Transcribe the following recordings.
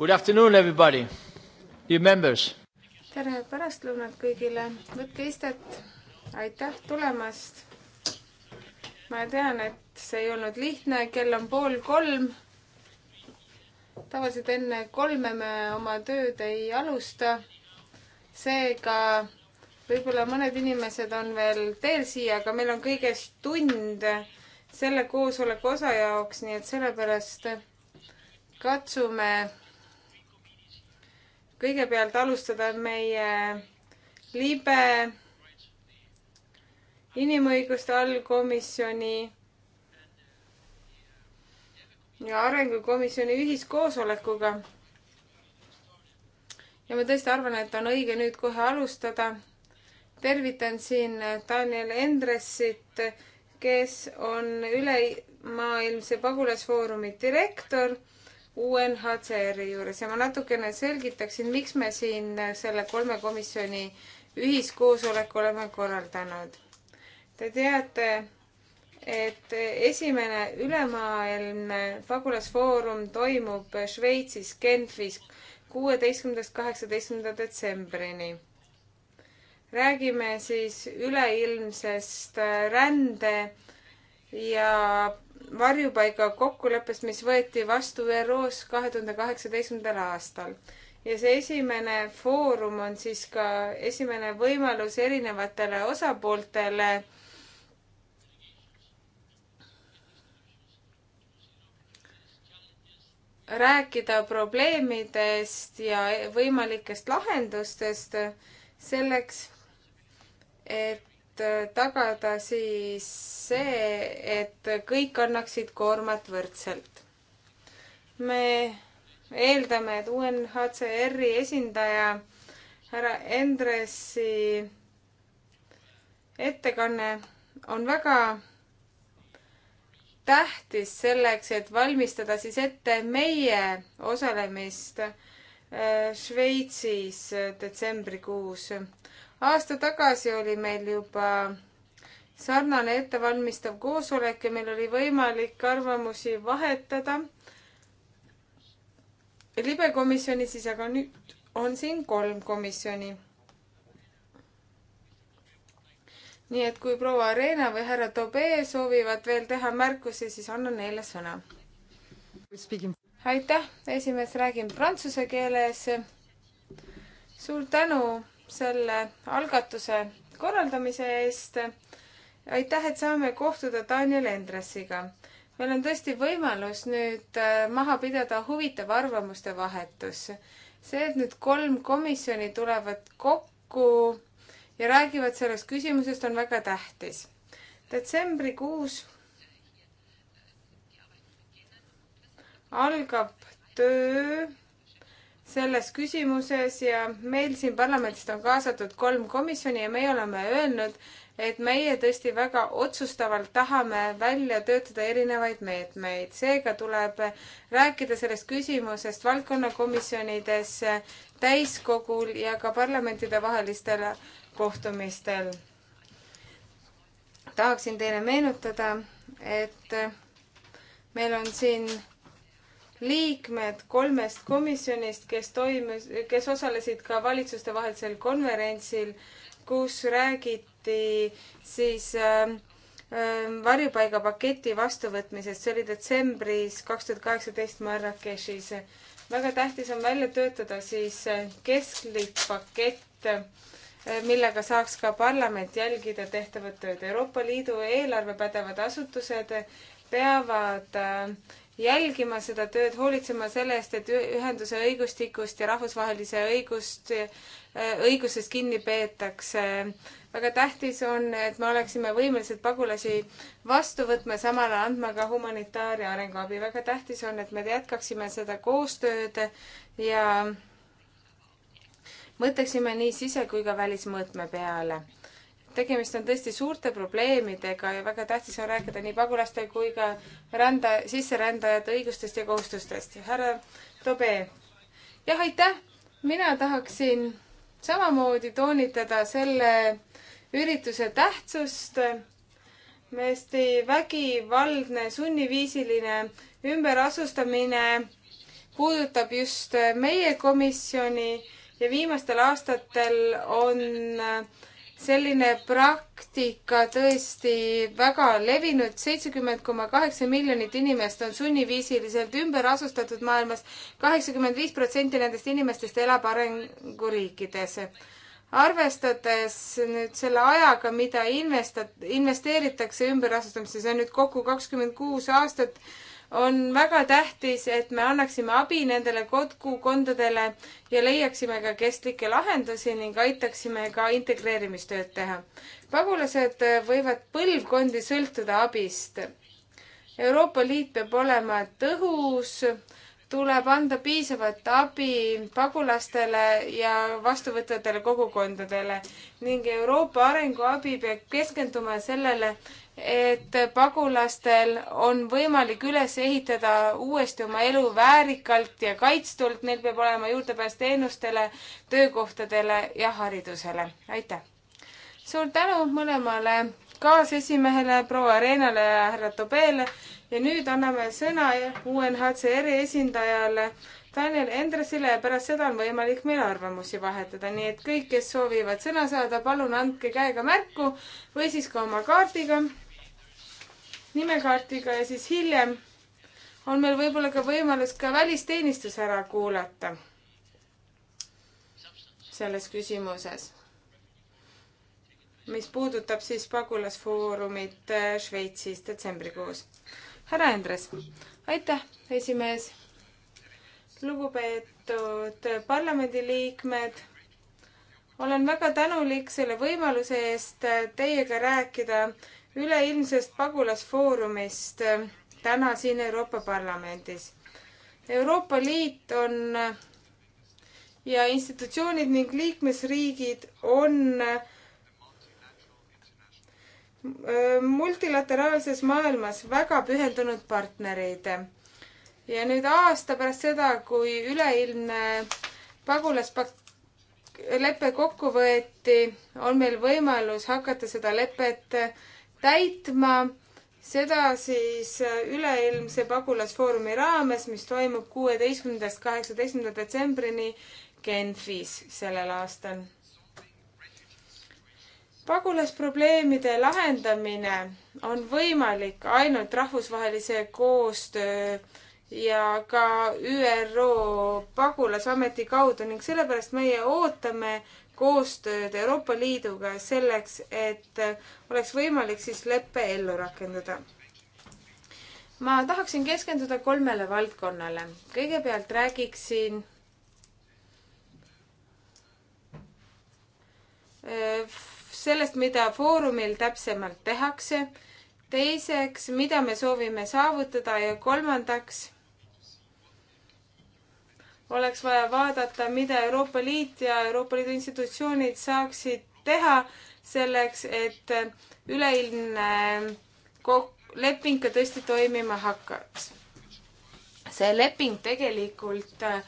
Good afternoon everybody, dear members. tere pärastlõunat kõigile, võtke istet, aitäh tulemast. ma tean, et see ei olnud lihtne, kell on pool kolm. tavaliselt enne kolme me oma tööd ei alusta. seega võib-olla mõned inimesed on veel teel siia, aga meil on kõigest tund selle koosoleku osa jaoks, nii et sellepärast katsume kõigepealt alustada meie libe inimõiguste allkomisjoni ja arengukomisjoni ühiskoosolekuga. ja ma tõesti arvan, et on õige nüüd kohe alustada. tervitan siin Daniel Endressit, kes on ülemaailmse pagulasfoorumi direktor UNHCR-i juures ja ma natukene selgitaksin, miks me siin selle kolme komisjoni ühiskoosoleku oleme korraldanud. Te teate, et esimene ülemaailmne pagulasfoorum toimub Šveitsis Genfis kuueteistkümnendast kaheksateistkümnenda detsembrini. räägime siis üleilmsest rände ja varjupaiga kokkuleppest, mis võeti vastu ÜRO-s kahe tuhande kaheksateistkümnendal aastal. ja see esimene foorum on siis ka esimene võimalus erinevatele osapooltele rääkida probleemidest ja võimalikest lahendustest selleks, et Äh, tagada siis see, et kõik annaksid koormat võrdselt. me eeldame, et UNHCR-i esindaja härra Endresi ettekanne on väga tähtis selleks, et valmistada siis ette meie osalemist äh, Šveitsis detsembrikuus aasta tagasi oli meil juba sarnane ettevalmistav koosolek ja meil oli võimalik arvamusi vahetada libekomisjoni siis, aga nüüd on siin kolm komisjoni. nii et kui proua Reena või härra Tobee soovivad veel teha märkusi, siis annan neile sõna. aitäh, esimees, räägin prantsuse keeles. suur tänu selle algatuse korraldamise eest. aitäh, et saame kohtuda Daniel Endresiga. meil on tõesti võimalus nüüd äh, maha pidada huvitav arvamuste vahetus. see, et nüüd kolm komisjoni tulevad kokku ja räägivad sellest küsimusest, on väga tähtis. detsembrikuus algab töö selles küsimuses ja meil siin parlamendist on kaasatud kolm komisjoni ja meie oleme öelnud, et meie tõesti väga otsustavalt tahame välja töötada erinevaid meetmeid. seega tuleb rääkida sellest küsimusest valdkonnakomisjonides, täiskogul ja ka parlamentidevahelistel kohtumistel. tahaksin teile meenutada, et meil on siin liikmed kolmest komisjonist, kes toimus, kes osalesid ka valitsustevahelisel konverentsil, kus räägiti siis äh, varjupaigapaketi vastuvõtmisest, see oli detsembris kaks tuhat kaheksateist Marrakechis. väga tähtis on välja töötada siis äh, kesklik pakett, äh, millega saaks ka parlament jälgida tehtavat tööd. Euroopa Liidu eelarvepädevad asutused peavad äh, jälgima seda tööd, hoolitsema selle eest, et ühenduse õigustikust ja rahvusvahelise õigust, äh, õigusest kinni peetakse. väga tähtis on, et me oleksime võimelised pagulasi vastu võtma, samal ajal andma ka humanitaar- ja arenguabi. väga tähtis on, et me jätkaksime seda koostööd ja mõtleksime nii sise- kui ka välismõõtme peale tegemist on tõesti suurte probleemidega ja väga tähtis on rääkida nii pagulaste kui ka rända, sisserändajate õigustest ja kohustustest. härra Tobe. jah, aitäh. mina tahaksin samamoodi toonitada selle ürituse tähtsust. tõesti vägivaldne sunniviisiline ümberasustamine puudutab just meie komisjoni ja viimastel aastatel on äh, selline praktika tõesti väga levinud, seitsekümmend koma kaheksa miljonit inimest on sunniviisiliselt ümber asustatud maailmas, kaheksakümmend viis protsenti nendest inimestest elab arenguriikides. arvestades nüüd selle ajaga, mida investa-, investeeritakse ümberasustamisse, see on nüüd kokku kakskümmend kuus aastat, on väga tähtis, et me annaksime abi nendele kogukondadele ja leiaksime ka kestlikke lahendusi ning aitaksime ka integreerimistööd teha. pagulased võivad põlvkondi sõltuda abist. Euroopa Liit peab olema tõhus, tuleb anda piisavat abi pagulastele ja vastuvõtvatele kogukondadele ning Euroopa arenguabi peab keskenduma sellele, et pagulastel on võimalik üles ehitada uuesti oma elu väärikalt ja kaitstult, neil peab olema juurdepääs teenustele, töökohtadele ja haridusele. aitäh! suur tänu mõlemale kaasesimehele, proua Reenale ja härra Tobele ja nüüd anname sõna UNHCR-i esindajale Daniel Endresile ja pärast seda on võimalik meil arvamusi vahetada, nii et kõik, kes soovivad sõna saada, palun andke käega märku või siis ka oma kaardiga, nimekaardiga ja siis hiljem on meil võib-olla ka võimalus ka välisteenistus ära kuulata selles küsimuses, mis puudutab siis pagulasfoorumit äh, Šveitsis detsembrikuus. härra Endres, aitäh, esimees lugupeetud parlamendiliikmed, olen väga tänulik selle võimaluse eest teiega rääkida üleilmsest pagulasfoorumist täna siin Euroopa Parlamendis. Euroopa Liit on ja institutsioonid ning liikmesriigid on äh, multilateraalses maailmas väga pühendunud partnereid ja nüüd aasta pärast seda, kui üleilmne pagulaspak-, lepe kokku võeti, on meil võimalus hakata seda lepet täitma, seda siis üleilmse pagulasfoorumi raames, mis toimub kuueteistkümnendast kaheksateistkümnenda detsembrini Genfis sellel aastal. pagulasprobleemide lahendamine on võimalik ainult rahvusvahelise koostöö ja ka ÜRO pagulasameti kaudu ning sellepärast meie ootame koostööd Euroopa Liiduga selleks, et oleks võimalik siis leppe ellu rakendada. ma tahaksin keskenduda kolmele valdkonnale. kõigepealt räägiksin äh, sellest, mida Foorumil täpsemalt tehakse. teiseks, mida me soovime saavutada ja kolmandaks oleks vaja vaadata, mida Euroopa Liit ja Euroopa Liidu institutsioonid saaksid teha selleks, et üleilmne leping ka tõesti toimima hakkaks. see leping tegelikult äh,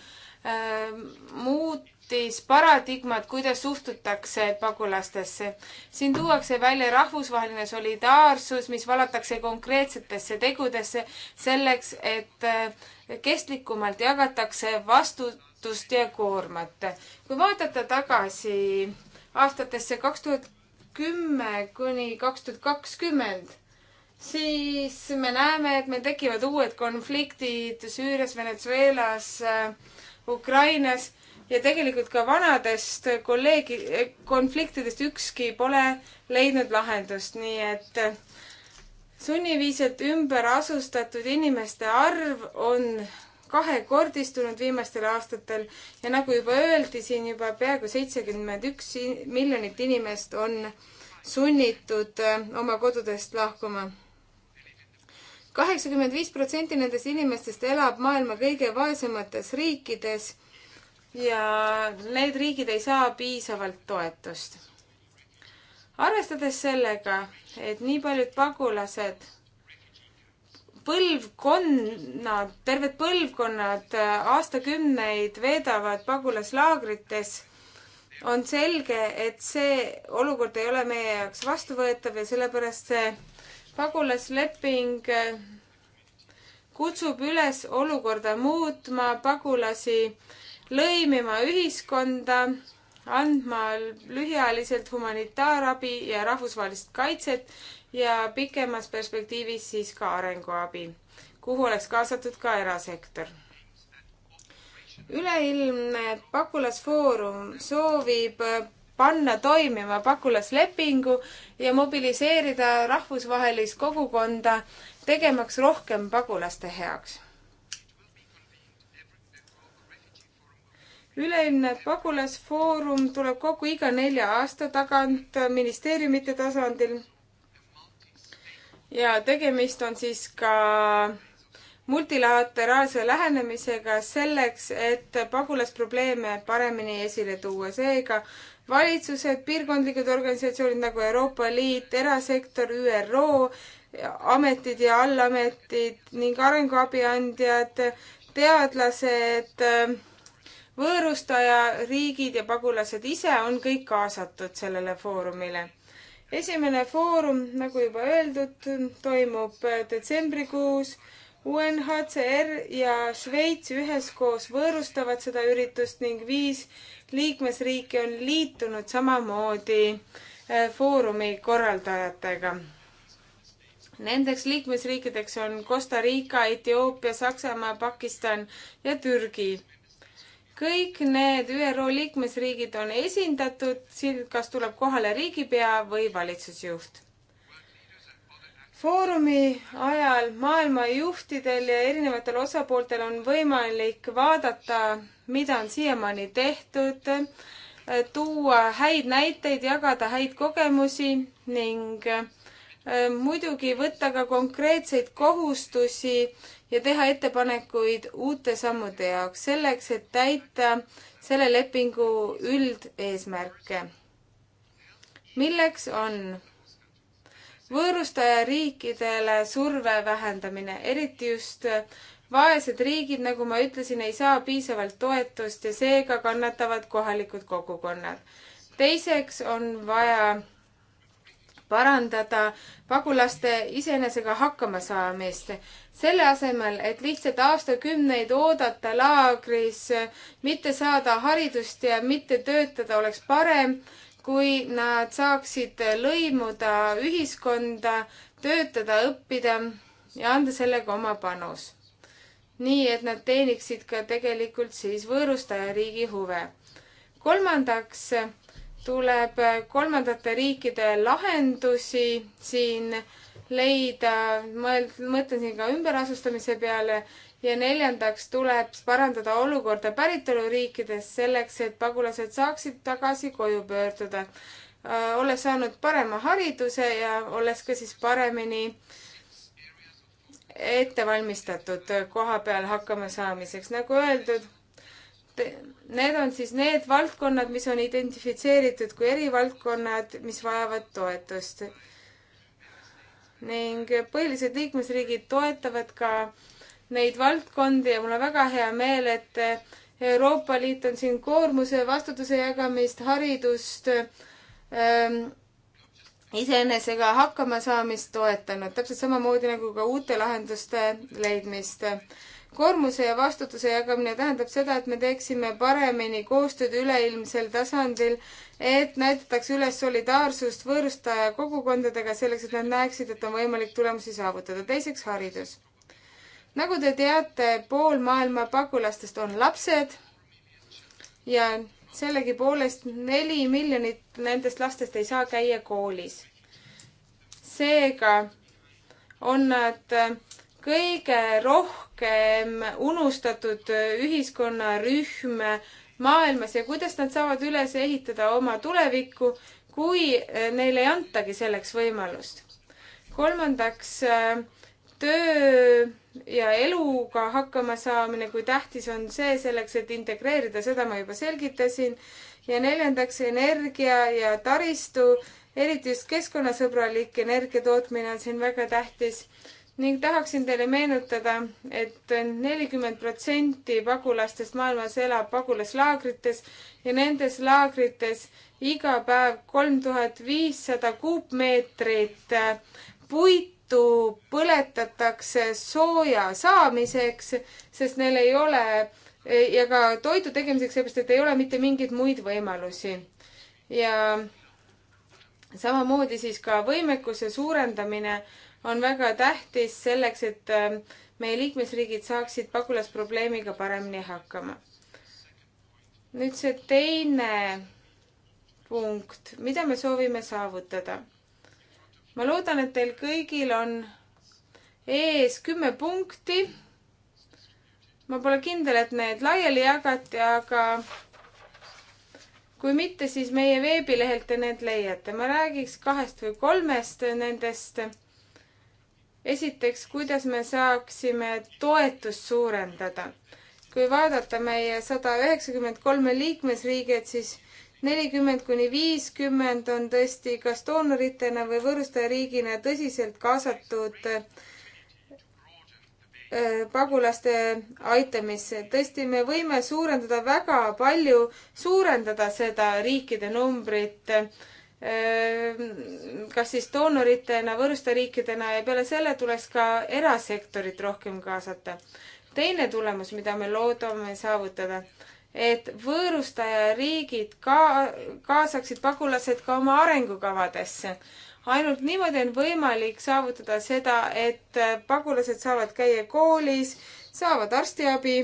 muut-, muutis paradigmat, kuidas suhtutakse pagulastesse. siin tuuakse välja rahvusvaheline solidaarsus, mis valatakse konkreetsetesse tegudesse selleks, et eh, kestlikumalt jagatakse vastutust ja koormat. kui vaadata tagasi aastatesse kaks tuhat kümme kuni kaks tuhat kakskümmend, siis me näeme, et meil tekivad uued konfliktid Süürias, Venezuelas, eh, Ukrainas ja tegelikult ka vanadest kolleegi, konfliktidest ükski pole leidnud lahendust, nii et sunniviiselt ümber asustatud inimeste arv on kahekordistunud viimastel aastatel ja nagu juba öeldi, siin juba peaaegu seitsekümmend üks miljonit inimest on sunnitud äh, oma kodudest lahkuma. kaheksakümmend viis protsenti nendest inimestest elab maailma kõige vaesemates riikides ja need riigid ei saa piisavalt toetust. arvestades sellega, et nii paljud pagulased, põlvkonnad, terved põlvkonnad äh, aastakümneid veedavad pagulaslaagrites, on selge, et see olukord ei ole meie jaoks vastuvõetav ja sellepärast see pagulasleping äh, kutsub üles olukorda muutma, pagulasi lõimima ühiskonda, andma lühiajaliselt humanitaarabi ja rahvusvahelist kaitset ja pikemas perspektiivis siis ka arenguabi, kuhu oleks kaasatud ka erasektor. üleilmne pagulasfoorum soovib panna toimima pagulaslepingu ja mobiliseerida rahvusvahelist kogukonda tegemaks rohkem pagulaste heaks. üleilmne pagulasfoorum tuleb kokku iga nelja aasta tagant ministeeriumite tasandil. ja tegemist on siis ka multilateraalse lähenemisega selleks, et pagulasprobleeme paremini esile tuua. seega valitsused, piirkondlikud organisatsioonid nagu Euroopa Liit, erasektor, ÜRO, ametid ja allametid ning arenguabi andjad, teadlased äh,, võõrustaja, riigid ja pagulased ise on kõik kaasatud sellele foorumile. esimene foorum, nagu juba öeldud, toimub detsembrikuus. UNHCR ja Šveits üheskoos võõrustavad seda üritust ning viis liikmesriiki on liitunud samamoodi eh, foorumi korraldajatega. Nendeks liikmesriikideks on Costa Rica, Etioopia, Saksamaa, Pakistan ja Türgi kõik need ÜRO liikmesriigid on esindatud, siin kas tuleb kohale riigipea või valitsusjuht. Foorumi ajal maailma juhtidel ja erinevatel osapooltel on võimalik vaadata, mida on siiamaani tehtud, tuua häid näiteid, jagada häid kogemusi ning äh, Äh, muidugi võtta ka konkreetseid kohustusi ja teha ettepanekuid uute sammude jaoks, selleks et täita selle lepingu üldeesmärke. milleks on võõrustaja riikidele surve vähendamine, eriti just vaesed riigid, nagu ma ütlesin, ei saa piisavalt toetust ja seega kannatavad kohalikud kogukonnad. teiseks on vaja parandada pagulaste iseenesega hakkamasaamist. selle asemel, et lihtsalt aastakümneid oodata laagris, mitte saada haridust ja mitte töötada, oleks parem, kui nad saaksid lõimuda ühiskonda, töötada, õppida ja anda sellega oma panus. nii et nad teeniksid ka tegelikult siis võõrustajariigi huve. kolmandaks tuleb kolmandate riikide lahendusi siin leida, mõtlen siin ka ümberasustamise peale ja neljandaks tuleb parandada olukorda päritoluriikides selleks, et pagulased saaksid tagasi koju pöörduda. olles saanud parema hariduse ja olles ka siis paremini ettevalmistatud koha peal hakkama saamiseks, nagu öeldud, Need on siis need valdkonnad, mis on identifitseeritud kui erivaldkonnad, mis vajavad toetust. ning põhilised liikmesriigid toetavad ka neid valdkondi ja mul on väga hea meel, et Euroopa Liit on siin koormuse ja vastutuse jagamist, haridust ähm,, iseenesega hakkamasaamist toetanud, täpselt samamoodi nagu ka uute lahenduste leidmist koormuse ja vastutuse jagamine tähendab seda, et me teeksime paremini koostööd üleilmsel tasandil, et näidatakse üles solidaarsust võõrustaja kogukondadega selleks, et nad näeksid, et on võimalik tulemusi saavutada. teiseks, haridus. nagu te teate, pool maailma pagulastest on lapsed ja sellegipoolest neli miljonit nendest lastest ei saa käia koolis. seega on nad äh, kõige rohkem unustatud ühiskonnarühm maailmas ja kuidas nad saavad üles ehitada oma tulevikku, kui äh, neile ei antagi selleks võimalust. kolmandaks, äh, töö ja eluga hakkama saamine, kui tähtis on see selleks, et integreerida, seda ma juba selgitasin. ja neljandaks, energia ja taristu, eriti just keskkonnasõbralik energia tootmine on siin väga tähtis ning tahaksin teile meenutada et, et nelikümmend protsenti pagulastest maailmas elab pagulaslaagrites ja nendes laagrites iga päev kolm tuhat viissada kuupmeetrit puitu põletatakse sooja saamiseks, sest neil ei ole ja ka toidu tegemiseks, seepärast et ei ole mitte mingeid muid võimalusi. ja samamoodi siis ka võimekuse suurendamine on väga tähtis selleks, et äh, meie liikmesriigid saaksid pagulasprobleemiga paremini hakkama. nüüd see teine punkt, mida me soovime saavutada. ma loodan, et teil kõigil on ees kümme punkti. ma pole kindel, et need laiali jagati, aga kui mitte, siis meie veebilehelt te need leiate. ma räägiks kahest või kolmest nendest esiteks, kuidas me saaksime toetust suurendada. kui vaadata meie sada üheksakümmend kolme liikmesriiget, siis nelikümmend kuni viiskümmend on tõesti kas doonoritena või võõrustajariigina tõsiselt kaasatud äh, pagulaste aitamisse. tõesti, me võime suurendada väga palju, suurendada seda riikide numbrit Ehm, kas siis doonoritena, võõrusteriikidena ja peale selle tuleks ka erasektorit rohkem kaasata. teine tulemus, mida me loodame saavutada, et võõrustajariigid ka kaasaksid pagulased ka oma arengukavadesse. ainult niimoodi on võimalik saavutada seda, et pagulased saavad käia koolis, saavad arstiabi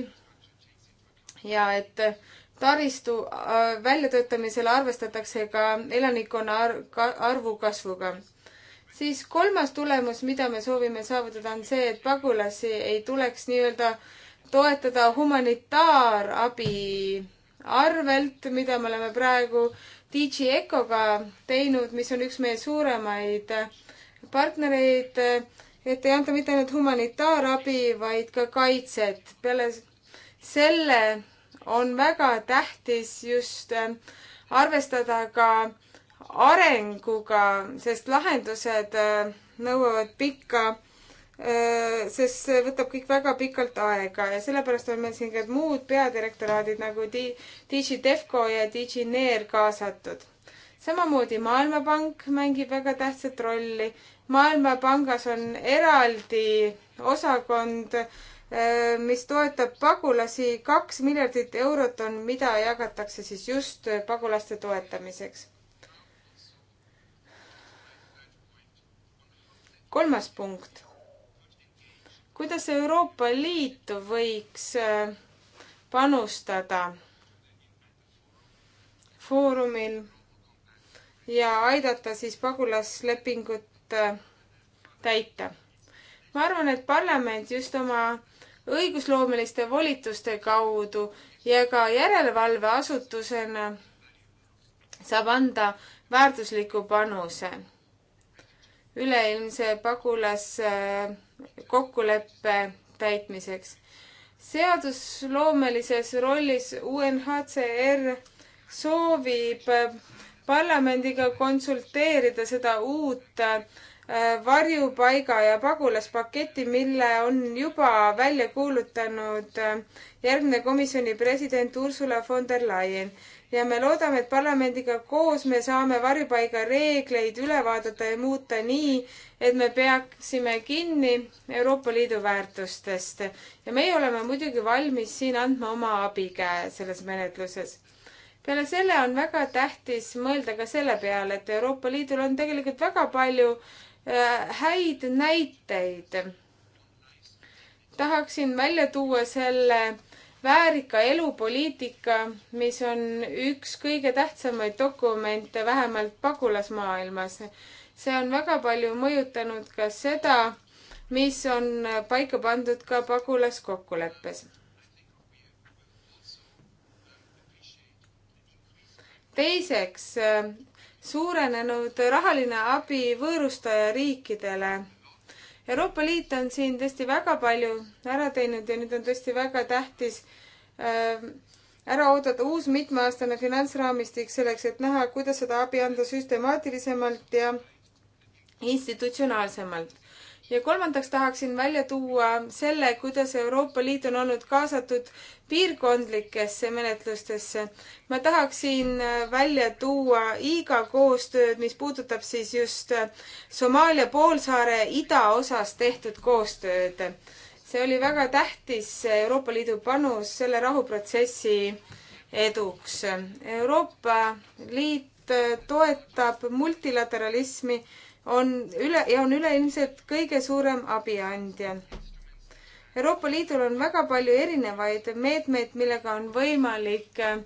ja et äh, taristu äh, väljatöötamisel arvestatakse ka elanikkonna arvu kasvuga. siis kolmas tulemus, mida me soovime saavutada, on see, et pagulasi ei tuleks nii-öelda toetada humanitaarabi arvelt, mida me oleme praegu DJ Ecoga teinud, mis on üks meie suuremaid partnereid, et ei anta mitte ainult humanitaarabi, vaid ka kaitset. peale selle on väga tähtis just äh, arvestada ka arenguga, sest lahendused äh, nõuavad pikka, äh, sest see võtab kõik väga pikalt aega ja sellepärast on meil siin ka muud peadirektoraadid nagu DG Defco ja DG NER kaasatud. samamoodi Maailmapank mängib väga tähtsat rolli. maailmapangas on eraldi osakond äh, Äh, mis toetab pagulasi. kaks miljardit eurot on, mida jagatakse siis just pagulaste toetamiseks. kolmas punkt. kuidas Euroopa Liit võiks äh, panustada foorumil ja aidata siis pagulaslepingut äh, täita? ma arvan, et parlament just oma õigusloomeliste volituste kaudu ja ka järelevalveasutusena saab anda väärtusliku panuse. üleilmse pagulaskokkuleppe äh, täitmiseks. seadusloomelises rollis UNHCR soovib äh, parlamendiga konsulteerida seda uut äh, Äh, varjupaiga ja pagulaspaketti, mille on juba välja kuulutanud äh, järgmine komisjoni president Ursula von der Leyen. ja me loodame, et parlamendiga koos me saame varjupaiga reegleid üle vaadata ja muuta nii, et me peaksime kinni Euroopa Liidu väärtustest. ja meie oleme muidugi valmis siin andma oma abikäe selles menetluses peale selle on väga tähtis mõelda ka selle peale, et Euroopa Liidul on tegelikult väga palju äh, Äh, häid näiteid. tahaksin välja tuua selle väärika elupoliitika, mis on üks kõige tähtsamaid dokumente vähemalt pagulasmaailmas. see on väga palju mõjutanud ka seda, mis on paika pandud ka pagulaskokkuleppes. teiseks äh, suurenenud rahaline abi võõrustaja riikidele. Euroopa Liit on siin tõesti väga palju ära teinud ja nüüd on tõesti väga tähtis ähm, ära oodata uus mitmeaastane finantsraamistik selleks, et näha, kuidas seda abi anda süstemaatilisemalt ja institutsionaalsemalt ja kolmandaks tahaksin välja tuua selle, kuidas Euroopa Liit on olnud kaasatud piirkondlikesse menetlustesse. ma tahaksin välja tuua iga koostööd, mis puudutab siis just Somaalia poolsaare idaosas tehtud koostööd. see oli väga tähtis Euroopa Liidu panus selle rahuprotsessi eduks. Euroopa Liit toetab multilateralismi on üle ja on üleilmselt kõige suurem abiandja. Euroopa Liidul on väga palju erinevaid meetmeid, millega on võimalik äh,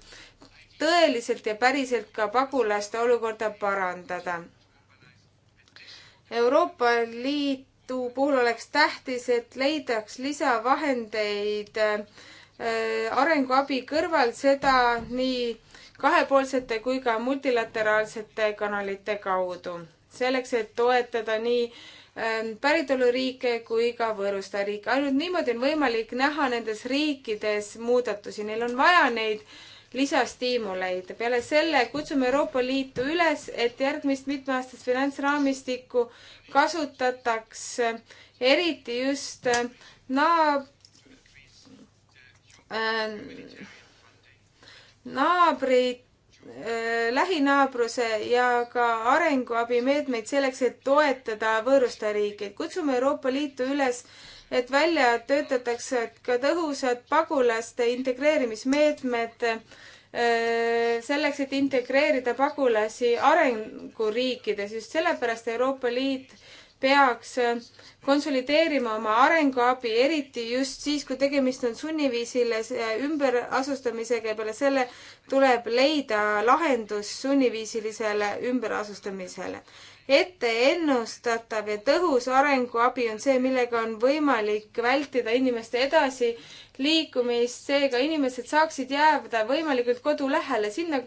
tõeliselt ja päriselt ka pagulaste olukorda parandada. Euroopa Liidu puhul oleks tähtis, et leidaks lisavahendeid äh, arenguabi kõrval seda nii kahepoolsete kui ka multilateraalsete kanalite kaudu selleks, et toetada nii ähm, päritoluriike kui ka võõrustajariike. ainult niimoodi on võimalik näha nendes riikides muudatusi, neil on vaja neid lisastiimuleid. peale selle kutsume Euroopa Liitu üles, et järgmist mitmeaastast finantsraamistikku kasutataks äh, eriti just äh, naab- äh,, naabrit Äh, lähinaabruse ja ka arenguabimeetmeid selleks, et toetada võõrustajariike. kutsume Euroopa Liitu üles, et välja töötatakse ka tõhusad pagulaste integreerimismeetmed äh, selleks, et integreerida pagulasi arenguriikides. just sellepärast Euroopa Liit peaks äh, konsolideerima oma arenguabi, eriti just siis, kui tegemist on sunniviisile äh, ümberasustamisega ja peale selle tuleb leida lahendus sunniviisilisele ümberasustamisele. ette ennustatav ja tõhus arenguabi on see, millega on võimalik vältida inimeste edasiliikumist, seega inimesed saaksid jääda võimalikult kodu lähele, sinna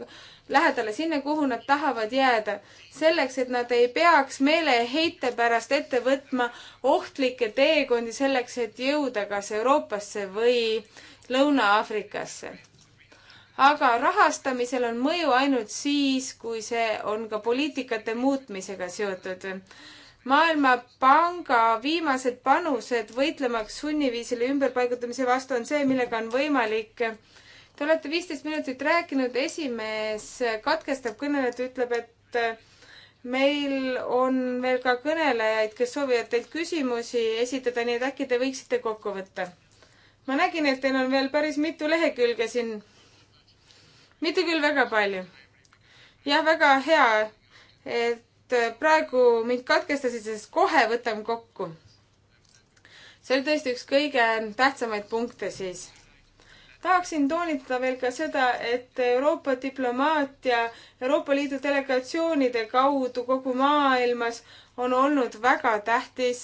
lähedale, sinna, kuhu nad tahavad jääda. selleks, et nad ei peaks meeleheite pärast ette võtma ohtlikke teekondi selleks, et jõuda kas Euroopasse või Lõuna-Aafrikasse. aga rahastamisel on mõju ainult siis, kui see on ka poliitikate muutmisega seotud maailmapanga viimased panused võitlemaks sunniviisile ümberpaigutamise vastu on see, millega on võimalik äh, Te olete viisteist minutit rääkinud, esimees katkestab kõnelejat, ütleb, et äh, meil on veel ka kõnelejaid, kes soovivad teilt küsimusi esitada, nii et äkki te võiksite kokku võtta. ma nägin, et teil on veel päris mitu lehekülge siin. mitte küll väga palju. jah, väga hea, et äh, praegu mind katkestasid, sest kohe võtan kokku. see oli tõesti üks kõige tähtsamaid punkte siis tahaksin toonitada veel ka seda, et Euroopa diplomaatia Euroopa Liidu delegatsioonide kaudu kogu maailmas on olnud väga tähtis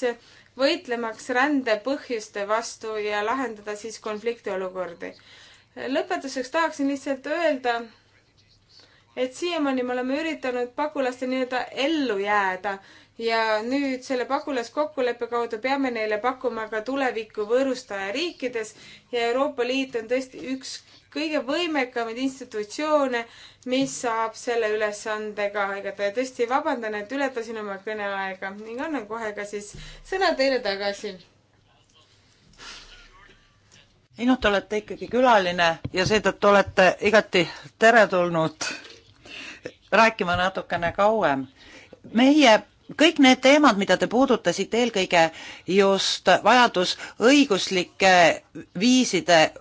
võitlemaks rände põhjuste vastu ja lahendada siis konfliktiolukordi. lõpetuseks tahaksin lihtsalt öelda, et siiamaani me oleme üritanud pagulaste nii-öelda ellu jääda ja nüüd selle pagulaskokkuleppe kaudu peame neile pakkuma ka tulevikku võõrustaja riikides ja Euroopa Liit on tõesti üks kõige võimekamaid institutsioone, mis saab selle ülesandega aegada ja tõesti vabandan, et ületasin oma kõneaega ning annan kohe ka siis sõna teile tagasi. ei noh, te olete ikkagi külaline ja seetõttu olete igati teretulnud rääkima natukene kauem. meie kõik need teemad, mida te puudutasite, eelkõige just vajadus õiguslike viiside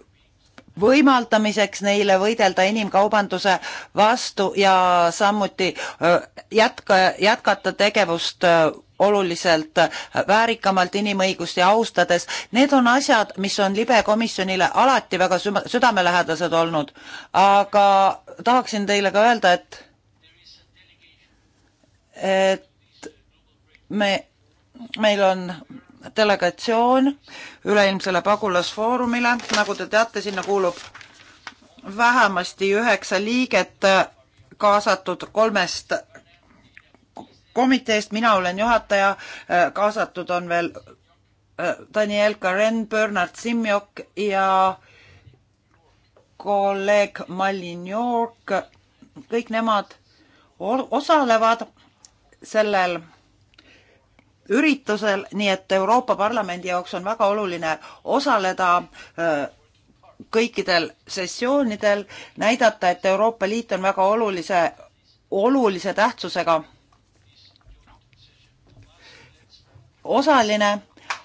võimaldamiseks neile võidelda inimkaubanduse vastu ja samuti jätka, jätkata tegevust oluliselt väärikamalt inimõigusti austades. Need on asjad, mis on libe komisjonile alati väga südamelähedased olnud, aga tahaksin teile ka öelda, et et me, meil on delegatsioon üleilmsele pagulasfoorumile, nagu te teate, sinna kuulub vähemasti üheksa liiget kaasatud kolmest komiteest, mina olen juhataja, kaasatud on veel äh, Daniel Karen, Bernard Simjok ja kolleeg Malin York, kõik nemad osalevad sellel üritusel, nii et Euroopa Parlamendi jaoks on väga oluline osaleda äh, kõikidel sessioonidel, näidata, et Euroopa Liit on väga olulise, olulise tähtsusega osaline,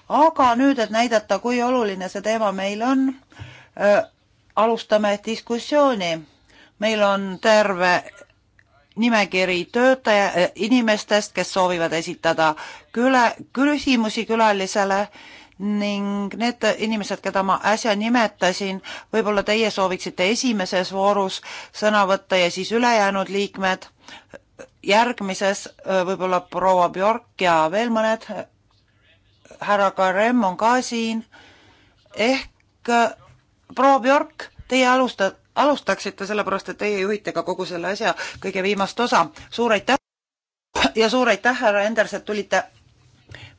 aga nüüd, et näidata, kui oluline see teema meil on, äh, alustame diskussiooni. meil on terve nimekiri töötaja, äh, inimestest, kes soovivad esitada küle, küsimusi külalisele ning need inimesed, keda ma äsja nimetasin, võib-olla teie sooviksite esimeses voorus sõna võtta ja siis ülejäänud liikmed järgmises, äh, võib-olla proua Bjork ja veel mõned, härra Karem on ka siin, ehk äh, proua Bjork, teie alustate alustaksite, sellepärast et teie juhite ka kogu selle asja kõige viimast osa. suur aitäh ja suur aitäh, härra Enders, et tulite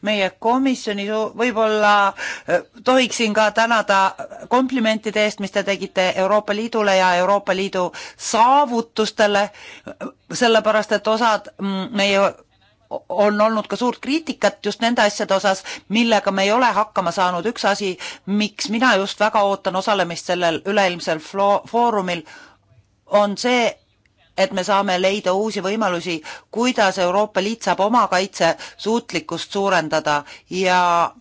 meie komisjoni, võib-olla äh, tohiksin ka tänada komplimentide eest, mis te tegite Euroopa Liidule ja Euroopa Liidu saavutustele, äh, sellepärast et osad mm, meie on olnud ka suurt kriitikat just nende asjade osas, millega me ei ole hakkama saanud. üks asi, miks mina just väga ootan osalemist sellel üleilmsel foorumil, on see, et me saame leida uusi võimalusi, kuidas Euroopa Liit saab oma kaitsesuutlikkust suurendada ja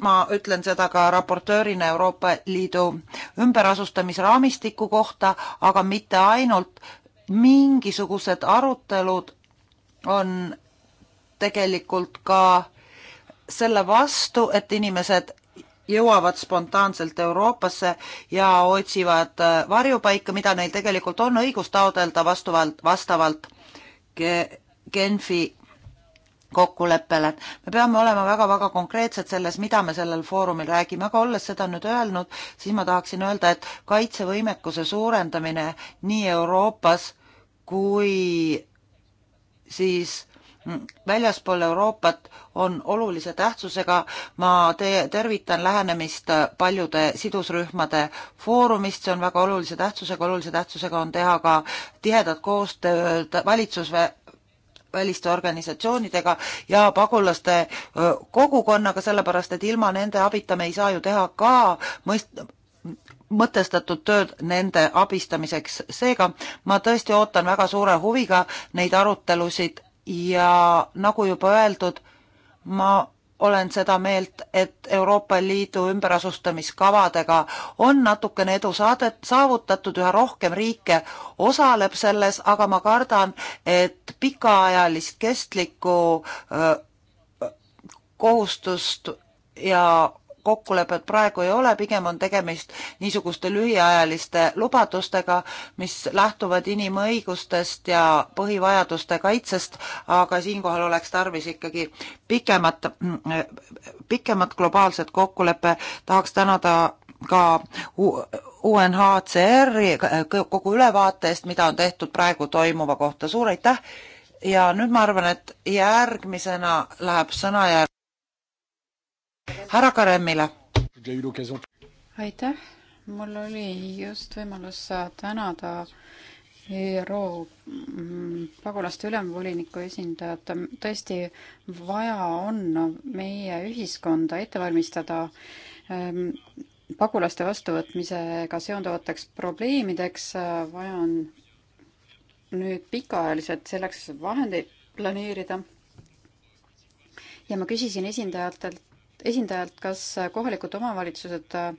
ma ütlen seda ka raportöörina Euroopa Liidu ümberasustamisraamistiku kohta, aga mitte ainult, mingisugused arutelud on tegelikult ka selle vastu, et inimesed jõuavad spontaanselt Euroopasse ja otsivad äh, varjupaika, mida neil tegelikult on õigus taodelda vastavalt, vastavalt Genfi kokkuleppele. me peame olema väga-väga konkreetsed selles, mida me sellel foorumil räägime, aga olles seda nüüd öelnud, siis ma tahaksin öelda, et kaitsevõimekuse suurendamine nii Euroopas kui siis väljaspool Euroopat on olulise tähtsusega. ma te tervitan lähenemist paljude sidusrühmade foorumist, see on väga olulise tähtsusega, olulise tähtsusega on teha ka tihedat koostööd valitsusvä-, väliste organisatsioonidega ja pagulaste kogukonnaga, sellepärast et ilma nende abita me ei saa ju teha ka mõist-, mõtestatud tööd nende abistamiseks. seega ma tõesti ootan väga suure huviga neid arutelusid ja nagu juba öeldud, ma olen seda meelt, et Euroopa Liidu ümberasustamiskavadega on natukene edu saadet, saavutatud, üha rohkem riike osaleb selles, aga ma kardan, et pikaajalist kestlikku kohustust ja kokkulepet praegu ei ole, pigem on tegemist niisuguste lühiajaliste lubadustega, mis lähtuvad inimõigustest ja põhivajaduste kaitsest, aga siinkohal oleks tarvis ikkagi pikemat, pikemat globaalset kokkulepe, tahaks tänada ka UNHCR-i kogu ülevaate eest, mida on tehtud praegu toimuva kohta, suur aitäh! ja nüüd ma arvan, et järgmisena läheb sõna järg- härra Karemmile. aitäh, mul oli just võimalus tänada ÜRO mm, pagulaste ülemvoliniku esindajat, tõesti vaja on meie ühiskonda ette valmistada ehm, pagulaste vastuvõtmisega seonduvateks probleemideks, vaja on nüüd pikaajaliselt selleks vahendeid planeerida. ja ma küsisin esindajatelt esindajalt, kas kohalikud omavalitsused äh,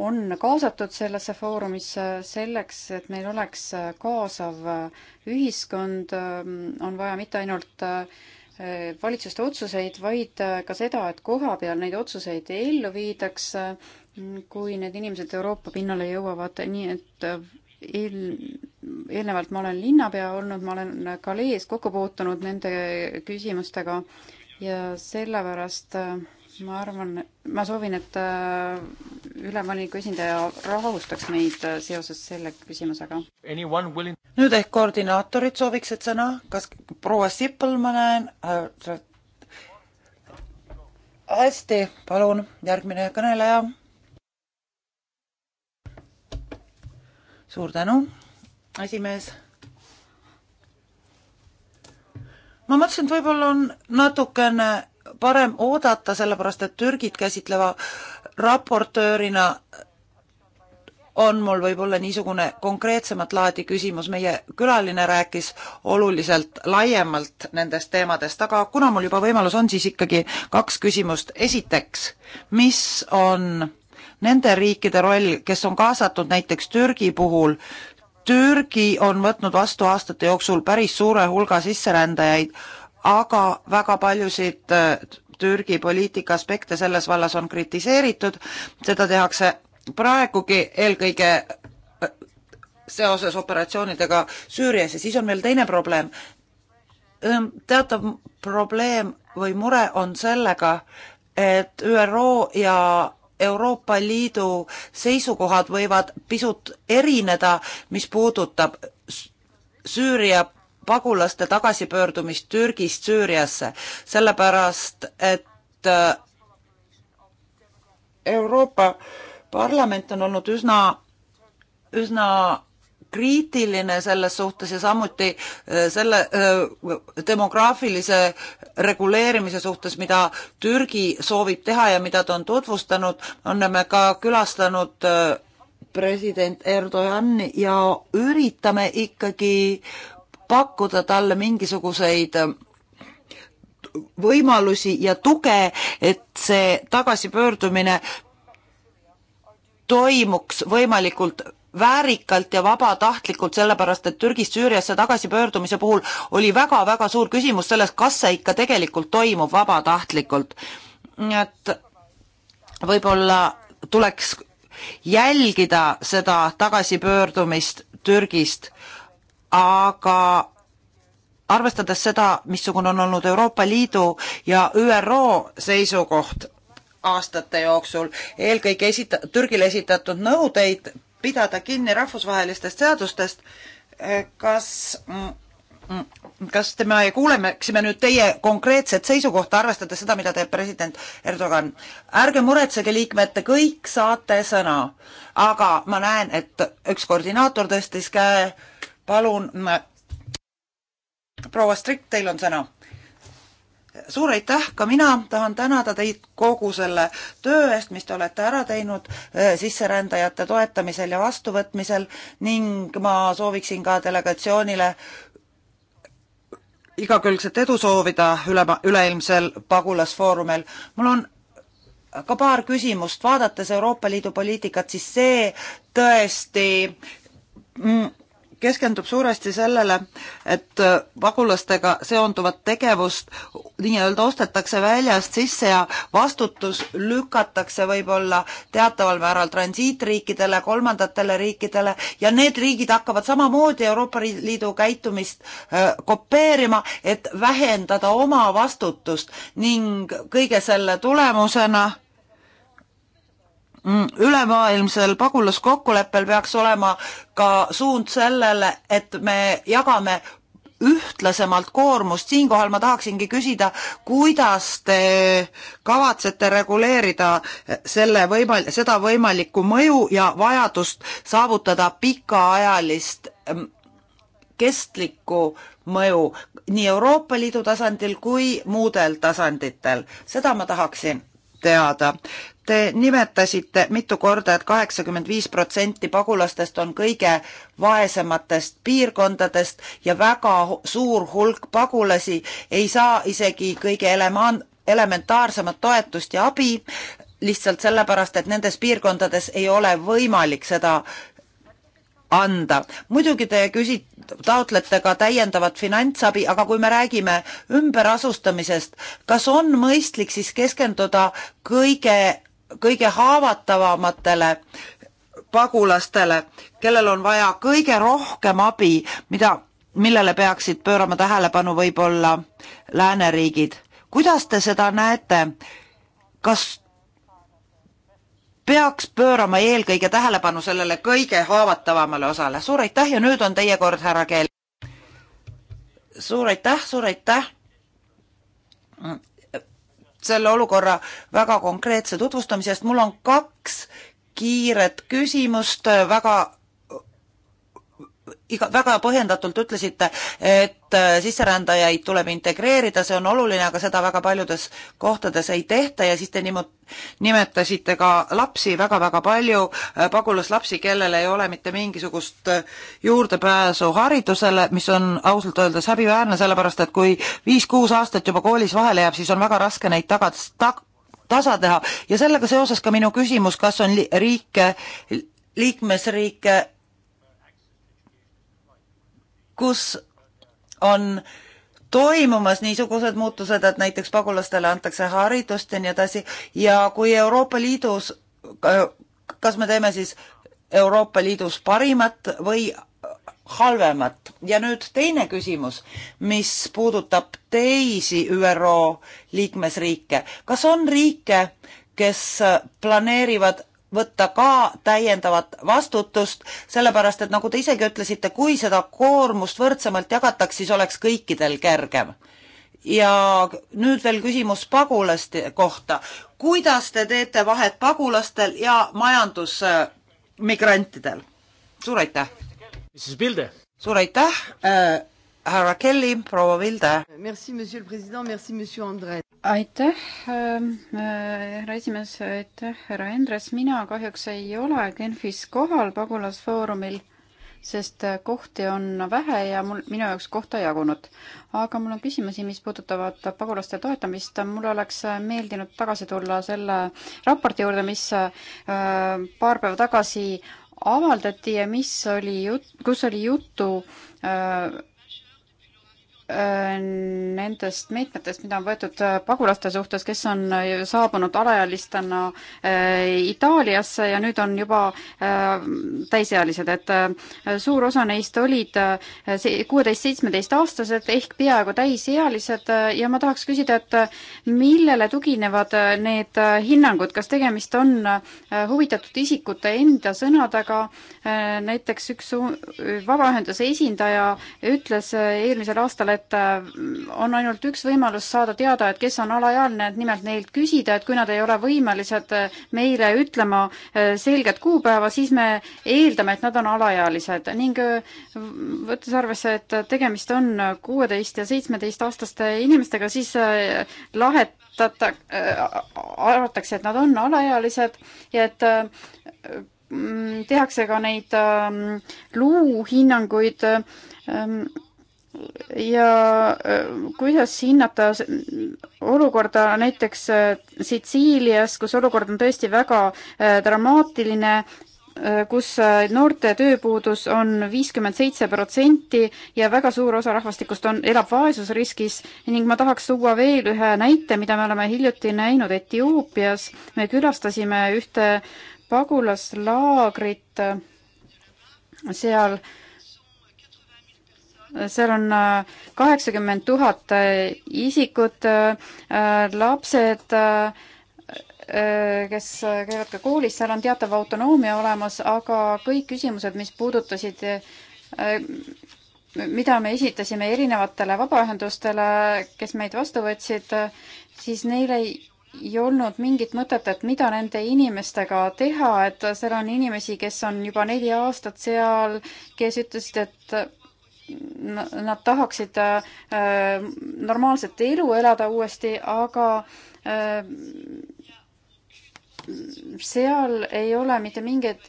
on kaasatud sellesse foorumisse selleks, et meil oleks äh, kaasav äh, ühiskond, ähm, on vaja mitte ainult valitsuste otsuseid, vaid ka seda, et kohapeal neid otsuseid ellu viidaks, kui need inimesed Euroopa pinnale jõuavad, nii et eel, eelnevalt ma olen linnapea olnud, ma olen Galees kokku puutunud nende küsimustega ja sellepärast äh, ma arvan, ma soovin, et äh, ülemvoliniku esindaja rahustaks meid äh, seoses selle küsimusega. Willing... nüüd ehk koordinaatorid sooviksid sõna, kas proua Sippel ma näen äh,? hästi, palun, järgmine kõneleja. suur tänu, esimees ma mõtlesin, et võib-olla on natukene parem oodata, sellepärast et Türgit käsitleva raportöörina on mul võib-olla niisugune konkreetsemat laadi küsimus, meie külaline rääkis oluliselt laiemalt nendest teemadest, aga kuna mul juba võimalus on, siis ikkagi kaks küsimust. esiteks, mis on nende riikide roll, kes on kaasatud näiteks Türgi puhul, Türgi on võtnud vastu aastate jooksul päris suure hulga sisserändajaid, aga väga paljusid äh, Türgi poliitika aspekte selles vallas on kritiseeritud, seda tehakse praegugi eelkõige äh, seoses operatsioonidega Süürias ja siis on meil teine probleem. teatav probleem või mure on sellega, et ÜRO ja Euroopa Liidu seisukohad võivad pisut erineda, mis puudutab Süüria pagulaste tagasipöördumist Türgist Süüriasse, sellepärast et äh, Euroopa Parlament on olnud üsna, üsna kriitiline selles suhtes ja samuti äh, selle äh, demograafilise reguleerimise suhtes, mida Türgi soovib teha ja mida ta on tutvustanud, oleme ka külastanud president Erdogani ja üritame ikkagi pakkuda talle mingisuguseid äh, võimalusi ja tuge, et see tagasipöördumine toimuks võimalikult väärikalt ja vabatahtlikult, sellepärast et Türgist Süüriasse tagasipöördumise puhul oli väga-väga suur küsimus selles, kas see ikka tegelikult toimub vabatahtlikult. nii et võib-olla tuleks jälgida seda tagasipöördumist Türgist aga arvestades seda, missugune on olnud Euroopa Liidu ja ÜRO seisukoht aastate jooksul, eelkõige esita-, Türgile esitatud nõudeid pidada kinni rahvusvahelistest seadustest, eh, kas mm, mm, kas te, me kuuleksime nüüd teie konkreetset seisukohta, arvestades seda, mida teeb president Erdogan. ärge muretsege, liikmed, te kõik saate sõna. aga ma näen, et üks koordinaator tõstis käe palun, proua Strikk, teil on sõna. suur aitäh, ka mina tahan tänada teid kogu selle töö eest, mis te olete ära teinud eh, sisserändajate toetamisel ja vastuvõtmisel ning ma sooviksin ka delegatsioonile igakülgset edu soovida üle, üleilmsel pagulasfoorumil. mul on ka paar küsimust, vaadates Euroopa Liidu poliitikat, siis see tõesti mm, keskendub suuresti sellele, et äh, pagulastega seonduvat tegevust nii-öelda ostetakse väljast sisse ja vastutus lükatakse võib-olla teataval määral transiitriikidele, kolmandatele riikidele ja need riigid hakkavad samamoodi Euroopa Liidu käitumist äh, kopeerima, et vähendada oma vastutust ning kõige selle tulemusena Mm, ülemaailmsel pagulaskokkuleppel peaks olema ka suund sellele, et me jagame ühtlasemalt koormust, siinkohal ma tahaksingi küsida, kuidas te kavatsete reguleerida selle võimal-, seda võimalikku mõju ja vajadust saavutada pikaajalist mm, kestlikku mõju nii Euroopa Liidu tasandil kui muudel tasanditel, seda ma tahaksin teada. Te nimetasite mitu korda et, et kaheksakümmend viis protsenti pagulastest on kõige vaesematest piirkondadest ja väga suur hulk pagulasi ei saa isegi kõige eleman-, elementaarsemat toetust ja abi, lihtsalt sellepärast, et nendes piirkondades ei ole võimalik seda anda. muidugi te küsi-, taotlete ka täiendavat finantsabi, aga kui me räägime ümberasustamisest, kas on mõistlik siis keskenduda kõige, kõige haavatavamatele pagulastele, kellel on vaja kõige rohkem abi, mida, millele peaksid pöörama tähelepanu võib-olla lääneriigid? kuidas te seda näete, kas peaks pöörama eelkõige tähelepanu sellele kõige haavatavamale osale. suur aitäh ja nüüd on teie kord, härra Keel. suur aitäh, suur aitäh selle olukorra väga konkreetse tutvustamise eest. mul on kaks kiiret küsimust väga iga, väga põhjendatult ütlesite, et äh, sisserändajaid tuleb integreerida, see on oluline, aga seda väga paljudes kohtades ei tehta ja siis te nimut-, nimetasite ka lapsi väga-väga palju, äh, pagulaslapsi, kellel ei ole mitte mingisugust äh, juurdepääsu haridusele, mis on ausalt öeldes häbiväärne, sellepärast et kui viis-kuus aastat juba koolis vahele jääb, siis on väga raske neid tagada, tag-, tasa teha ja sellega seoses ka minu küsimus, kas on li-, riike, liikmesriike, kus on toimumas niisugused muutused, et näiteks pagulastele antakse haridust ja nii edasi ja kui Euroopa Liidus, äh, kas me teeme siis Euroopa Liidus parimat või halvemat. ja nüüd teine küsimus, mis puudutab teisi ÜRO liikmesriike. kas on riike, kes planeerivad võtta ka täiendavat vastutust, sellepärast et nagu te isegi ütlesite, kui seda koormust võrdsemalt jagataks, siis oleks kõikidel kergem. ja nüüd veel küsimus pagulaste kohta. kuidas te teete vahet pagulastel ja majandusmigrantidel? suur aitäh! suur aitäh äh,! härra Kelly, proua Vilde. aitäh, ähm, äh, härra esimees, aitäh, härra Andres, mina kahjuks ei ole Genfis kohal pagulasfoorumil, sest äh, kohti on vähe ja mul, minu jaoks kohta jagunud. aga mul on küsimusi, mis puudutavad pagulaste toetamist. mul oleks äh, meeldinud tagasi tulla selle raporti juurde, mis paar päeva tagasi avaldati ja mis oli jut-, kus oli juttu äh, Äh, nendest meetmetest, mida on võetud äh, pagulaste suhtes, kes on äh, saabunud alaealistena Itaaliasse ja nüüd on juba täisealised, et suur osa neist olid kuueteist-seitsmeteistaastased ehk peaaegu täisealised ja ma tahaks küsida, et millele tuginevad need hinnangud, kas tegemist on huvitatud isikute enda sõnadega, näiteks üks vabaühenduse esindaja ütles eelmisel aastal, et äh, on ainult üks võimalus saada teada, et kes on alaealine, et nimelt neilt küsida, et kui nad ei ole võimelised äh, meile ütlema äh, selget kuupäeva, siis me eeldame, et nad on alaealised ning võttes arvesse, et tegemist on kuueteist ja seitsmeteistaastaste inimestega, siis lahetata, arvatakse, et nad on alaealised ja et mm, tehakse ka neid luuhinnanguid ähm, ja äh, kuidas hinnata olukorda näiteks äh, Sitsiilias, kus olukord on tõesti väga äh, dramaatiline, kus noorte tööpuudus on viiskümmend seitse protsenti ja väga suur osa rahvastikust on, elab vaesusriskis ning ma tahaks tuua veel ühe näite, mida me oleme hiljuti näinud Etioopias. me külastasime ühte pagulaslaagrit seal äh, seal on äh, kaheksakümmend tuhat äh, isikut, äh, lapsed, kes käivad ka koolis, seal on teatav autonoomia olemas, aga kõik küsimused, mis puudutasid mida me esitasime erinevatele vabaühendustele, kes meid vastu võtsid, siis neil ei, ei olnud mingit mõtet, et mida nende inimestega teha, et seal on inimesi, kes on juba neli aastat seal, kes ütlesid, et nad tahaksid äh, äh, normaalset elu elada uuesti, aga äh, seal ei ole mitte mingeid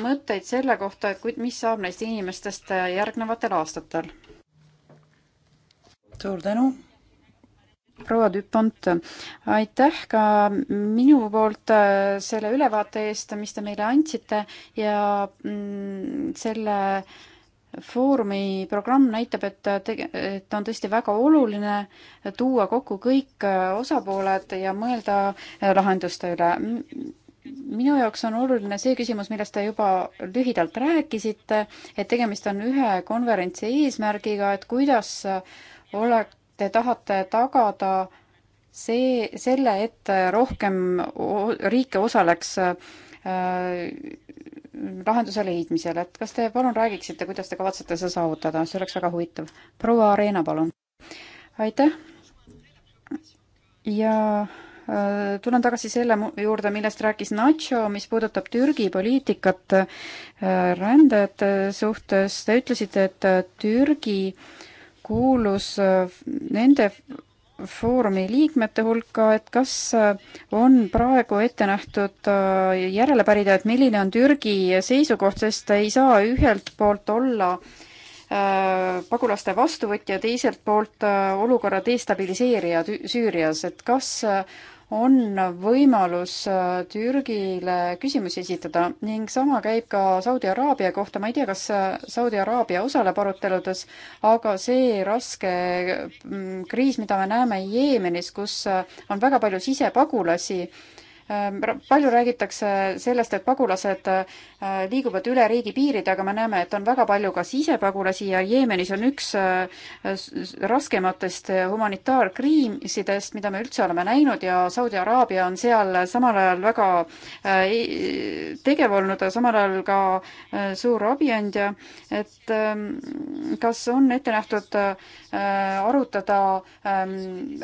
mõtteid selle kohta, et mis saab neist inimestest järgnevatel aastatel. suur tänu proua Tüpont, aitäh ka minu poolt selle ülevaate eest, mis te meile andsite ja mm, selle äh, Foorumi programm näitab, et tege-, et on tõesti väga oluline tuua kokku kõik äh, osapooled ja mõelda äh, lahenduste üle. minu jaoks on oluline see küsimus, millest te juba lühidalt rääkisite, et tegemist on ühe konverentsi eesmärgiga, et kuidas ole-, te tahate tagada see, selle, et rohkem riike osaleks äh, lahenduse leidmisel, et kas te palun räägiksite, kuidas te kavatsete seda saavutada, see oleks väga huvitav. proua Areena, palun. aitäh. ja äh, tulen tagasi selle juurde, millest rääkis Nacho, mis puudutab Türgi poliitikat äh, rändajate suhtes. Te ütlesite, et Türgi kuulus äh, nende Foorumi liikmete hulka, et kas äh, on praegu ette nähtud äh, järele pärida, et milline on Türgi seisukoht, sest ei saa ühelt poolt olla äh, pagulaste vastuvõtja, teiselt poolt olukorra destabiliseerija Süürias, et kas on võimalus äh, Türgile küsimusi esitada ning sama käib ka Saudi Araabia kohta. ma ei tea, kas äh, Saudi Araabia osaleb aruteludes, aga see raske mm, kriis, mida me näeme Jeemenis, kus äh, on väga palju sisepagulasi, palju räägitakse sellest, et pagulased Äh, liiguvad üle riigipiiride, aga me näeme, et on väga palju ka sisepagulasi ja Jeemenis on üks äh, raskematest humanitaarkriisidest, mida me üldse oleme näinud ja Saudi Araabia on seal samal ajal väga äh, e-, tegev olnud, aga samal ajal ka suur abiandja, et ähm, kas on ette nähtud arutada ähm,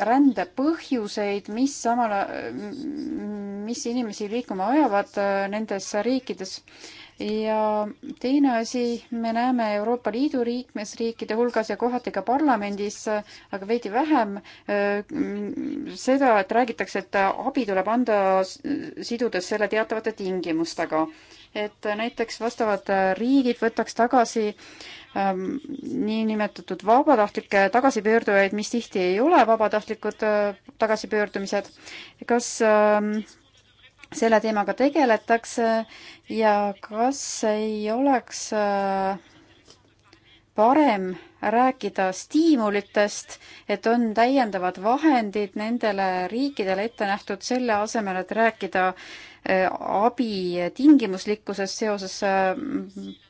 rände põhjuseid, mis samal ajal mis inimesi liikuma ajavad äh, nendes riikides. ja teine asi, me näeme Euroopa Liidu liikmesriikide hulgas ja kohati ka parlamendis, äh, aga veidi vähem, äh, seda, et räägitakse, et abi tuleb anda sidudes selle teatavate tingimustega. et näiteks vastavad riigid võtaks tagasi ähm, niinimetatud vabatahtlikke tagasipöördujaid, mis tihti ei ole vabatahtlikud tagasipöördumised. kas ähm, selle teemaga tegeletakse ja kas ei oleks äh, parem rääkida stiimulitest, et on täiendavad vahendid nendele riikidele ette nähtud selle asemel, et rääkida äh, abi tingimuslikkusest seoses äh,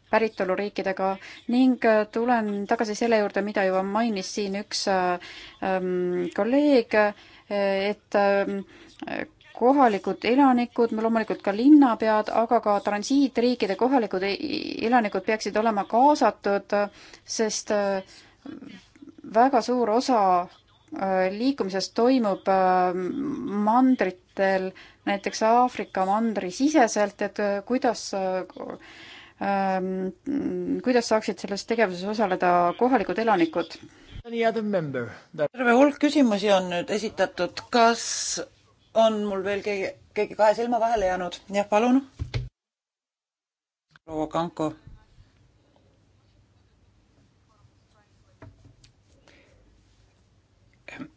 päritoluriikidega ning tulen tagasi selle juurde, mida juba mainis siin üks ähm, kolleeg, et ähm, kohalikud elanikud, loomulikult ka linnapead, aga ka transiitriikide kohalikud e-, elanikud peaksid olema kaasatud, sest äh, väga suur osa äh, liikumisest toimub äh, mandritel, näiteks Aafrika mandri siseselt, et kuidas ähm, kuidas saaksid selles tegevuses osaleda kohalikud elanikud? terve hulk küsimusi on nüüd esitatud, kas on mul veel keegi, keegi kahe silma vahele jäänud. jah, palun. proua Kanko.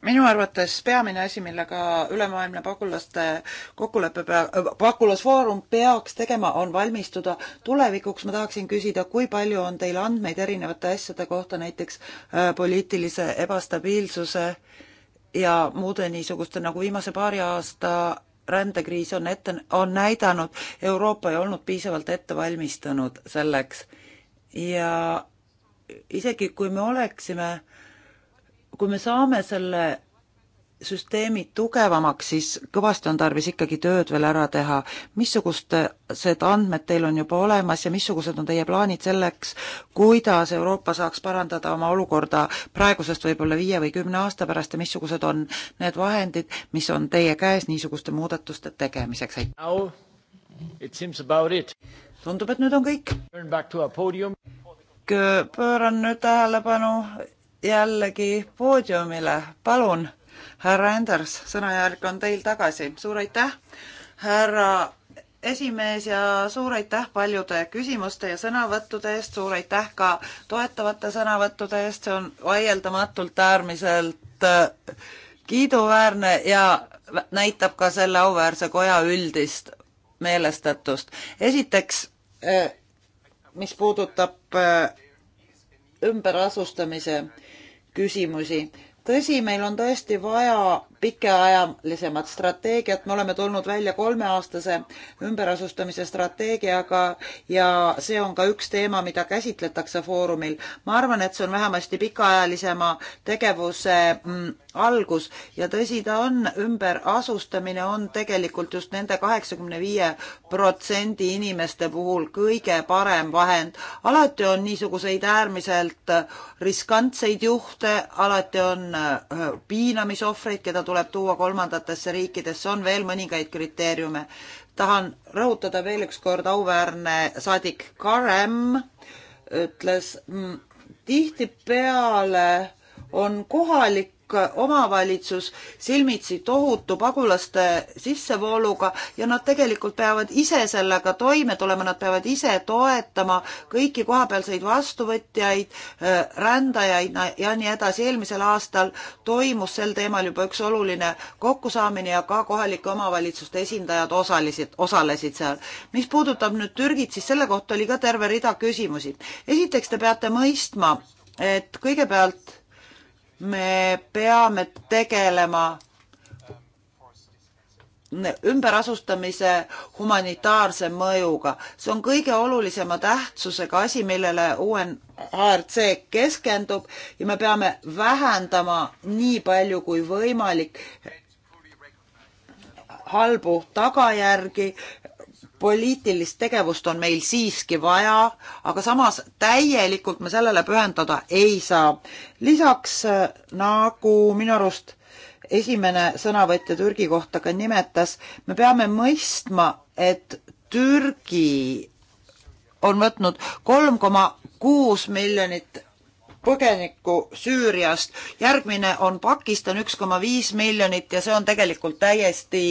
minu arvates peamine asi, millega ülemaailmne pagulaste kokkulepe pea, äh, pagulasfoorum peaks tegema, on valmistuda tulevikuks. ma tahaksin küsida, kui palju on teil andmeid erinevate asjade kohta, näiteks äh, poliitilise ebastabiilsuse äh, ja muude niisuguste nagu viimase paari aasta rändekriis on ette, on näidanud, Euroopa ei olnud piisavalt ette valmistanud selleks. ja isegi kui me oleksime, kui me saame selle süsteemid tugevamaks, siis kõvasti on tarvis ikkagi tööd veel ära teha. missugused äh, andmed teil on juba olemas ja missugused on teie plaanid selleks, kuidas Euroopa saaks parandada oma olukorda praegusest võib-olla viie või kümne aasta pärast ja missugused on need vahendid, mis on teie käes niisuguste muudatuste tegemiseks? tundub, et nüüd on kõik. pööran nüüd tähelepanu jällegi poodiumile, palun härra Enders, sõnajärg on teil tagasi. suur aitäh, härra esimees ja suur aitäh paljude küsimuste ja sõnavõttude eest, suur aitäh ka toetavate sõnavõttude eest, see on vaieldamatult äärmiselt äh, kiiduväärne ja näitab ka selle auväärse koja üldist meelestatust. esiteks, äh, mis puudutab äh, ümberasustamise küsimusi tõsi, meil on tõesti vaja pikaajalisemat strateegiat, me oleme tulnud välja kolmeaastase ümberasustamise strateegiaga ja see on ka üks teema, mida käsitletakse Foorumil. ma arvan, et see on vähemasti pikaajalisema tegevuse mm, algus ja tõsi ta on, ümberasustamine on tegelikult just nende kaheksakümne viie protsendi inimeste puhul kõige parem vahend. alati on niisuguseid äärmiselt riskantseid juhte, alati on äh, piinamisohvreid, keda tuleb tuleb tuua kolmandatesse riikidesse, on veel mõningaid kriteeriume. tahan rõhutada veel ükskord, auväärne saadik Karem ütles, tihtipeale on kohalik omavalitsus silmitsi tohutu pagulaste sissevooluga ja nad tegelikult peavad ise sellega toime tulema, nad peavad ise toetama kõiki kohapealseid vastuvõtjaid, äh, rändajaid ja nii edasi. eelmisel aastal toimus sel teemal juba üks oluline kokkusaamine ja ka kohalike omavalitsuste esindajad osalesid, osalesid seal. mis puudutab nüüd Türgit, siis selle kohta oli ka terve rida küsimusi. esiteks te peate mõistma, et kõigepealt me peame tegelema ümberasustamise humanitaarse mõjuga. see on kõige olulisema tähtsusega asi, millele UNHRC keskendub ja me peame vähendama nii palju kui võimalik halbu tagajärgi poliitilist tegevust on meil siiski vaja, aga samas täielikult me sellele pühendada ei saa. lisaks, äh, nagu minu arust esimene sõnavõtja Türgi kohta ka nimetas, me peame mõistma, et Türgi on võtnud kolm koma kuus miljonit põgenikku Süüriast, järgmine on Pakistan üks koma viis miljonit ja see on tegelikult täiesti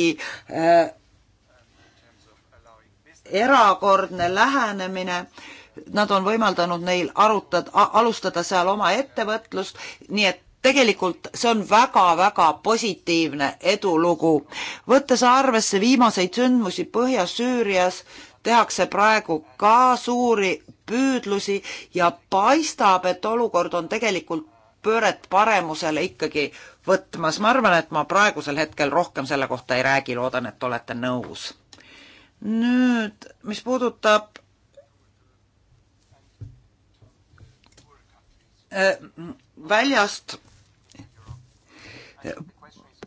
äh, erakordne lähenemine. Nad on võimaldanud neil arutada, alustada seal oma ettevõtlust, nii et tegelikult see on väga-väga positiivne edulugu. võttes arvesse viimaseid sündmusi Põhja-Süürias, tehakse praegu ka suuri püüdlusi ja paistab, et olukord on tegelikult pööret paremusele ikkagi võtmas. ma arvan, et ma praegusel hetkel rohkem selle kohta ei räägi, loodan, et olete nõus nüüd, mis puudutab äh, väljast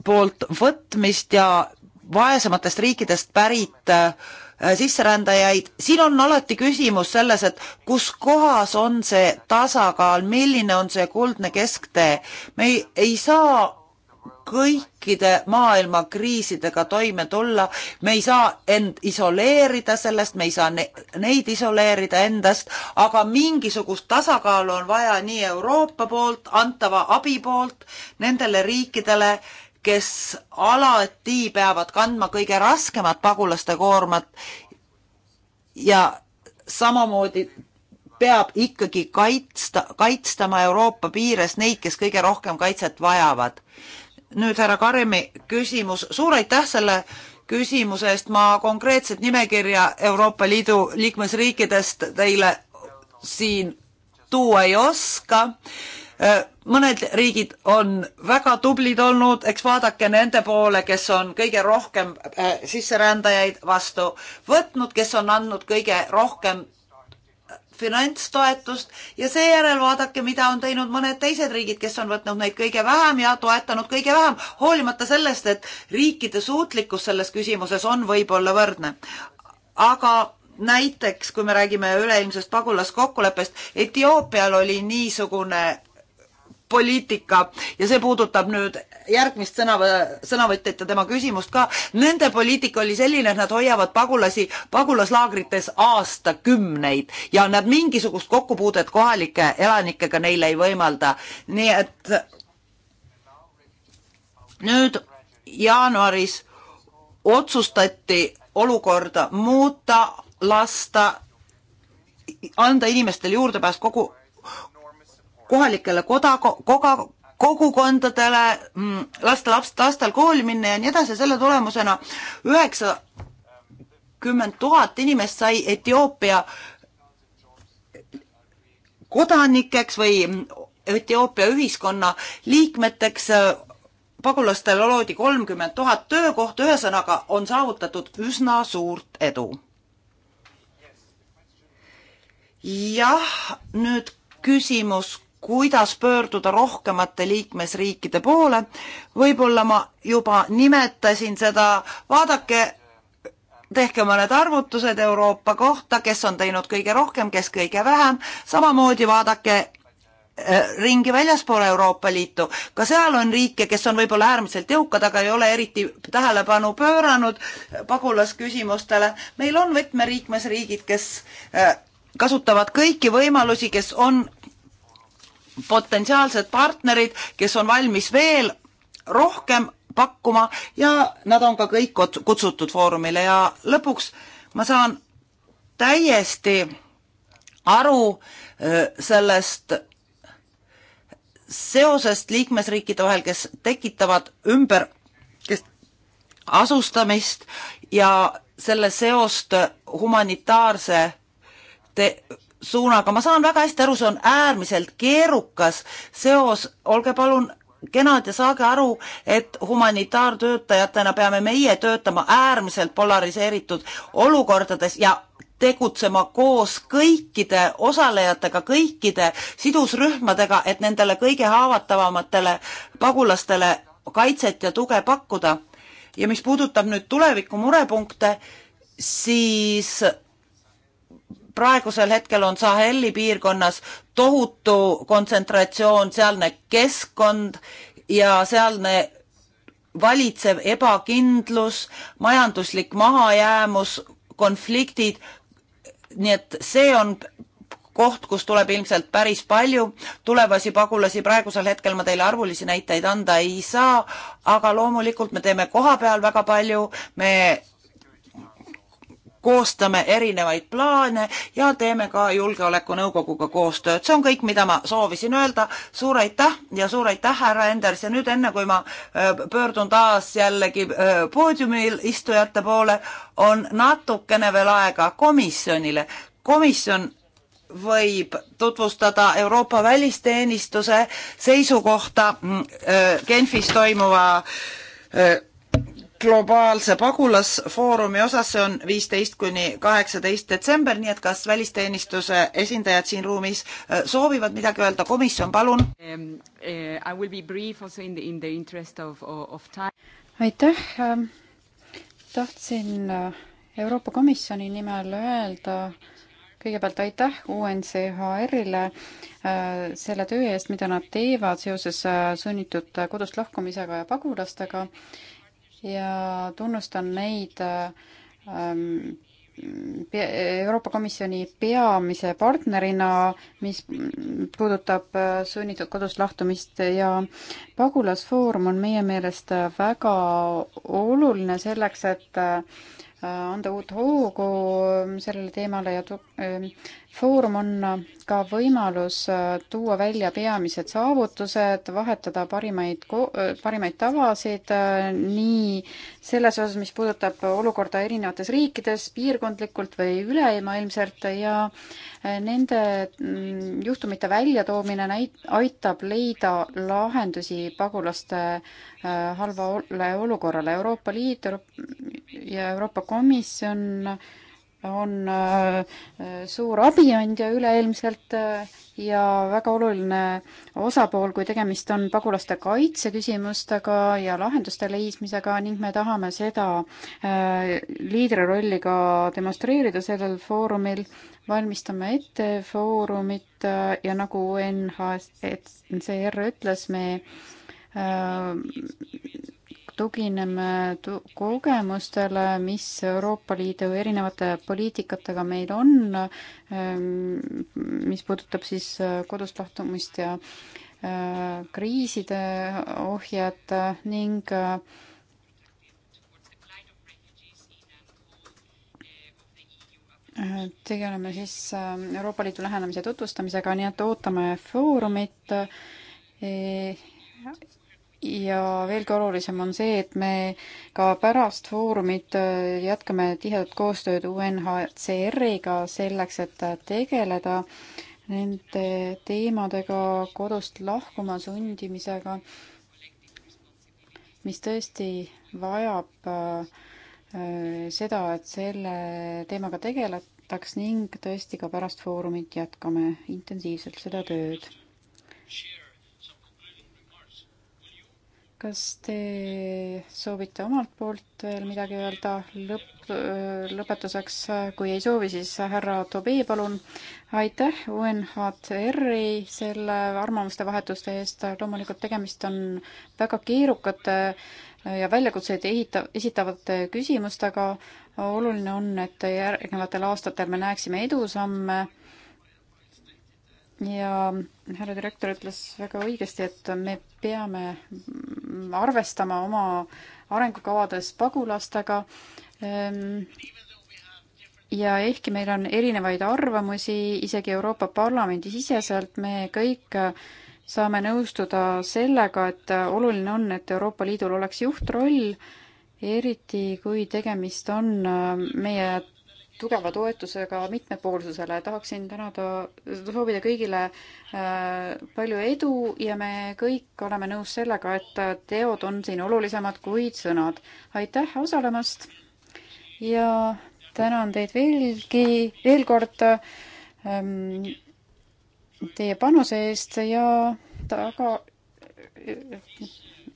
poolt võtmist ja vaesematest riikidest pärit äh, sisserändajaid, siin on alati küsimus selles, et kus kohas on see tasakaal, milline on see kuldne kesktee. me ei, ei saa kõikide maailma kriisidega toime tulla. me ei saa end isoleerida sellest, me ei saa ne neid isoleerida endast, aga mingisugust tasakaalu on vaja nii Euroopa poolt antava abi poolt nendele riikidele, kes alati peavad kandma kõige raskemat pagulaste koormat ja samamoodi peab ikkagi kaitsta, kaitstama Euroopa piires neid, kes kõige rohkem kaitset vajavad nüüd härra Karemi küsimus, suur aitäh selle küsimuse eest, ma konkreetset nimekirja Euroopa Liidu liikmesriikidest teile siin tuua ei oska. mõned riigid on väga tublid olnud, eks vaadake nende poole, kes on kõige rohkem äh, sisserändajaid vastu võtnud, kes on andnud kõige rohkem finantstoetust ja seejärel vaadake, mida on teinud mõned teised riigid, kes on võtnud neid kõige vähem ja toetanud kõige vähem, hoolimata sellest, et riikide suutlikkus selles küsimuses on võib-olla võrdne. aga näiteks, kui me räägime üleilmsest pagulaskokkuleppest, Etioopial oli niisugune poliitika ja see puudutab nüüd järgmist sõnavõ-, sõnavõtjat ja tema küsimust ka, nende poliitika oli selline, et nad hoiavad pagulasi pagulaslaagrites aastakümneid ja nad mingisugust kokkupuudet kohalike elanikega neile ei võimalda, nii et nüüd jaanuaris otsustati olukorda muuta, lasta, anda inimestele juurdepääs kogu kohalikele koda, koga, kogukondadele, mm, lasta laps, lastel kooli minna ja nii edasi, selle tulemusena üheksakümmend tuhat inimest sai Etioopia kodanikeks või Etioopia ühiskonna liikmeteks pagulastel loodi kolmkümmend tuhat töökohta, ühesõnaga on saavutatud üsna suurt edu. jah, nüüd küsimus, kuidas pöörduda rohkemate liikmesriikide poole. võib-olla ma juba nimetasin seda, vaadake, tehke oma need arvutused Euroopa kohta, kes on teinud kõige rohkem, kes kõige vähem, samamoodi vaadake eh, ringi väljaspool Euroopa Liitu, ka seal on riike, kes on võib-olla äärmiselt jõukad, aga ei ole eriti tähelepanu pööranud eh, pagulasküsimustele. meil on võtmeriikmesriigid, kes eh, kasutavad kõiki võimalusi, kes on potentsiaalsed partnerid, kes on valmis veel rohkem pakkuma ja nad on ka kõik kutsutud foorumile ja lõpuks ma saan täiesti aru sellest seosest liikmesriikide vahel, kes tekitavad ümber, kes asustamist ja selle seost humanitaarse te suunaga, ma saan väga hästi aru, see on äärmiselt keerukas seos, olge palun kenad ja saage aru, et humanitaartöötajatena peame meie töötama äärmiselt polariseeritud olukordades ja tegutsema koos kõikide osalejatega, kõikide sidusrühmadega, et nendele kõige haavatavamatele pagulastele kaitset ja tuge pakkuda. ja mis puudutab nüüd tuleviku murepunkte, siis praegusel hetkel on Saheli piirkonnas tohutu kontsentratsioon, sealne keskkond ja sealne valitsev ebakindlus, majanduslik mahajäämus, konfliktid, nii et see on koht, kus tuleb ilmselt päris palju tulevasi pagulasi, praegusel hetkel ma teile arvulisi näiteid anda ei saa, aga loomulikult me teeme koha peal väga palju, me koostame erinevaid plaane ja teeme ka Julgeolekunõukoguga koostööd. see on kõik, mida ma soovisin öelda. suur aitäh ja suur aitäh, härra Enders ja nüüd enne, kui ma äh, pöördun taas jällegi äh, poodiumil istujate poole, on natukene veel aega komisjonile. komisjon võib tutvustada Euroopa välisteenistuse seisukohta mm, äh, Genfis toimuva globaalse pagulasfoorumi osas, see on viisteist kuni kaheksateist detsember, nii et kas välisteenistuse esindajad siin ruumis äh, soovivad midagi öelda, komisjon, palun um,? Uh, aitäh, ähm, tahtsin äh, Euroopa Komisjoni nimel öelda kõigepealt aitäh UNCHR-ile äh, selle töö eest, mida nad teevad seoses sunnitud kodust lahkumisega ja pagulastega ja tunnustan neid ähm, Euroopa Komisjoni peamise partnerina, mis puudutab äh, sunnitud kodust lahtumist ja pagulasfoorum on meie meelest väga oluline selleks, et äh, Äh, anda uut hoogu ähm, sellele teemale ja ähm, foorum on äh, ka võimalus äh, tuua välja peamised saavutused, vahetada parimaid, parimaid tavasid nii selles osas, mis puudutab olukorda erinevates riikides, piirkondlikult või üleilmailmselt ja nende mm, juhtumite väljatoomine näit-, aitab leida lahendusi pagulaste halvale olukorrale. Euroopa Liit, ja Euroopa Komisjon on äh, suur abiandja üleilmselt äh, ja väga oluline osapool, kui tegemist on pagulaste kaitse küsimustega ja lahenduste leidmisega ning me tahame seda äh, liidrirolli ka demonstreerida sellel foorumil. valmistame ette foorumit ja nagu UNHCR ütles, me tugineme tu kogemustele, mis Euroopa Liidu erinevate poliitikatega meil on, ehm, mis puudutab siis äh, kodust lahtumist ja äh, kriiside ohjat ning äh, tegeleme siis Euroopa Liidu lähenemise tutvustamisega, nii et ootame Foorumit eh, ja veelgi olulisem on see, et me ka pärast Foorumit äh, jätkame tihedat koostööd UNHCR-iga selleks, et äh, tegeleda nende teemadega, kodust lahkuma sundimisega, mis tõesti vajab äh, seda, et selle teemaga tegeletaks ning tõesti ka pärast Foorumit jätkame intensiivselt seda tööd kas te soovite omalt poolt veel midagi öelda lõpp, lõpetuseks, kui ei soovi, siis härra Tobee, palun. aitäh UNHCR-i selle arvamuste vahetuste eest, loomulikult tegemist on väga keerukate äh, ja väljakutseid ehita-, esitavate küsimustega, oluline on, et järgnevatel aastatel me näeksime edusamme ja härra direktor ütles väga õigesti, et me peame arvestama oma arengukavades pagulastega. Ehm, ja ehkki meil on erinevaid arvamusi isegi Euroopa Parlamendi siseselt, me kõik saame nõustuda sellega, et oluline on, et Euroopa Liidul oleks juhtroll, eriti kui tegemist on meie tugeva toetusega mitmepoolsusele. tahaksin tänada, soovida kõigile äh, palju edu ja me kõik oleme nõus sellega, et teod on siin olulisemad kui sõnad. aitäh osalemast ja tänan teid veelgi, veel kord ähm, teie panuse eest ja taga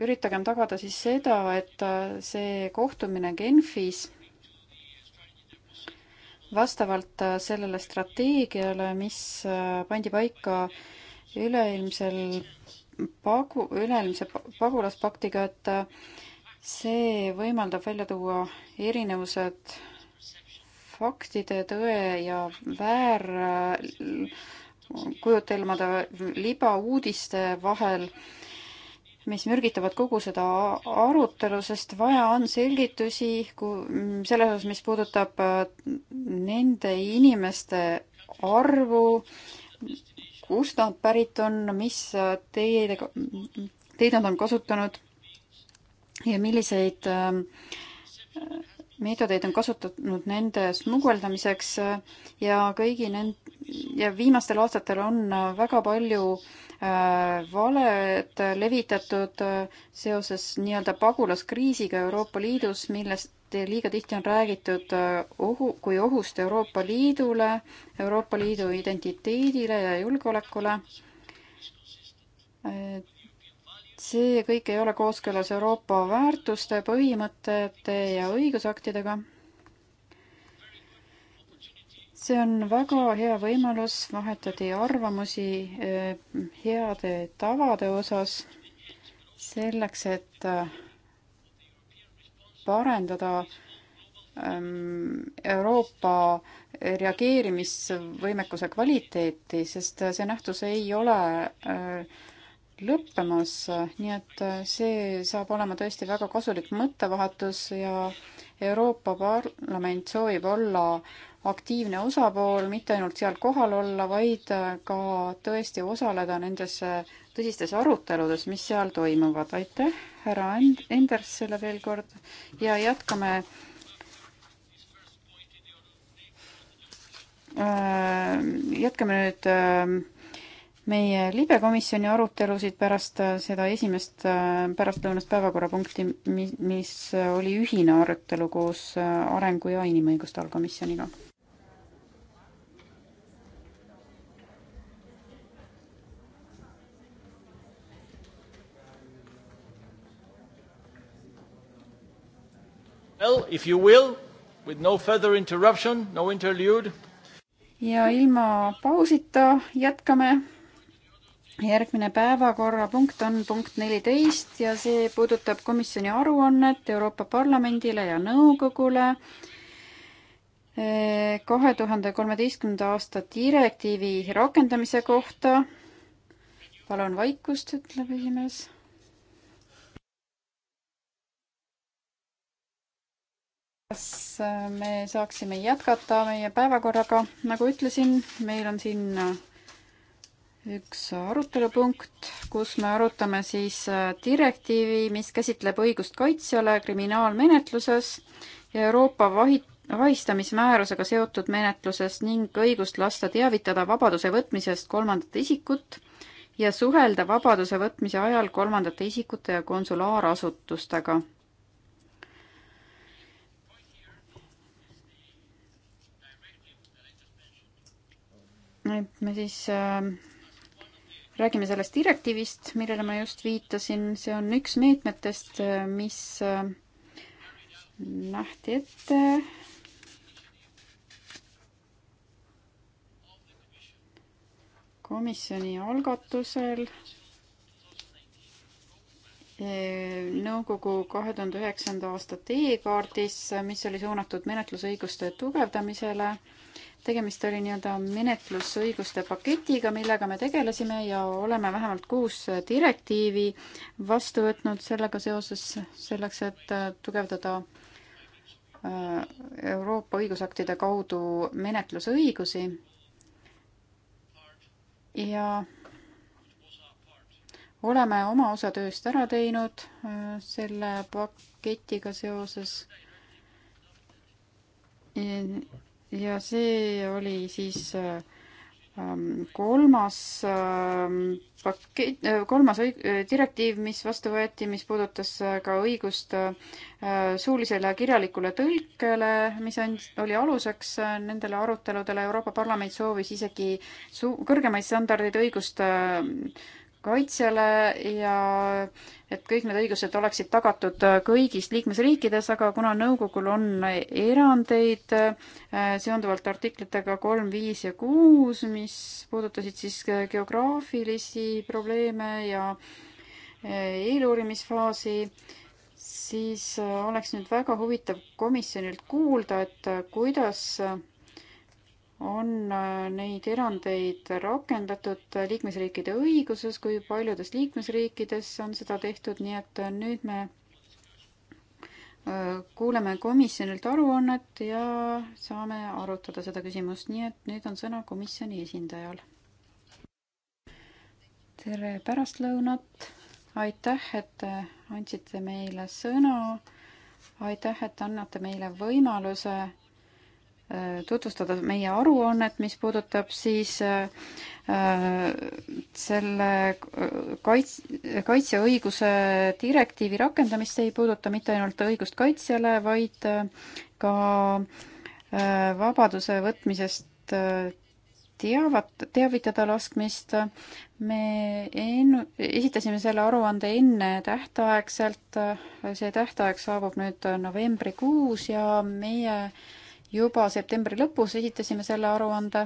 üritagem tagada siis seda, et äh, see kohtumine Genfis vastavalt äh, sellele strateegiale, mis äh, pandi paika üleilmsel pagu, üleilmse pagulaspaktiga, et äh, see võimaldab välja tuua erinevused faktide, tõe ja väär kujutelmade libauudiste vahel äh, mis mürgitavad kogu seda arutelu, sest vaja on selgitusi selles osas, mis puudutab äh, nende inimeste arvu, kust nad pärit on, mis äh, teid, teid nad on kasutanud ja milliseid äh, meetodeid on kasutatud nende smugeldamiseks ja kõigi nende ja viimastel aastatel on äh, väga palju äh, valed äh, levitatud seoses nii-öelda pagulaskriisiga Euroopa Liidus, millest liiga tihti on räägitud ohu, kui ohust Euroopa Liidule, Euroopa Liidu identiteedile ja julgeolekule. see kõik ei ole kooskõlas Euroopa väärtuste, põhimõtete ja õigusaktidega see on väga hea võimalus vahetada arvamusi eh, heade tavade osas selleks, et eh, parendada ehm, Euroopa reageerimisvõimekuse kvaliteeti, sest see nähtus ei ole eh, lõppemas, nii et see saab olema tõesti väga kasulik mõttevahetus ja Euroopa Parlament soovib olla äh, aktiivne osapool, mitte ainult seal kohal olla, vaid äh, ka tõesti osaleda nendes tõsistes aruteludes, mis seal toimuvad. aitäh, härra Enders, selle veel kord ja jätkame äh, jätkame nüüd äh, meie libekomisjoni arutelusid pärast seda esimest pärastlõunast päevakorrapunkti, mis oli ühine arutelu koos Arengu- ja Inimõiguste Allkomisjoniga Well, if you will, with no further interruption, no interlude. ja ilma pausita jätkame. järgmine päevakorrapunkt on punkt neliteist ja see puudutab komisjoni aruannet Euroopa Parlamendile ja nõukogule eh, kahe tuhande kolmeteistkümnenda aasta direktiivi rakendamise kohta. palun vaikust, ütleb esimees kas äh, me saaksime jätkata meie päevakorraga, nagu ütlesin, meil on siin äh, üks arutelupunkt, kus me arutame siis äh, direktiivi, mis käsitleb õigust kaitsjale kriminaalmenetluses ja Euroopa vahit-, vahistamismäärusega seotud menetluses ning õigust lasta teavitada vabaduse võtmisest kolmandat isikut ja suhelda vabaduse võtmise ajal kolmandate isikute ja konsulaarasutustega et me siis äh, räägime sellest direktiivist, millele ma just viitasin, see on üks meetmetest, äh, mis äh, nähti ette komisjoni algatusel nõukogu kahe tuhande üheksanda aasta teekaardis, mis oli suunatud menetlusõiguste tugevdamisele tegemist oli nii-öelda menetlusõiguste paketiga, millega me tegelesime ja oleme vähemalt kuus direktiivi vastu võtnud sellega seoses, selleks et äh, tugevdada äh, Euroopa õigusaktide kaudu menetlusõigusi. ja oleme oma osa tööst ära teinud äh, selle paketiga seoses ja see oli siis äh, ähm, kolmas ähm, pakett, äh, kolmas õig-, äh, direktiiv, mis vastu võeti, mis puudutas ka õigust suulisele ja kirjalikule tõlkele, mis on, oli aluseks nendele aruteludele. Euroopa Parlament soovis isegi su-, kõrgemaid standardeid õigust kaitsele ja et kõik need õigused oleksid tagatud kõigis liikmesriikides, aga kuna nõukogul on erandeid äh, seonduvalt artiklitega kolm, viis ja kuus, mis puudutasid siis geograafilisi probleeme ja äh, eeluurimisfaasi, siis äh, oleks nüüd väga huvitav komisjonilt kuulda, et kuidas on äh, neid erandeid rakendatud liikmesriikide õiguses, kui paljudes liikmesriikides on seda tehtud, nii et äh, nüüd me äh, kuuleme komisjonilt aruannet ja saame arutada seda küsimust, nii et nüüd on sõna komisjoni esindajal. tere pärastlõunat, aitäh, et andsite meile sõna, aitäh, et annate meile võimaluse tutvustada meie aruannet, mis puudutab siis äh, selle kaits-, kaitseõiguse direktiivi rakendamist, see ei puuduta mitte ainult õigust kaitsjale, vaid äh, ka äh, vabaduse võtmisest teavat-, teavitada laskmist. me enn-, esitasime selle aruande enne tähtaegselt, see tähtaeg saabub nüüd novembrikuus ja meie äh, juba septembri lõpus esitasime selle aruande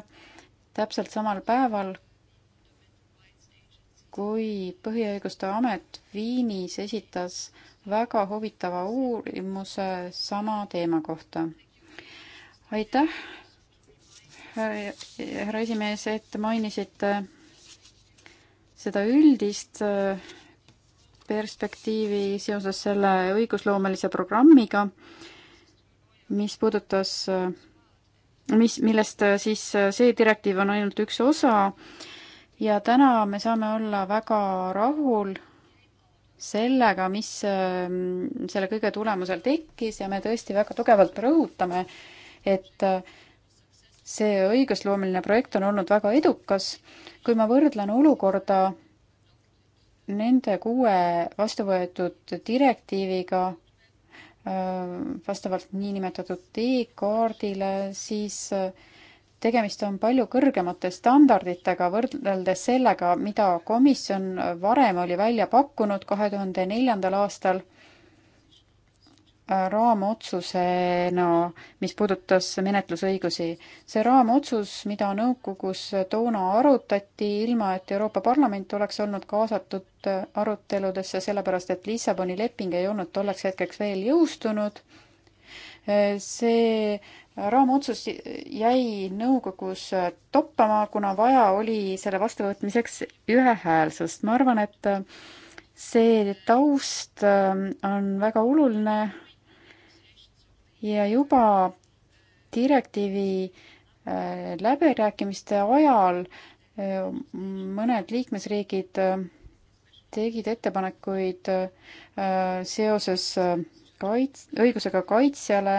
täpselt samal päeval, kui Põhiõiguste Amet Viinis esitas väga huvitava uurimuse sama teema kohta. aitäh, härra esimees, et mainisite seda üldist äh, perspektiivi seoses selle õigusloomelise programmiga mis puudutas, mis, millest siis see direktiiv on ainult üks osa ja täna me saame olla väga rahul sellega, mis ähm, selle kõige tulemusel tekkis ja me tõesti väga tugevalt rõhutame, et äh, see õigusloomeline projekt on olnud väga edukas. kui ma võrdlen olukorda nende kuue vastu võetud direktiiviga, Äh, vastavalt niinimetatud teekaardile, siis äh, tegemist on palju kõrgemate standarditega võrreldes sellega, mida komisjon varem oli välja pakkunud kahe tuhande neljandal aastal raamotsusena, mis puudutas menetlusõigusi. see raamotsus, mida nõukogus toona arutati, ilma et Euroopa Parlament oleks olnud kaasatud aruteludesse, sellepärast et Lissaboni leping ei olnud tolleks hetkeks veel jõustunud, see raamotsus jäi nõukogus toppama, kuna vaja oli selle vastuvõtmiseks ühehäälsust. ma arvan, et see taust on väga oluline ja juba direktiivi äh, läbirääkimiste ajal äh, mõned liikmesriigid äh, tegid ettepanekuid seoses kaits-, õigusega kaitsjale,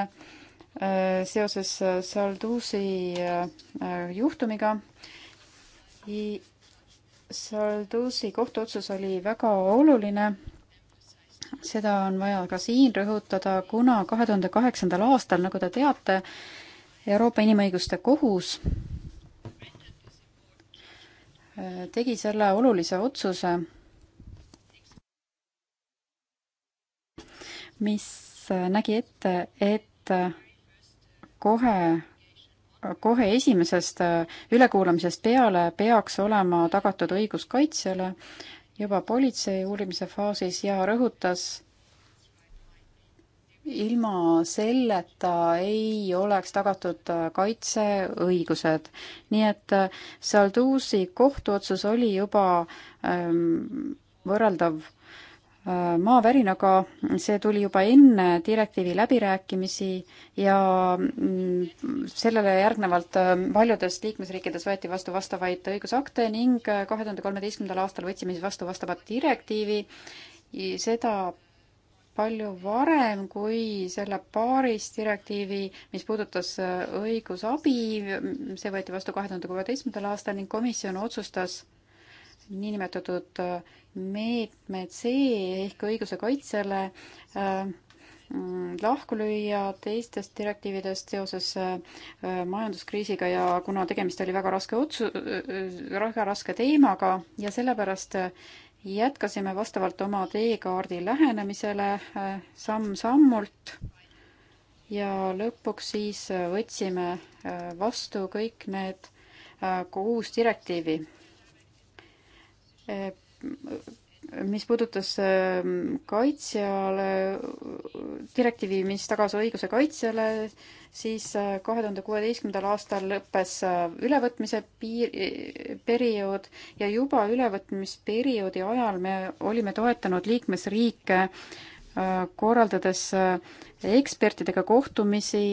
seoses Saldusi juhtumiga. Saldusi kohtuotsus oli väga oluline seda on vaja ka siin rõhutada, kuna kahe tuhande kaheksandal aastal, nagu te teate, Euroopa Inimõiguste Kohus äh, tegi selle olulise otsuse, mis äh, nägi ette, et äh, kohe, kohe esimesest ülekuulamisest peale peaks olema tagatud õigus kaitsjale juba politsei uurimise faasis ja rõhutas, ilma selleta ei oleks tagatud äh, kaitseõigused. nii et äh, Salduusi kohtuotsus oli juba ähm, võrreldav maavärin, aga see tuli juba enne direktiivi läbirääkimisi ja mm, sellele järgnevalt äh, paljudes liikmesriikides võeti vastu vastavaid õigusakte ning äh, kahe tuhande kolmeteistkümnendal aastal võtsime siis vastu vastava direktiivi. seda palju varem kui selle paaris direktiivi, mis puudutas äh, õigusabi, see võeti vastu kahe tuhande kuueteistkümnendal aastal ning komisjon otsustas niinimetatud meetmed C ehk õiguse kaitsele äh, mm, lahku lüüa teistest direktiividest seoses äh, majanduskriisiga ja kuna tegemist oli väga raske otsu-, äh, äh, väga raske teemaga ja sellepärast jätkasime vastavalt oma teekaardi lähenemisele samm-sammult ja lõpuks siis võtsime vastu kõik need kuus direktiivi mis puudutas ähm, kaitsjale, direktiivi, mis tagas õiguse kaitsjale, siis äh, kahe tuhande kuueteistkümnendal aastal lõppes äh, ülevõtmise piir, periood ja juba ülevõtmisperioodi ajal me olime toetanud liikmesriike äh, korraldades ekspertidega kohtumisi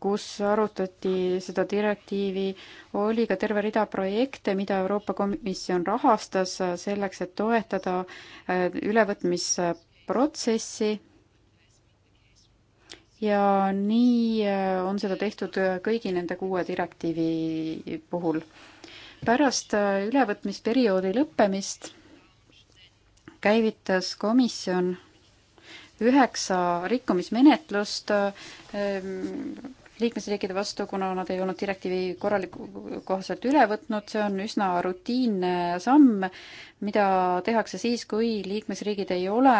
kus arutati seda direktiivi, oli ka terve rida projekte, mida Euroopa Komisjon rahastas selleks, et toetada äh, ülevõtmisprotsessi. ja nii äh, on seda tehtud kõigi nende kuue direktiivi puhul. pärast äh, ülevõtmisperioodi lõppemist käivitas komisjon üheksa rikkumismenetlust ähm, liikmesriikide vastu, kuna nad ei olnud direktiivi korralikult kohaselt üle võtnud, see on üsna rutiinne samm, mida tehakse siis, kui liikmesriigid ei ole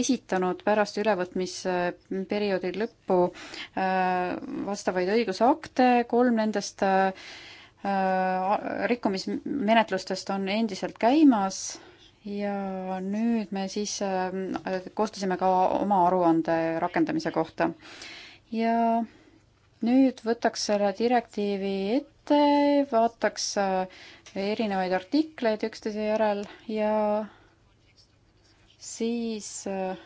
esitanud pärast ülevõtmisperioodi lõppu äh, vastavaid õigusakte, kolm nendest äh, rikkumismenetlustest on endiselt käimas ja nüüd me siis äh, koostasime ka oma aruande rakendamise kohta. ja nüüd võtaks selle direktiivi ette, vaataks äh, erinevaid artikleid üksteise järel ja siis äh,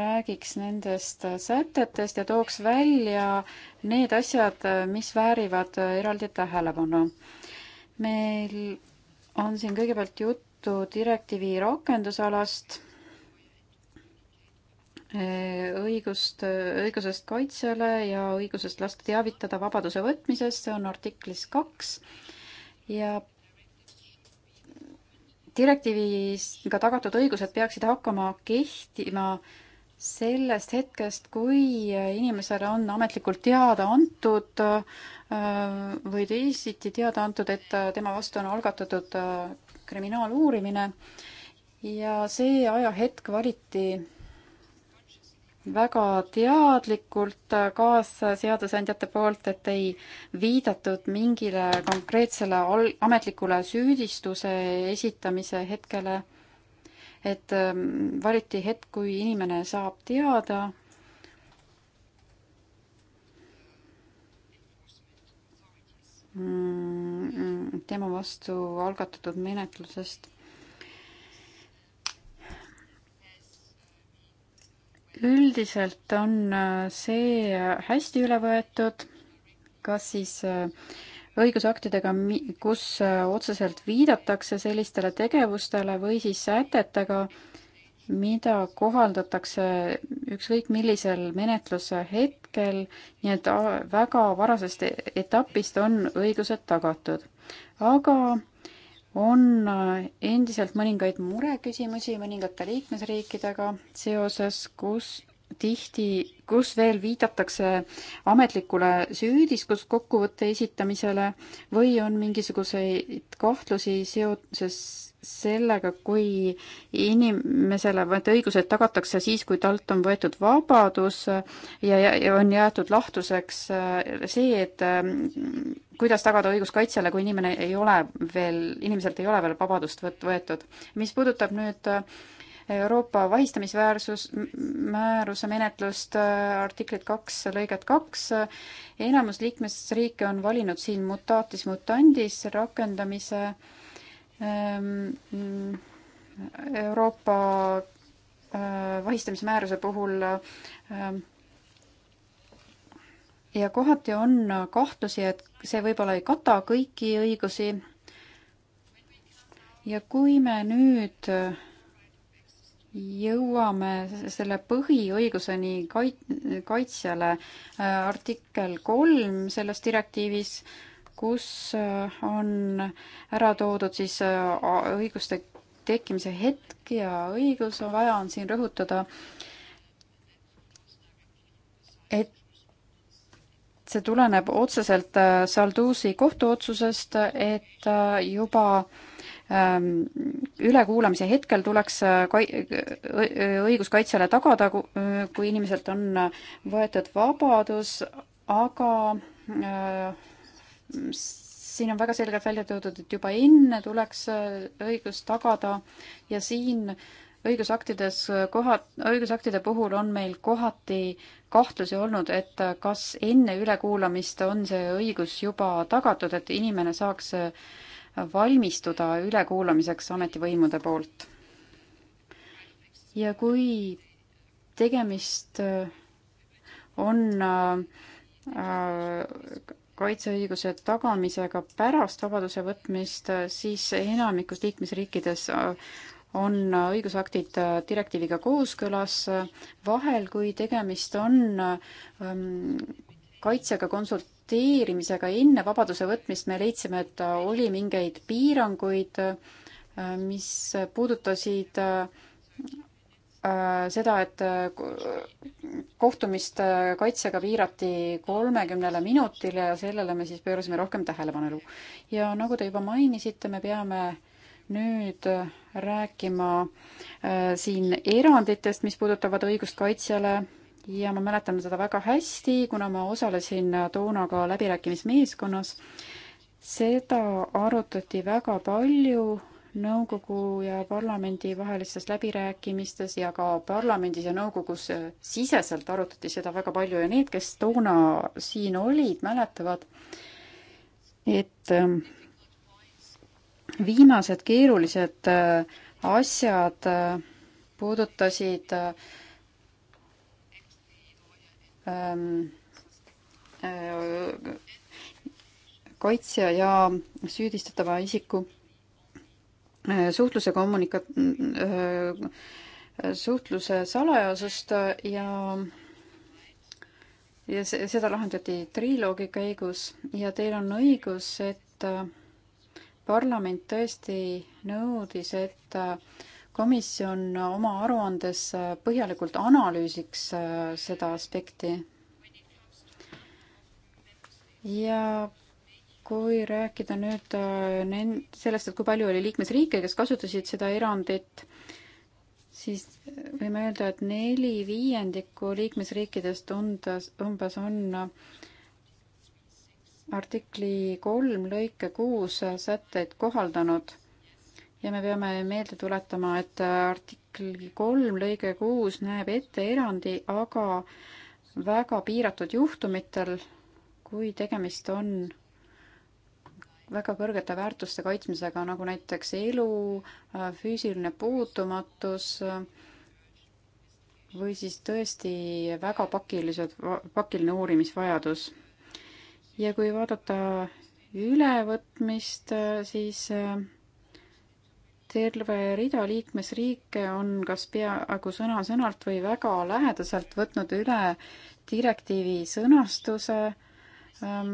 räägiks nendest äh, sätetest ja tooks välja need asjad, mis väärivad eraldi tähelepanu. meil on siin kõigepealt juttu direktiivi rakendusalast Äh, õigust, äh, õigusest kaitsele ja õigusest lasta teavitada vabaduse võtmisest, see on artiklis kaks ja direktiiviga tagatud õigused peaksid hakkama kehtima sellest hetkest, kui inimesele on ametlikult teada antud äh, või teisiti teada antud, et tema vastu on algatatud kriminaaluurimine ja see ajahetk valiti väga teadlikult kaasseadusandjate poolt, et ei viidatud mingile konkreetsele al-, ametlikule süüdistuse esitamise hetkele, et ähm, valiti hetk, kui inimene saab teada, mm, mm, tema vastu algatatud menetlusest üldiselt on äh, see äh, hästi üle võetud, kas siis äh, õigusaktidega, kus otseselt viidatakse sellistele tegevustele või siis sätetega, mida kohaldatakse ükskõik millisel menetluse hetkel, nii et väga varasest e-, etapist on õigused tagatud. aga on äh, endiselt mõningaid mureküsimusi mõningate liikmesriikidega seoses, kus tihti, kus veel viidatakse ametlikule süüdistuskokkuvõtte esitamisele või on mingisuguseid kahtlusi seoses sellega, kui inimesele vaid õigused tagatakse siis, kui talt on võetud vabadus ja, ja, ja on jäetud lahtuseks äh, see, et ähm, kuidas tagada õigus kaitsele, kui inimene ei ole veel, inimeselt ei ole veel vabadust võt-, võetud. mis puudutab nüüd äh, Euroopa vahistamisväärsus, määruse menetlust, äh, artiklit kaks, lõiget kaks. Äh, enamus liikmesriike on valinud siin mutatis mutandis rakendamise ähm, Euroopa äh, vahistamise määruse puhul ähm, ja kohati on kahtlusi, et see võib-olla ei kata kõiki õigusi. ja kui me nüüd jõuame selle põhiõiguseni kait-, kaitsjale artikkel kolm selles direktiivis, kus on ära toodud siis äh, õiguste tekkimise hetk ja õigus, vaja on siin rõhutada, et see tuleneb otseselt äh, Salduusi kohtuotsusest, et äh, juba äh, Ehm, ülekuulamise hetkel tuleks äh, kai-, õiguskaitsjale tagada, äh, kui inimeselt on äh, võetud vabadus, aga siin on väga selgelt välja toodud, et juba enne tuleks õigus tagada ja siin õigusaktides kohad, õigusaktide puhul on meil kohati kahtlusi olnud, et kas enne ülekuulamist on see õigus juba tagatud, et inimene saaks äh, valmistuda ülekuulamiseks ametivõimude poolt. ja kui tegemist äh, on äh, äh, kaitseõiguse tagamisega pärast vabaduse võtmist, siis enamikus liikmesriikides on õigusaktid direktiiviga kooskõlas, vahel kui tegemist on ähm, kaitsega konsult-, sorteerimisega enne vabaduse võtmist me leidsime, et oli mingeid piiranguid, mis puudutasid äh, seda, et äh, kohtumist äh, kaitsega piirati kolmekümnele minutile ja sellele me siis pöörasime rohkem tähelepanu. ja nagu te juba mainisite, me peame nüüd rääkima siin eranditest, mis puudutavad õigust kaitsjale ja ma mäletan seda väga hästi, kuna ma osalesin toona ka läbirääkimismeeskonnas. seda arutati väga palju nõukogu ja parlamendi vahelistes läbirääkimistes ja ka parlamendis ja nõukogus siseselt arutati seda väga palju ja need, kes toona siin olid, mäletavad, et ähm, viimased keerulised äh, asjad äh, puudutasid äh, ähm, äh, kaitsja ja süüdistatava isiku äh, suhtluse kommunika- äh,, suhtluse salajasust ja ja see, seda lahendati triloogi käigus ja teil on õigus, et äh, parlament tõesti nõudis, et äh, komisjon oma aruandes põhjalikult analüüsiks äh, seda aspekti. ja kui rääkida nüüd äh, sellest, et kui palju oli liikmesriike, kes kasutasid seda erandit, siis võime öelda, et neli viiendikku liikmesriikidest undas, umbes on äh, artikli kolm lõike kuus sätteid kohaldanud ja me peame meelde tuletama, et artikli kolm lõige kuus näeb ette erandi, aga väga piiratud juhtumitel, kui tegemist on väga kõrgete väärtuste kaitsmisega, nagu näiteks elu, füüsiline puutumatus või siis tõesti väga pakilised, pakiline uurimisvajadus. ja kui vaadata ülevõtmist, siis äh, terve rida liikmesriike on kas peaaegu sõna-sõnalt või väga lähedaselt võtnud üle direktiivi sõnastuse, ähm,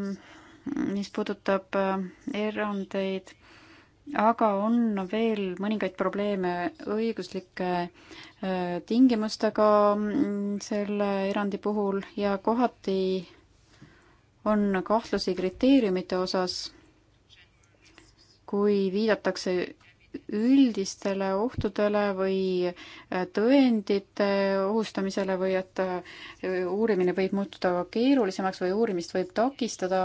mis puudutab äh, erandeid, aga on veel mõningaid probleeme õiguslike äh, tingimustega mm, selle erandi puhul ja kohati on kahtlusi kriteeriumite osas, kui viidatakse üldistele ohtudele või äh, tõendite ohustamisele või et äh, uurimine võib muutuda keerulisemaks või uurimist võib takistada.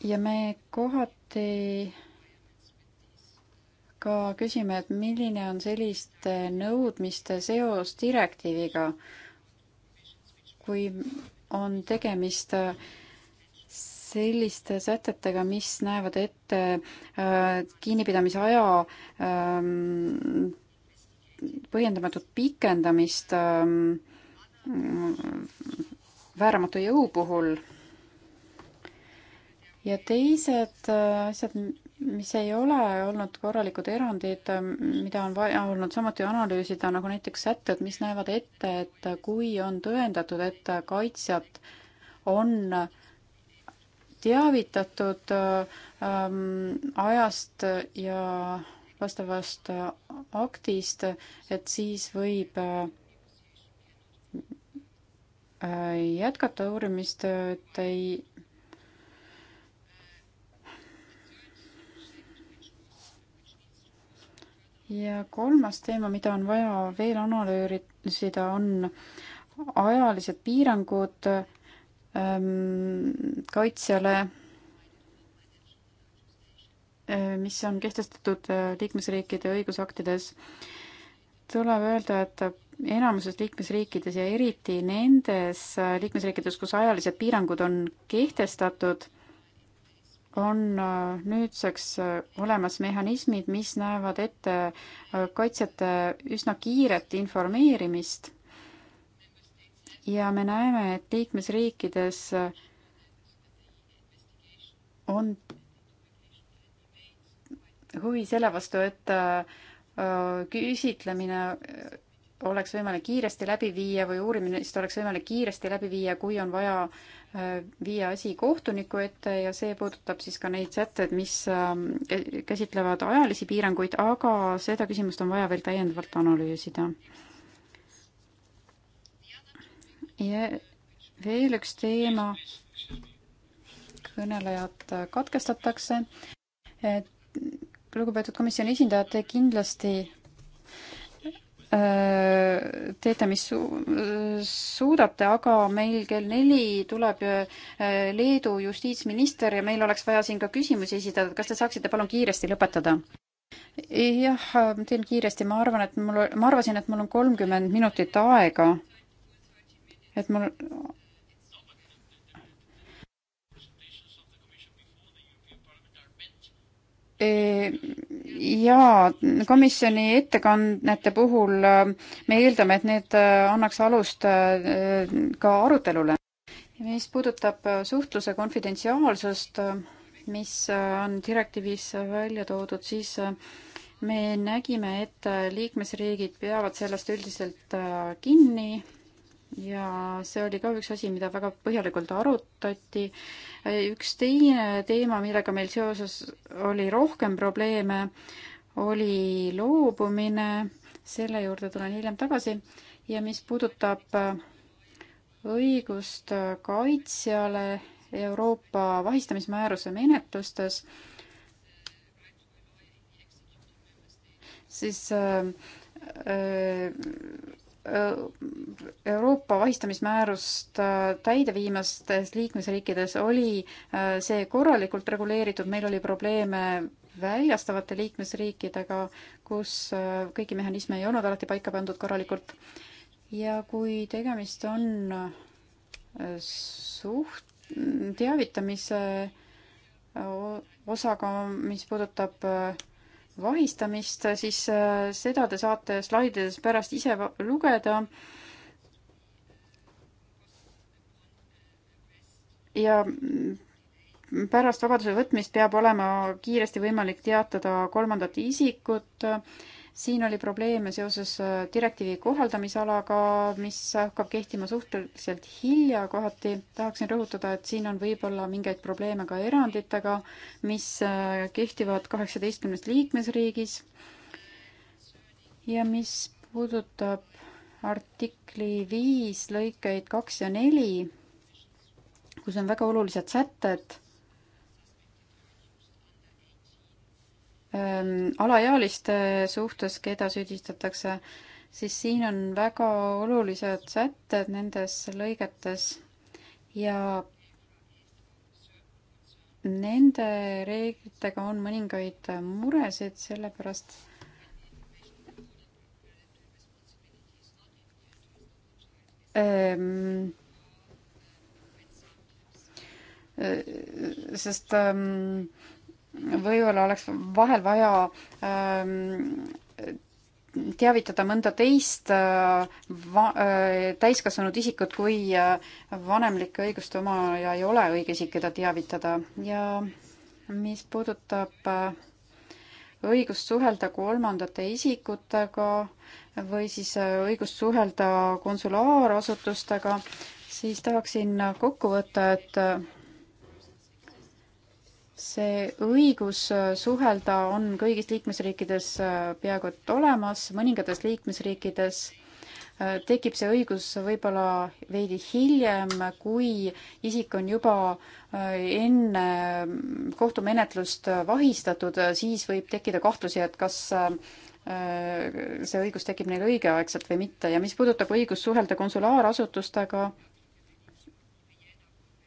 ja me kohati ka küsime, et milline on selliste nõudmiste seos direktiiviga, kui on tegemist äh, selliste sätetega, mis näevad ette äh, kinnipidamise aja ähm, põhjendamatut pikendamist ähm, vääramatu jõu puhul. ja teised äh, asjad, mis ei ole olnud korralikud erandid, äh, mida on vaja olnud samuti analüüsida, nagu näiteks sätted, mis näevad ette, et kui on tõendatud, et kaitsjat on äh, teavitatud äh, ähm, ajast ja vastavast aktist, et siis võib äh, äh, jätkata uurimist, et ei ja kolmas teema, mida on vaja veel analüüsida, on ajalised piirangud Ähm, kaitsjale, äh, mis on kehtestatud äh, liikmesriikide õigusaktides, tuleb öelda, et enamuses liikmesriikides ja eriti nendes äh, liikmesriikides, kus ajalised piirangud on kehtestatud, on nüüdseks olemas mehhanismid, mis näevad ette kaitsjate üsna kiiret informeerimist ja me näeme, et liikmesriikides on huvi selle vastu, et äh, küsitlemine oleks võimalik kiiresti läbi viia või uurimist oleks võimalik kiiresti läbi viia, kui on vaja äh, viia asi kohtuniku ette ja see puudutab siis ka neid sätteid, mis äh, käsitlevad ajalisi piiranguid, aga seda küsimust on vaja veel täiendavalt analüüsida ja veel üks teema, kõnelejad katkestatakse. lugupeetud komisjoni esindajad, te kindlasti äh, teete, mis su-, suudate, aga meil kell neli tuleb äh, Leedu justiitsminister ja meil oleks vaja siin ka küsimusi esitada, kas te saaksite palun kiiresti lõpetada? jah, teen kiiresti, ma arvan, et mul, ma arvasin, et mul on kolmkümmend minutit aega et mul jaa, komisjoni ettekannete puhul äh, me eeldame, et need äh, annaks alust äh, ka arutelule. mis puudutab suhtluse konfidentsiaalsust, mis on direktiivis välja toodud, siis me nägime, et liikmesriigid peavad sellest üldiselt kinni ja see oli ka üks asi, mida väga põhjalikult arutati. üks teine teema, millega meil seoses oli rohkem probleeme, oli loobumine, selle juurde tulen hiljem tagasi, ja mis puudutab õigust kaitsjale Euroopa vahistamismääruse menetlustes, siis äh, äh Äh, Euroopa vahistamismäärust äh, täide viimastes liikmesriikides oli äh, see korralikult reguleeritud, meil oli probleeme väljastavate liikmesriikidega, kus kõiki mehhanisme ei olnud alati paika pandud korralikult. ja kui tegemist on suht-, teavitamise osaga, mis puudutab vahistamist, siis äh, seda te saate slaidides pärast ise lugeda. ja pärast vabaduse võtmist peab olema kiiresti võimalik teatada kolmandat isikut siin oli probleeme seoses äh, direktiivi kohaldamisalaga, mis hakkab kehtima suhteliselt hilja kohati. tahaksin rõhutada, et siin on võib-olla mingeid probleeme ka eranditega, mis äh, kehtivad kaheksateistkümnes liikmesriigis. ja mis puudutab artikli viis lõikeid kaks ja neli, kus on väga olulised sätted ähm, alaealiste suhtes, keda süüdistatakse, siis siin on väga olulised sätted nendes lõigetes ja nende reeglitega on mõningaid muresid, sellepärast ähm, sest ähm, võib-olla oleks vahel vaja ähm, teavitada mõnda teist äh, va- äh,, täiskasvanud isikut, kui äh, vanemlike õiguste omaja ei ole õige isik, keda teavitada ja mis puudutab äh, õigust suhelda kolmandate isikutega või siis äh, õigust suhelda konsulaarasutustega, siis tahaksin kokku võtta, et äh, see õigus äh, suhelda on kõigis liikmesriikides äh, peaaegu et olemas, mõningates liikmesriikides äh, tekib see õigus võib-olla veidi hiljem, kui isik on juba enne mm, kohtumenetlust vahistatud, siis võib tekkida kahtlusi, et kas see õigus tekib neil õigeaegselt või mitte ja mis puudutab õigust suhelda konsulaarasutustega,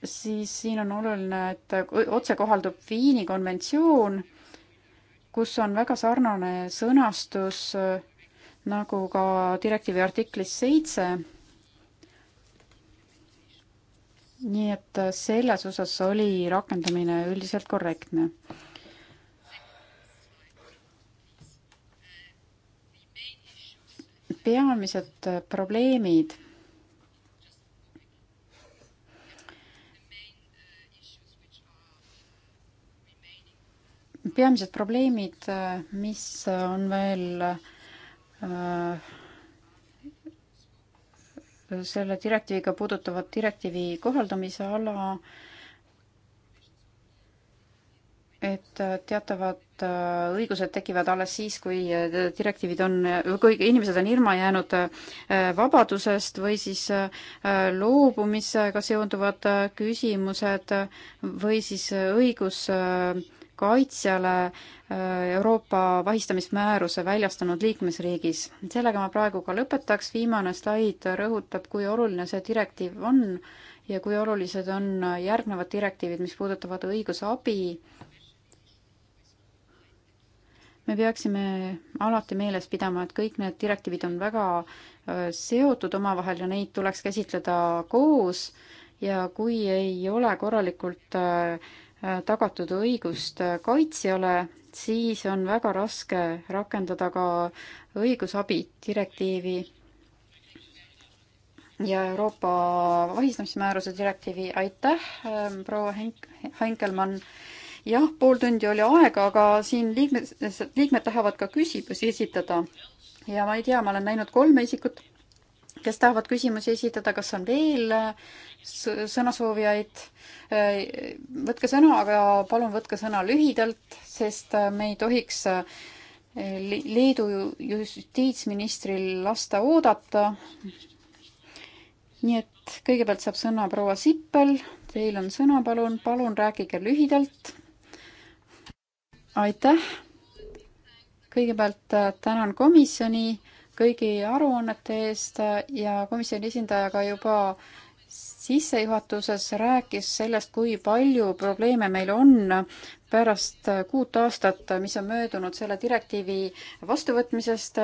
siis siin on oluline, et otse kohaldub Viini konventsioon, kus on väga sarnane sõnastus äh, nagu ka direktiivi artiklis seitse. nii et äh, selles osas oli rakendamine üldiselt korrektne peamised äh, probleemid peamised probleemid, äh, mis on veel äh, selle direktiiviga puudutavad direktiivi kohaldamise ala, et äh, teatavad õigused tekivad alles siis, kui direktiivid on, kui inimesed on ilma jäänud vabadusest või siis loobumisega seonduvad küsimused või siis õigus kaitsjale äh, Euroopa vahistamismääruse väljastanud liikmesriigis. sellega ma praegu ka lõpetaks, viimane slaid rõhutab, kui oluline see direktiiv on ja kui olulised on järgnevad direktiivid, mis puudutavad õigusabi. me peaksime alati meeles pidama, et kõik need direktiivid on väga äh, seotud omavahel ja neid tuleks käsitleda koos ja kui ei ole korralikult äh, Äh, tagatud õigust äh, kaitsjale, siis on väga raske rakendada ka õigusabi direktiivi ja Euroopa vahistamismääruse direktiivi. aitäh, ähm, proua Henk-, Henkelmann. jah, pool tundi oli aega, aga siin liikmed, liikmed tahavad ka küsimusi esitada. ja ma ei tea, ma olen näinud kolme isikut kes tahavad küsimusi esitada, kas on veel sõnasoovijaid? võtke sõna, aga palun võtke sõna lühidalt, sest me ei tohiks eh, Leedu justiitsministril lasta oodata. nii et kõigepealt saab sõna proua Sippel, teil on sõna, palun, palun rääkige lühidalt. aitäh. kõigepealt eh, tänan komisjoni kõigi aruannete eest ja komisjoni esindaja ka juba sissejuhatuses rääkis sellest, kui palju probleeme meil on pärast kuut aastat, mis on möödunud selle direktiivi vastuvõtmisest,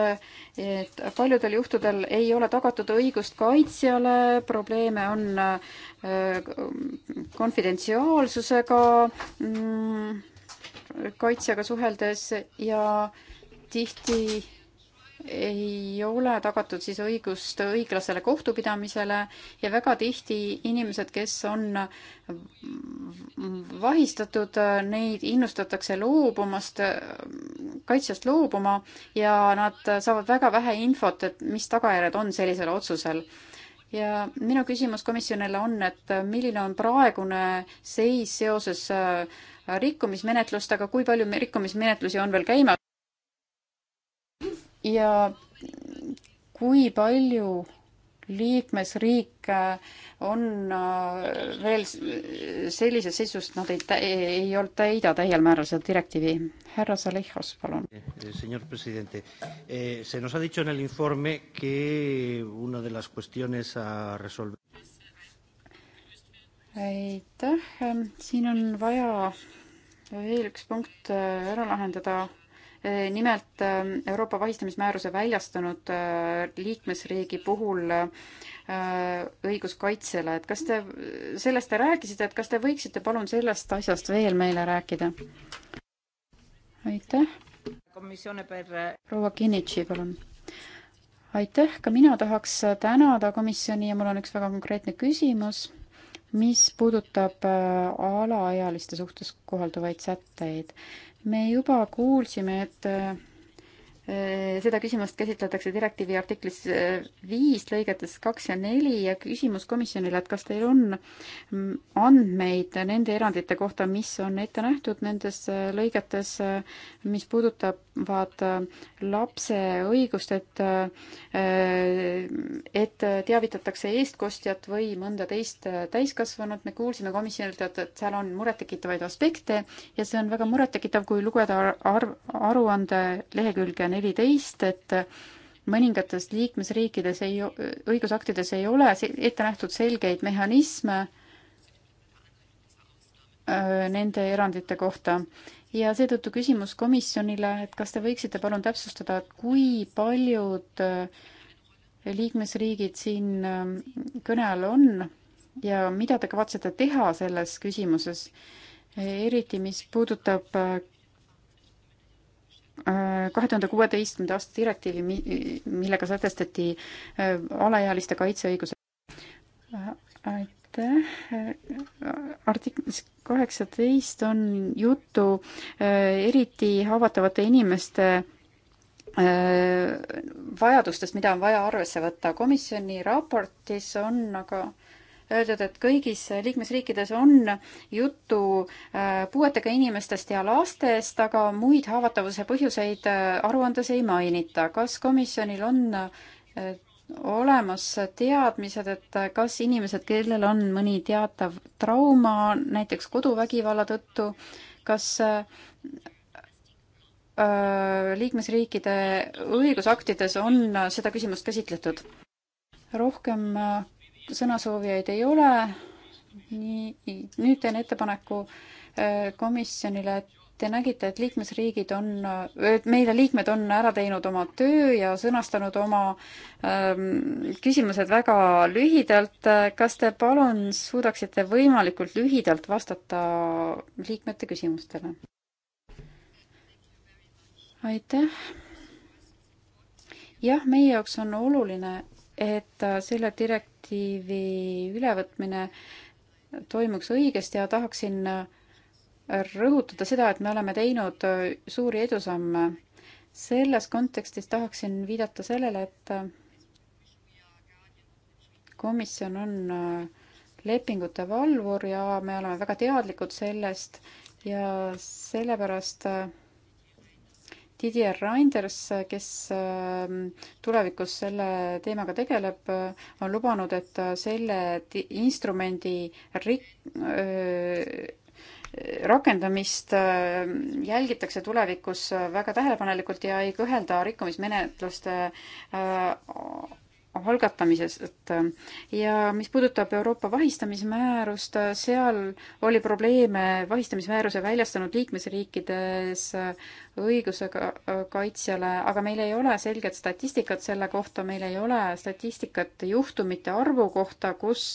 et paljudel juhtudel ei ole tagatud õigust kaitsjale, probleeme on äh, konfidentsiaalsusega mm, kaitsjaga suheldes ja tihti ei ole tagatud siis õigust õiglasele kohtupidamisele ja väga tihti inimesed, kes on vahistatud, neid innustatakse loobumast, kaitsjast loobuma ja nad saavad väga vähe infot, et mis tagajärjed on sellisel otsusel. ja minu küsimus komisjonile on, et milline on praegune seis seoses rikkumismenetlustega, kui palju rikkumismenetlusi on veel käimas? ja kui palju liikmesriike on äh, veel sellises seisus, et nad ei, ei olnud täida täiel määral seda direktiivi. härra Zalejos, palun. Eh, eh, señor presidente, eh, se nos ha dicho en el informe que una de las cuestiones a resolver. aitäh, siin on vaja veel üks punkt äh, ära lahendada Eh, nimelt eh, Euroopa vahistamismääruse väljastanud eh, liikmesriigi puhul õiguskaitsele, et kas te, sellest te rääkisite, et kas te võiksite palun sellest asjast veel meile rääkida? aitäh. proua Kinnitši, palun. aitäh, ka mina tahaks tänada komisjoni ja mul on üks väga konkreetne küsimus mis puudutab alaealiste suhtes kohalduvaid sätteid me juba kuulsime, et eh, seda küsimust käsitletakse direktiivi artiklis eh, viis lõigetes kaks ja neli ja küsimus komisjonile, et kas teil on mm, andmeid nende erandite kohta, mis on ette nähtud nendes eh, lõigetes, mis puudutab kaitsevad lapse õigust, et, äh, et teavitatakse eestkostjat või mõnda teist täiskasvanut. me kuulsime komisjonilt, et, et seal on murettekitavaid aspekte ja see on väga murettekitav, kui lugeda arv, aruande lehekülge neliteist, et mõningates liikmesriikides ei, õigusaktides ei ole ette nähtud selgeid mehhanisme äh, nende erandite kohta ja seetõttu küsimus komisjonile, et kas te võiksite palun täpsustada, et kui paljud äh, liikmesriigid siin äh, kõne all on ja mida te kavatsete teha selles küsimuses, eriti mis puudutab äh, kahe tuhande kuueteistkümnenda aasta direktiivi, millega sätestati alaealiste kaitseõigused aitäh. artiklis kaheksateist on juttu äh, eriti haavatavate inimeste äh, vajadustest, mida on vaja arvesse võtta. komisjoni raportis on aga öeldud, et kõigis liikmesriikides on juttu äh, puuetega inimestest ja lastest, aga muid haavatavuse põhjuseid aruandes ei mainita. kas komisjonil on olemas teadmised, et kas inimesed, kellel on mõni teatav trauma, näiteks koduvägivalla tõttu, kas äh, liikmesriikide õigusaktides on seda küsimust käsitletud? rohkem äh, sõnasoovijaid ei ole, nii, nüüd teen ettepaneku äh, komisjonile, et Te nägite, et liikmesriigid on, et meile liikmed on ära teinud oma töö ja sõnastanud oma ähm, küsimused väga lühidalt. kas te palun suudaksite võimalikult lühidalt vastata liikmete küsimustele? aitäh. jah, meie jaoks on oluline, et selle direktiivi ülevõtmine toimuks õigesti ja tahaksin äh, rõhutada seda, et me oleme teinud äh, suuri edusamme. selles kontekstis tahaksin viidata sellele, et komisjon on äh, lepingute valvur ja me oleme väga teadlikud sellest ja sellepärast äh, Didier Reinders, kes ähm, tulevikus selle teemaga tegeleb, on lubanud, et selle instrumendi rik-, rakendamist äh, jälgitakse tulevikus äh, väga tähelepanelikult ja ei kõhelda rikkumismenetluste äh, algatamisest. ja mis puudutab Euroopa vahistamismäärust, seal oli probleeme vahistamismääruse väljastanud liikmesriikides õigusega kaitsjale, aga meil ei ole selget statistikat selle kohta, meil ei ole statistikat juhtumite arvu kohta, kus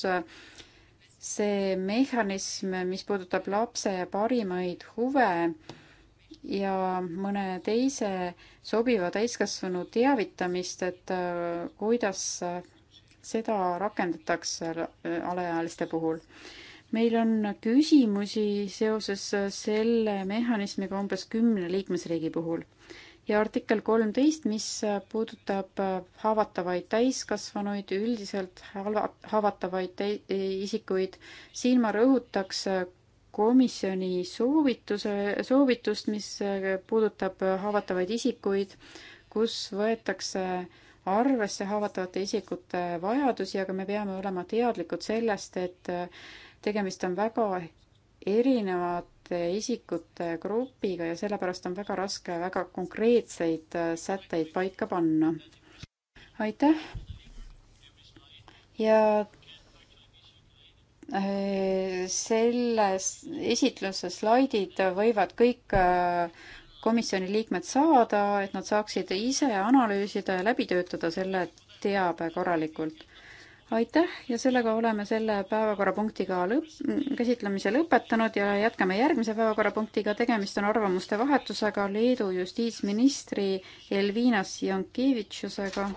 see mehhanism, mis puudutab lapse parimaid huve ja mõne teise sobiva täiskasvanu teavitamist, et äh, kuidas seda rakendatakse alaealiste puhul meil on küsimusi seoses selle mehhanismiga umbes kümne liikmesriigi puhul ja artikkel kolmteist, mis äh, puudutab äh, haavatavaid täiskasvanuid, üldiselt haavatavaid e-, isikuid. siin ma rõhutaks äh, komisjoni soovituse, soovitust, mis puudutab haavatavaid isikuid, kus võetakse arvesse haavatavate isikute vajadusi, aga me peame olema teadlikud sellest, et tegemist on väga erinevate isikute grupiga ja sellepärast on väga raske väga konkreetseid äh, sätteid paika panna. aitäh ja äh, selles esitluse slaidid võivad kõik äh, komisjoni liikmed saada, et nad saaksid ise analüüsida ja läbi töötada selle teabe korralikult aitäh ja sellega oleme selle päevakorrapunktiga lõpp, käsitlemise lõpetanud ja jätkame järgmise päevakorrapunktiga. tegemist on arvamuste vahetusega Leedu justiitsministri Elvina Sienkievitšusega.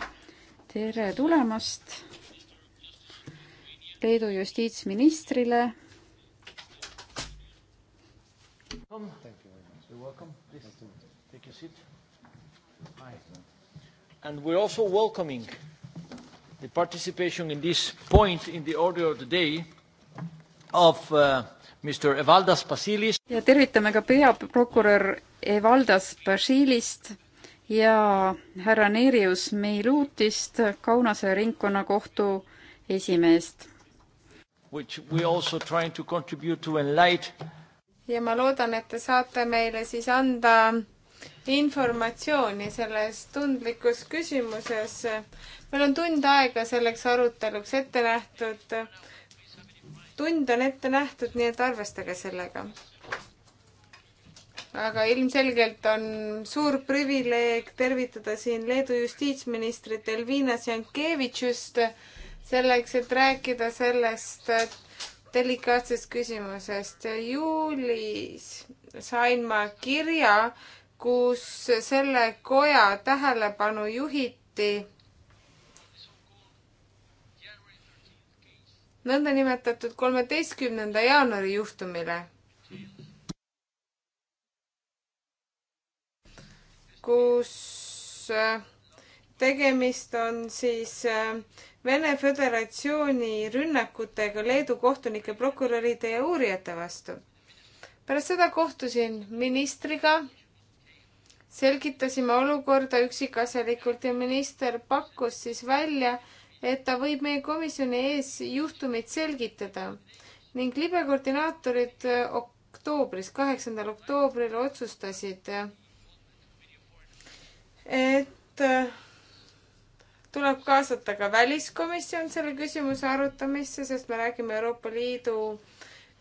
tere tulemast Leedu justiitsministrile. And we're also welcoming the participation in this point in the order of the day of uh, Mr Evaldas Basilis. ja tervitame ka peaprokurör Evaldas Basilist ja härra Neerius Meilutist, Kaunase ringkonnakohtu esimeest. Which we also trying to contribute to enlight. ja ma loodan, et te saate meile siis anda informatsiooni selles tundlikus küsimuses. meil on tund aega selleks aruteluks ette nähtud. tund on ette nähtud, nii et arvestage sellega. aga ilmselgelt on suur privileeg tervitada siin Leedu justiitsministrit Elvina Sienkiewicz-ust selleks, et rääkida sellest delikaatsest küsimusest. juulis sain ma kirja kus selle koja tähelepanu juhiti nõndanimetatud kolmeteistkümnenda jaanuari juhtumile, kus äh, tegemist on siis äh, Vene Föderatsiooni rünnakutega Leedu kohtunike, prokuröride ja uurijate vastu. pärast seda kohtusin ministriga selgitasime olukorda üksikasjalikult ja minister pakkus siis välja, et ta võib meie komisjoni ees juhtumit selgitada ning libekoordinaatorid oktoobris, kaheksandal oktoobril otsustasid, et äh, tuleb kaasata ka väliskomisjon selle küsimuse arutamisse, sest me räägime Euroopa Liidu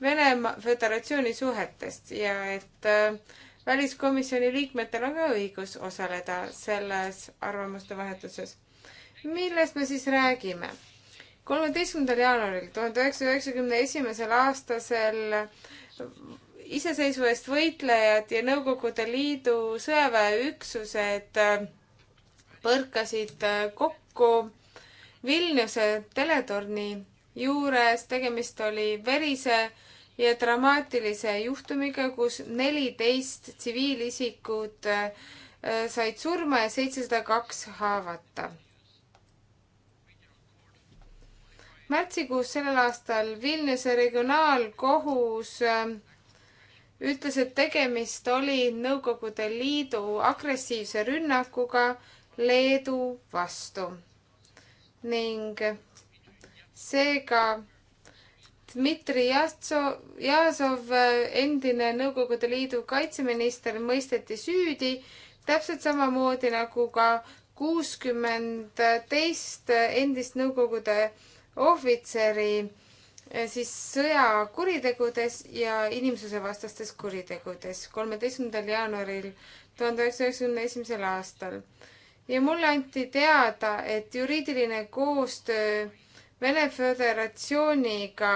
Venemaa Föderatsiooni suhetest ja et äh, väliskomisjoni liikmetel on ka õigus osaleda selles arvamuste vahetuses. millest me siis räägime? kolmeteistkümnendal jaanuaril tuhande üheksasaja üheksakümne esimesel aastasel iseseisvu eest võitlejad ja Nõukogude Liidu sõjaväeüksused põrkasid kokku Vilniuse teletorni juures, tegemist oli verise ja dramaatilise juhtumiga, kus neliteist tsiviilisikut äh, said surma ja seitsesada kaks haavata. märtsikuus sellel aastal Vilniuse regionaalkohus äh, ütles, et tegemist oli Nõukogude Liidu agressiivse rünnakuga Leedu vastu ning seega Dmitri Jazov, endine Nõukogude Liidu kaitseminister, mõisteti süüdi, täpselt samamoodi nagu ka kuuskümmend teist endist Nõukogude ohvitseri eh, siis sõjakuritegudes ja inimsusevastastes kuritegudes kolmeteistkümnendal jaanuaril tuhande üheksasaja üheksakümne esimesel aastal. ja mulle anti teada, et juriidiline koostöö Vene Föderatsiooniga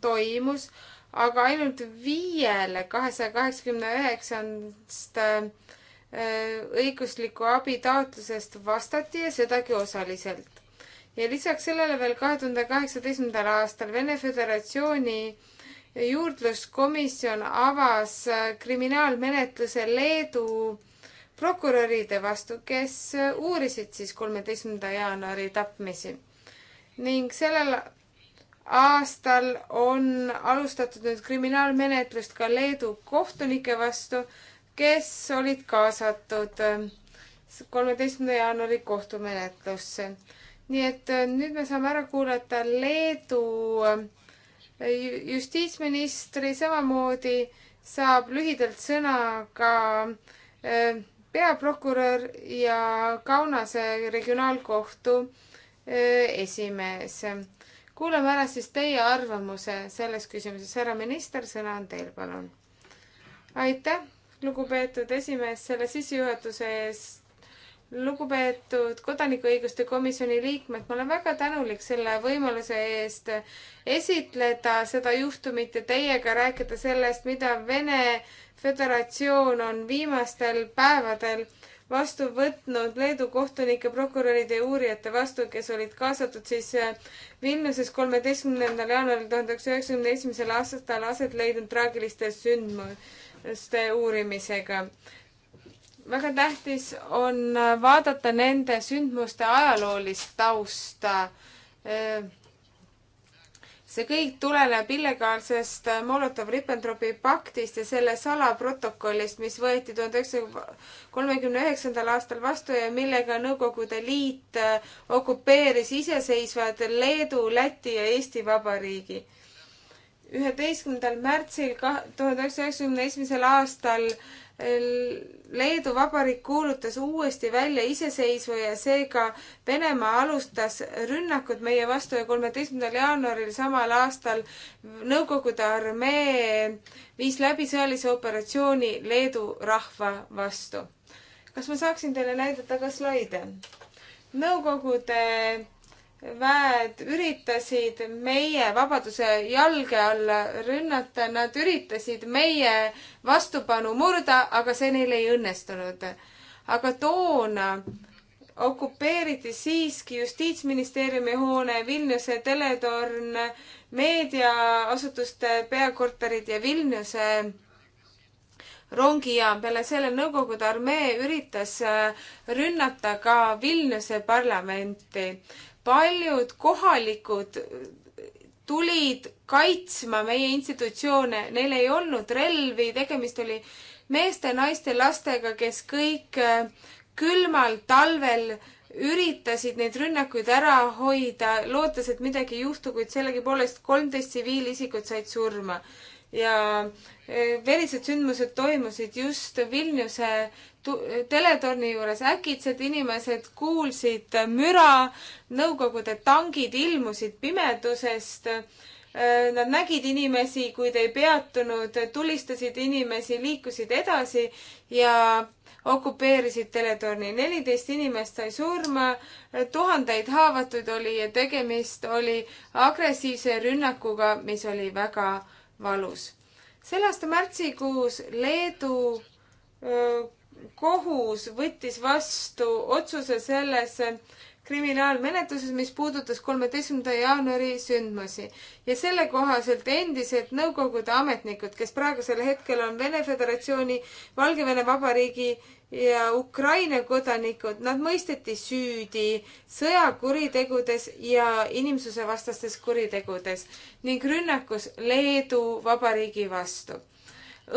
toimus, aga ainult viiele kahesaja kaheksakümne üheksast äh, õigusliku abi taotlusest vastati ja sedagi osaliselt. ja lisaks sellele veel kahe tuhande kaheksateistkümnendal aastal Vene Föderatsiooni juurdluskomisjon avas äh, kriminaalmenetluse Leedu prokuröride vastu, kes äh, uurisid siis kolmeteistkümnenda jaanuari tapmisi ning sellel aastal on alustatud nüüd kriminaalmenetlust ka Leedu kohtunike vastu, kes olid kaasatud ähm, kolmeteistkümnenda jaanuari kohtumenetlusse. nii et äh, nüüd me saame ära kuulata Leedu ähm, justiitsministri, samamoodi saab lühidalt sõna ka ähm, peaprokurör ja Kaunase regionaalkohtu Äh, esimees. kuulame ära siis teie arvamuse selles küsimuses. härra minister, sõna on teil, palun. aitäh, lugupeetud esimees, selle sissejuhatuse eest. lugupeetud Kodanikuõiguste Komisjoni liikmed, ma olen väga tänulik selle võimaluse eest esitleda seda juhtumit ja teiega rääkida sellest, mida Vene Föderatsioon on viimastel päevadel vastu võtnud Leedu kohtunike, prokuröride ja uurijate vastu, kes olid kaasatud siis äh, Vilniuses kolmeteistkümnendal jaanuaril tuhande üheksasaja üheksakümne esimesel aastal aset leidnud traagiliste sündmuste uurimisega. väga tähtis on äh, vaadata nende sündmuste ajaloolist tausta äh, see kõik tuleneb illegaalsest Molotov-Ribbentropi paktist ja selle salaprotokollist, mis võeti tuhande üheksasaja kolmekümne üheksandal aastal vastu ja millega Nõukogude Liit äh, okupeeris iseseisvad Leedu, Läti ja Eesti Vabariigi. üheteistkümnendal märtsil tuhande üheksasaja üheksakümne esimesel aastal Leedu Vabariik kuulutas uuesti välja iseseisvu ja seega Venemaa alustas rünnakut meie vastu ja kolmeteistkümnendal jaanuaril samal aastal Nõukogude armee viis läbi sõjalise operatsiooni Leedu rahva vastu. kas ma saaksin teile näidata ka slaide? Nõukogude väed üritasid meie vabaduse jalge alla rünnata, nad üritasid meie vastupanu murda, aga see neil ei õnnestunud. aga toona okupeeriti siiski Justiitsministeeriumi hoone, Vilniuse teletorn, meediaasutuste peakorterid ja Vilniuse rongijaam. peale selle Nõukogude armee üritas äh, rünnata ka Vilniuse parlamenti paljud kohalikud tulid kaitsma meie institutsioone, neil ei olnud relvi, tegemist oli meeste, naiste, lastega, kes kõik äh, külmal talvel üritasid neid rünnakuid ära hoida, lootes, et midagi ei juhtu, kuid sellegipoolest kolmteist tsiviilisikut said surma. ja äh, verised sündmused toimusid just Vilniuse teletorni juures äkitsed inimesed kuulsid müra, Nõukogude tangid ilmusid pimedusest. Äh, nad nägid inimesi, kuid ei peatunud, tulistasid inimesi, liikusid edasi ja okupeerisid teletorni. neliteist inimest sai surma, tuhandeid haavatuid oli ja tegemist oli agressiivse rünnakuga, mis oli väga valus. selle aasta märtsikuus Leedu äh, kohus võttis vastu otsuse selles kriminaalmenetluses, mis puudutas kolmeteistkümnenda jaanuari sündmusi. ja selle kohaselt endised Nõukogude ametnikud, kes praegusel hetkel on Vene Föderatsiooni, Valgevene Vabariigi ja Ukraina kodanikud, nad mõisteti süüdi sõjakuritegudes ja inimsusevastastes kuritegudes ning rünnakus Leedu Vabariigi vastu.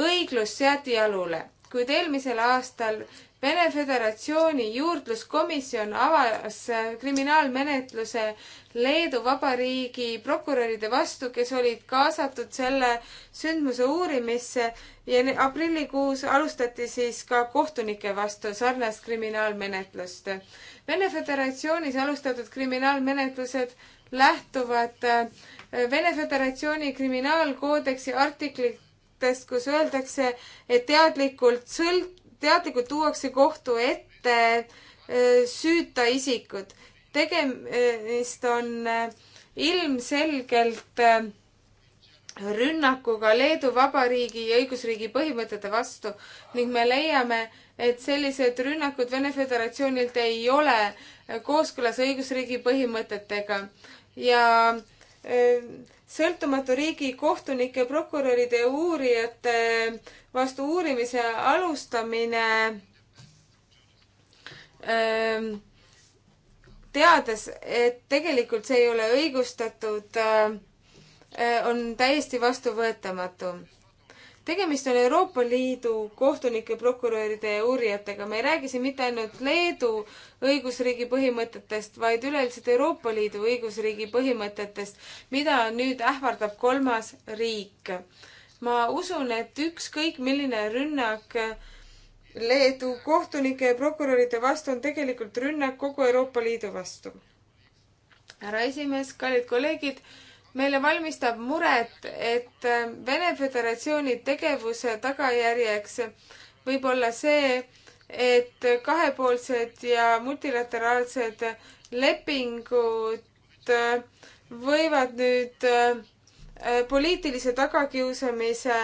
õiglus seati jalule kuid eelmisel aastal Vene Föderatsiooni juurdluskomisjon avas kriminaalmenetluse Leedu Vabariigi prokuröride vastu, kes olid kaasatud selle sündmuse uurimisse ja aprillikuus alustati siis ka kohtunike vastu sarnast kriminaalmenetlust. Vene Föderatsioonis alustatud kriminaalmenetlused lähtuvad äh, Vene Föderatsiooni kriminaalkoodeksi artiklit kohtadest, kus öeldakse, et teadlikult sõlt-, teadlikult tuuakse kohtu ette äh, süüta isikud. tegemist on äh, ilmselgelt äh, rünnakuga Leedu Vabariigi ja õigusriigi põhimõtete vastu ning me leiame, et sellised rünnakud Vene Föderatsioonilt ei ole kooskõlas õigusriigi põhimõtetega ja sõltumatu riigi kohtunike, prokuröride ja uurijate vastu uurimise alustamine ähm, teades, et tegelikult see ei ole õigustatud, äh, äh, on täiesti vastuvõetamatu tegemist on Euroopa Liidu kohtunike, prokuröride ja uurijatega. me ei räägi siin mitte ainult Leedu õigusriigi põhimõtetest, vaid üleüldiselt Euroopa Liidu õigusriigi põhimõtetest, mida nüüd ähvardab kolmas riik. ma usun, et ükskõik milline rünnak Leedu kohtunike ja prokuröride vastu on tegelikult rünnak kogu Euroopa Liidu vastu. härra esimees, kallid kolleegid meile valmistab muret, et äh, Vene Föderatsiooni tegevuse tagajärjeks võib olla see, et kahepoolsed ja multilateraalsed lepingud äh, võivad nüüd äh, poliitilise tagakiusamise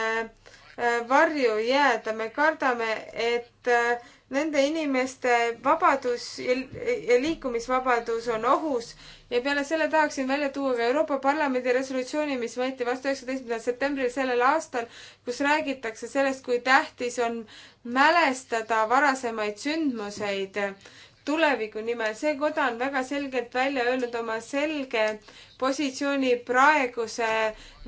varju jääda. me kardame, et Nende inimeste vabadus ja liikumisvabadus on ohus ja peale selle tahaksin välja tuua ka Euroopa Parlamendi resolutsiooni, mis võeti vastu üheksateistkümnendal septembril sellel aastal, kus räägitakse sellest, kui tähtis on mälestada varasemaid sündmuseid tuleviku nimel. see koda on väga selgelt välja öelnud oma selge positsiooni praeguse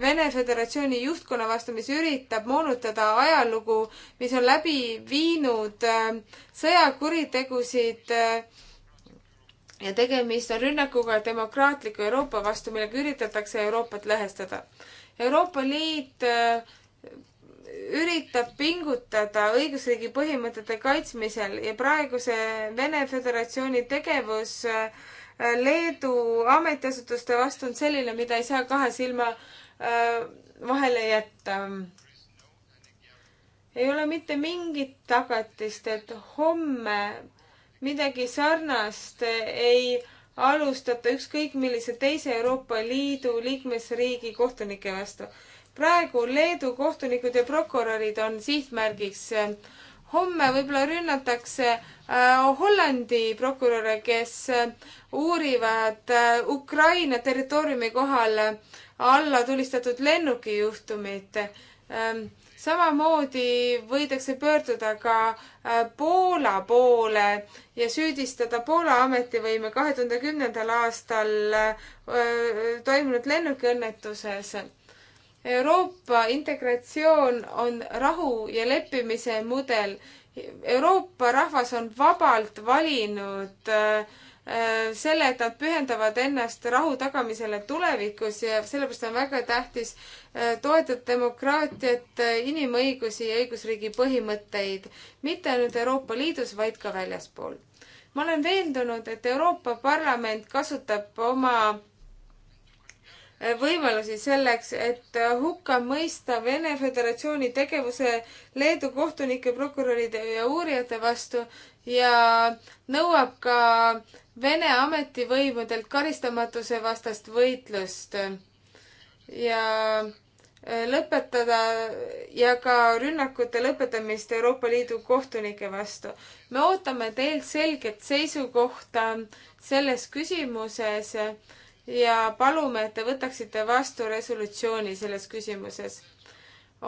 Vene Föderatsiooni juhtkonna vastu, mis üritab moonutada ajalugu, mis on läbi viinud äh, sõjakuritegusid äh, ja tegemist on rünnakuga demokraatliku Euroopa vastu, millega üritatakse Euroopat lõhestada. Euroopa Liit äh, üritab pingutada õigusriigi põhimõtete kaitsmisel ja praeguse Vene Föderatsiooni tegevus äh, Leedu ametiasutuste vastu on selline, mida ei saa kahe silma äh, vahele jätta. ei ole mitte mingit tagatist, et homme midagi sarnast ei alustata ükskõik millise teise Euroopa Liidu liikmesriigi kohtunike vastu praegu Leedu kohtunikud ja prokurörid on sihtmärgiks. homme võib-olla rünnatakse äh, Hollandi prokuröre, kes äh, uurivad äh, Ukraina territooriumi kohal alla tulistatud lennuki juhtumit ähm, samamoodi võidakse pöörduda ka Poola poole ja süüdistada Poola ametivõime kahe tuhande kümnendal aastal toimunud lennukiõnnetuses. Euroopa integratsioon on rahu ja leppimise mudel. Euroopa rahvas on vabalt valinud äh, äh, selle, et nad pühendavad ennast rahu tagamisele tulevikus ja sellepärast on väga tähtis äh, toetada demokraatiat, inimõigusi ja õigusriigi põhimõtteid, mitte ainult Euroopa Liidus, vaid ka väljaspool. ma olen veendunud, et Euroopa Parlament kasutab oma võimalusi selleks, et hukka mõista Vene Föderatsiooni tegevuse Leedu kohtunike, prokuröride ja uurijate vastu ja nõuab ka Vene ametivõimudelt karistamatuse vastast võitlust ja e, lõpetada ja ka rünnakute lõpetamist Euroopa Liidu kohtunike vastu. me ootame teilt selget seisukohta selles küsimuses ja palume, et te võtaksite vastu resolutsiooni selles küsimuses.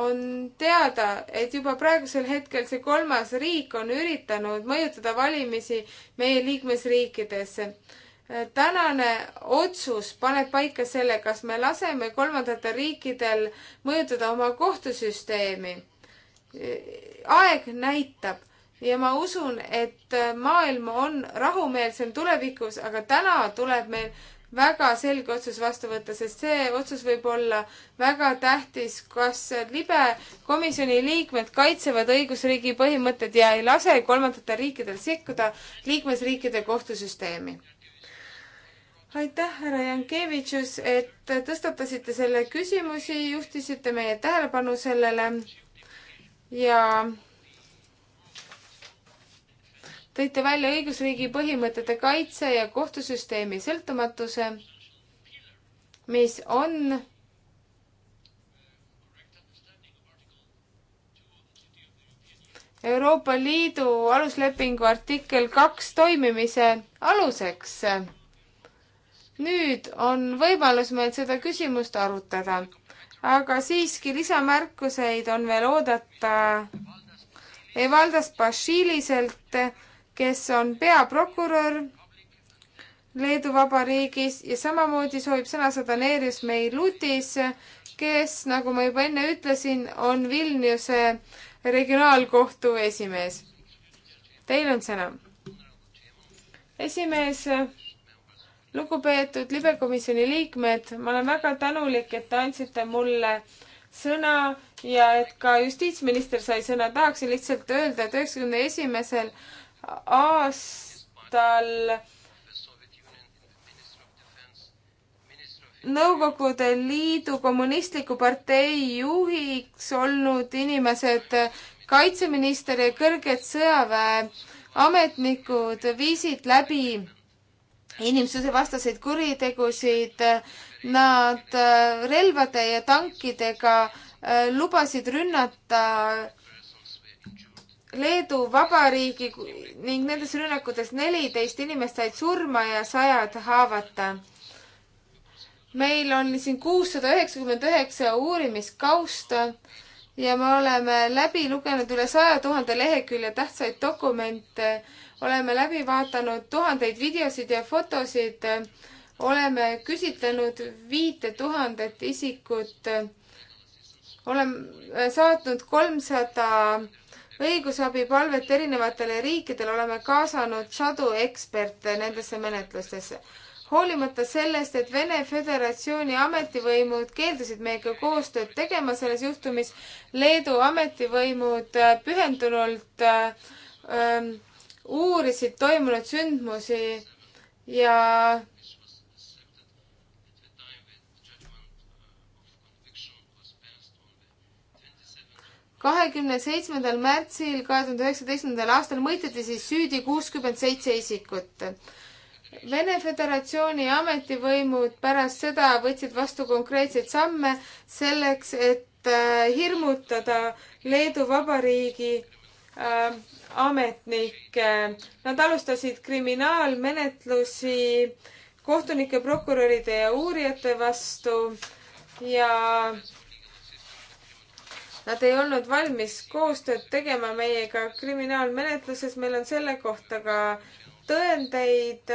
on teada, et juba praegusel hetkel see kolmas riik on üritanud mõjutada valimisi meie liikmesriikides. tänane otsus paneb paika selle, kas me laseme kolmandatel riikidel mõjutada oma kohtusüsteemi. aeg näitab ja ma usun, et maailm on rahumeelsem tulevikus, aga täna tuleb meil väga selge otsus vastu võtta, sest see otsus võib olla väga tähtis, kas libe komisjoni liikmed kaitsevad õigusriigi põhimõtted ja ei lase kolmandatel riikidel sekkuda liikmesriikide kohtusüsteemi. aitäh, härra Jankevitšus, et tõstatasite selle küsimusi, juhtisite meie tähelepanu sellele ja tõite välja õigusriigi põhimõtete kaitse ja kohtusüsteemi sõltumatuse, mis on Euroopa Liidu aluslepingu artikkel kaks toimimise aluseks. nüüd on võimalus meil seda küsimust arutada, aga siiski lisamärkuseid on veel oodata Evaldas Bašiliselt kes on peaprokurör Leedu Vabariigis ja samamoodi soovib sõna saada Neerius Meilutis, kes, nagu ma juba enne ütlesin, on Vilniuse regionaalkohtu esimees. Teil on sõna. esimees, lugupeetud libekomisjoni liikmed, ma olen väga tänulik, et te andsite mulle sõna ja et ka justiitsminister sai sõna. tahaksin lihtsalt öelda, et üheksakümne esimesel aastal Nõukogude Liidu kommunistliku partei juhiks olnud inimesed, kaitseminister ja kõrged sõjaväeametnikud viisid läbi inimsusevastaseid kuritegusid. Nad relvade ja tankidega eh, lubasid rünnata Leedu Vabariigi ning nendes rünnakutes neliteist inimest said surma ja sajad haavata. meil on siin kuussada üheksakümmend üheksa uurimiskausta ja me oleme läbi lugenud üle saja tuhande lehekülje tähtsaid dokumente, oleme läbi vaadanud tuhandeid videosid ja fotosid, oleme küsitlenud viite tuhandet isikut, oleme saatnud kolmsada 300 õigusabipalvet erinevatele riikidele, oleme kaasanud sadu eksperte nendesse menetlustesse hoolimata sellest, et Vene Föderatsiooni ametivõimud keeldusid meiega koostööd tegema selles juhtumis, Leedu ametivõimud äh, pühendunult äh, ähm, uurisid toimunud sündmusi ja kahekümne seitsmendal märtsil kahe tuhande üheksateistkümnendal aastal mõisteti siis süüdi kuuskümmend seitse isikut. Vene Föderatsiooni ametivõimud pärast seda võtsid vastu konkreetseid samme selleks, et äh, hirmutada Leedu Vabariigi äh, ametnikke. Nad alustasid kriminaalmenetlusi kohtunike, prokuröride ja uurijate vastu ja äh, Nad ei olnud valmis koostööd tegema meiega kriminaalmenetluses, meil on selle kohta ka tõendeid.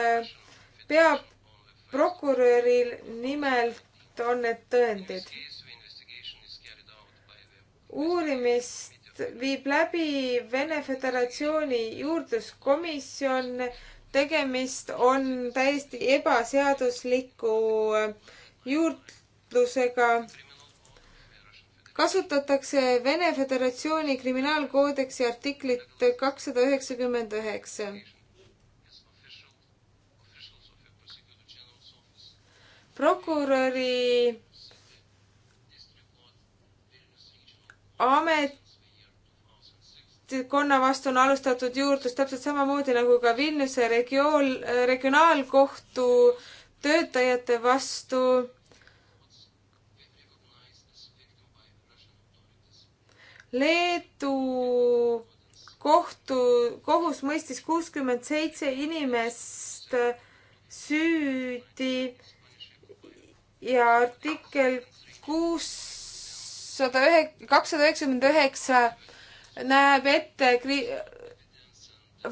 peaprokuröril nimelt on need tõendid. uurimist viib läbi Vene Föderatsiooni juurdluskomisjon. tegemist on täiesti ebaseadusliku juurdlusega kasutatakse Vene Föderatsiooni kriminaalkoodeksi artiklit kakssada üheksakümmend üheksa. prokuröri ametkonna vastu on alustatud juurdlust täpselt samamoodi nagu ka Vilniuse regioon, regionaalkohtu töötajate vastu Leedu kohtu, kohus mõistis kuuskümmend seitse inimest süüdi ja artikkel kuussada ühe-, kakssada üheksakümmend üheksa näeb ette kri-,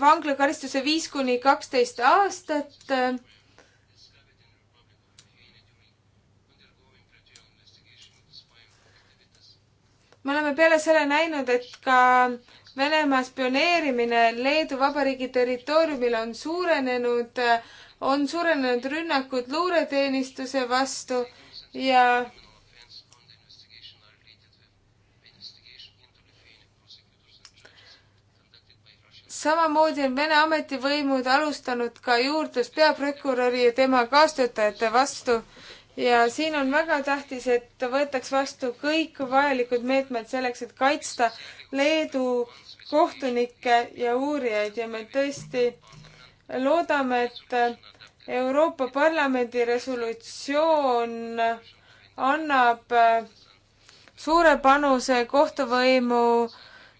vanglakaristuse viis kuni kaksteist aastat me oleme peale selle näinud, et ka Venemaa spioneerimine Leedu Vabariigi territooriumil on suurenenud, on suurenenud rünnakud luureteenistuse vastu ja samamoodi on Vene ametivõimud alustanud ka juurdlust peaprokuröri ja tema kaastöötajate vastu ja siin on väga tähtis, et võetaks vastu kõik vajalikud meetmed selleks, et kaitsta Leedu kohtunikke ja uurijaid ja me tõesti loodame, et Euroopa Parlamendi resolutsioon annab suure panuse kohtuvõimu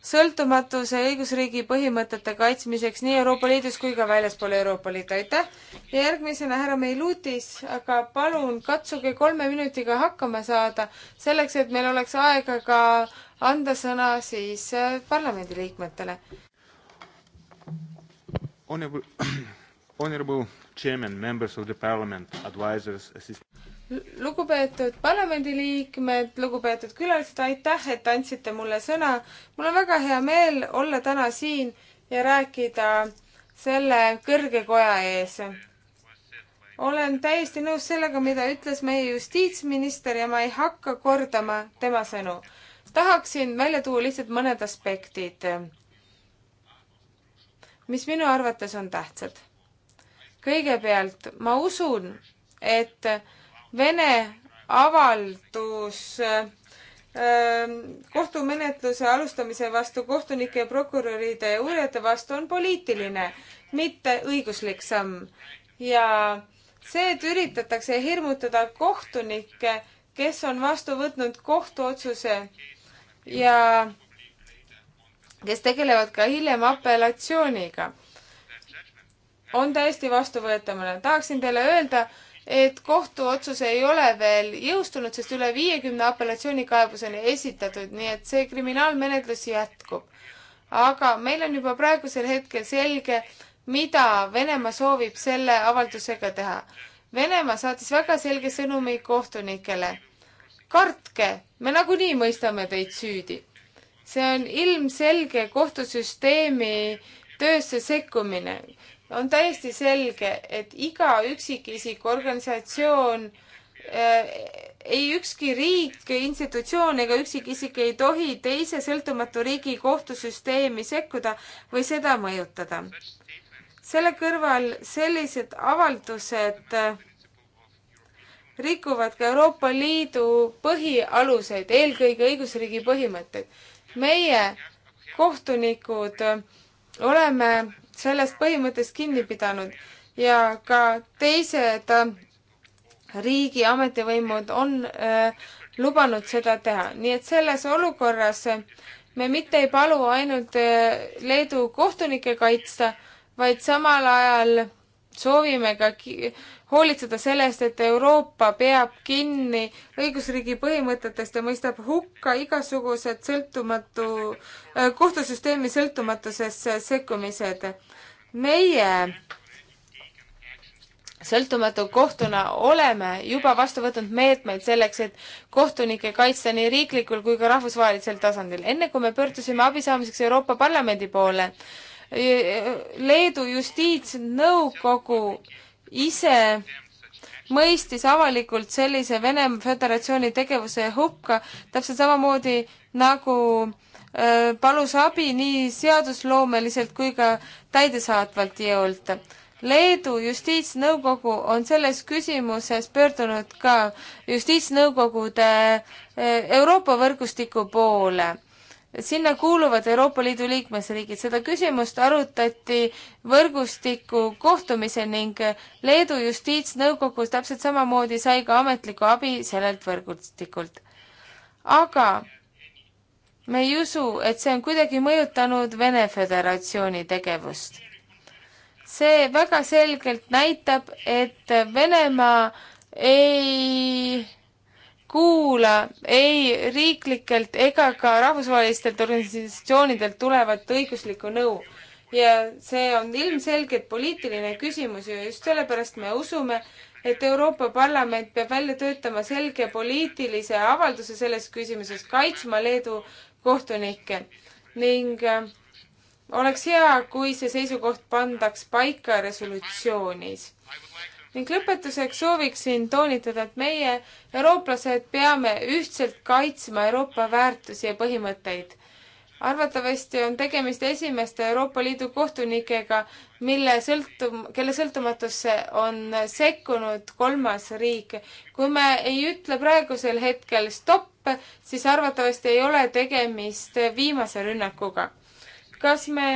sõltumatuse ja õigusriigi põhimõtete kaitsmiseks nii Euroopa Liidus kui ka väljaspool Euroopa Liitu. aitäh! ja järgmisena härra Meilutis, aga palun katsuge kolme minutiga hakkama saada, selleks et meil oleks aega ka anda sõna siis äh, parlamendiliikmetele. Honorable Chairman, members of the parliament, advisors, assistants lugupeetud parlamendiliikmed, lugupeetud külalised, aitäh, et andsite mulle sõna. mul on väga hea meel olla täna siin ja rääkida selle kõrge koja ees. olen täiesti nõus sellega, mida ütles meie justiitsminister ja ma ei hakka kordama tema sõnu. tahaksin välja tuua lihtsalt mõned aspektid, mis minu arvates on tähtsad. kõigepealt ma usun, et Vene avaldus ähm, kohtumenetluse alustamise vastu kohtunike ja prokuröride ja uurijate vastu on poliitiline, mitte õiguslik samm. ja see, et üritatakse hirmutada kohtunikke, kes on vastu võtnud kohtuotsuse ja kes tegelevad ka hiljem apellatsiooniga, on täiesti vastuvõetamine. tahaksin teile öelda, et kohtuotsus ei ole veel jõustunud, sest üle viiekümne apellatsioonikaebus on esitatud, nii et see kriminaalmenetlus jätkub. aga meil on juba praegusel hetkel selge, mida Venemaa soovib selle avaldusega teha. Venemaa saatis väga selge sõnumi kohtunikele. kartke, me nagunii mõistame teid süüdi. see on ilmselge kohtusüsteemi töösse sekkumine on täiesti selge, et iga üksikisik, organisatsioon äh, ei ükski riik, institutsioon ega üksikisik ei tohi teise sõltumatu riigi kohtusüsteemi sekkuda või seda mõjutada. selle kõrval sellised avaldused äh, rikuvad ka Euroopa Liidu põhialuseid, eelkõige õigusriigi põhimõtteid. meie kohtunikud äh, oleme sellest põhimõttest kinni pidanud ja ka teised äh, riigi ametivõimud on äh, lubanud seda teha, nii et selles olukorras äh, me mitte ei palu ainult äh, Leedu kohtunikke kaitsta, vaid samal ajal soovime ka hoolitseda selle eest, et Euroopa peab kinni õigusriigi põhimõtetest ja mõistab hukka igasugused sõltumatu, äh, kohtusüsteemi sõltumatusesse sekkumised. meie sõltumatu kohtuna oleme juba vastu võtnud meetmeid selleks, et kohtunikke kaitsta nii riiklikul kui ka rahvusvahelisel tasandil. enne kui me pöördusime abi saamiseks Euroopa Parlamendi poole, Leedu justiitsnõukogu ise mõistis avalikult sellise Venemaa Föderatsiooni tegevuse hukka, täpselt samamoodi nagu äh, palus abi nii seadusloomeliselt kui ka täidesaatvalt jõult. Leedu justiitsnõukogu on selles küsimuses pöördunud ka justiitsnõukogude äh, Euroopa võrgustiku poole sinna kuuluvad Euroopa Liidu liikmesriigid. seda küsimust arutati võrgustiku kohtumisel ning Leedu justiitsnõukogus täpselt samamoodi sai ka ametlikku abi sellelt võrgustikult. aga me ei usu, et see on kuidagi mõjutanud Vene Föderatsiooni tegevust. see väga selgelt näitab, et Venemaa ei kuula ei riiklikelt ega ka rahvusvahelistelt organisatsioonidelt tulevat õiguslikku nõu. ja see on ilmselgelt poliitiline küsimus ja just sellepärast me usume, et Euroopa Parlament peab välja töötama selge poliitilise avalduse selles küsimuses, kaitsma Leedu kohtunikke ning äh, oleks hea, kui see seisukoht pandaks paika resolutsioonis ning lõpetuseks sooviksin toonitada, et meie, eurooplased, peame ühtselt kaitsma Euroopa väärtusi ja põhimõtteid. arvatavasti on tegemist esimeste Euroopa Liidu kohtunikega, mille sõltum-, kelle sõltumatusse on sekkunud kolmas riik. kui me ei ütle praegusel hetkel stopp, siis arvatavasti ei ole tegemist viimase rünnakuga. kas me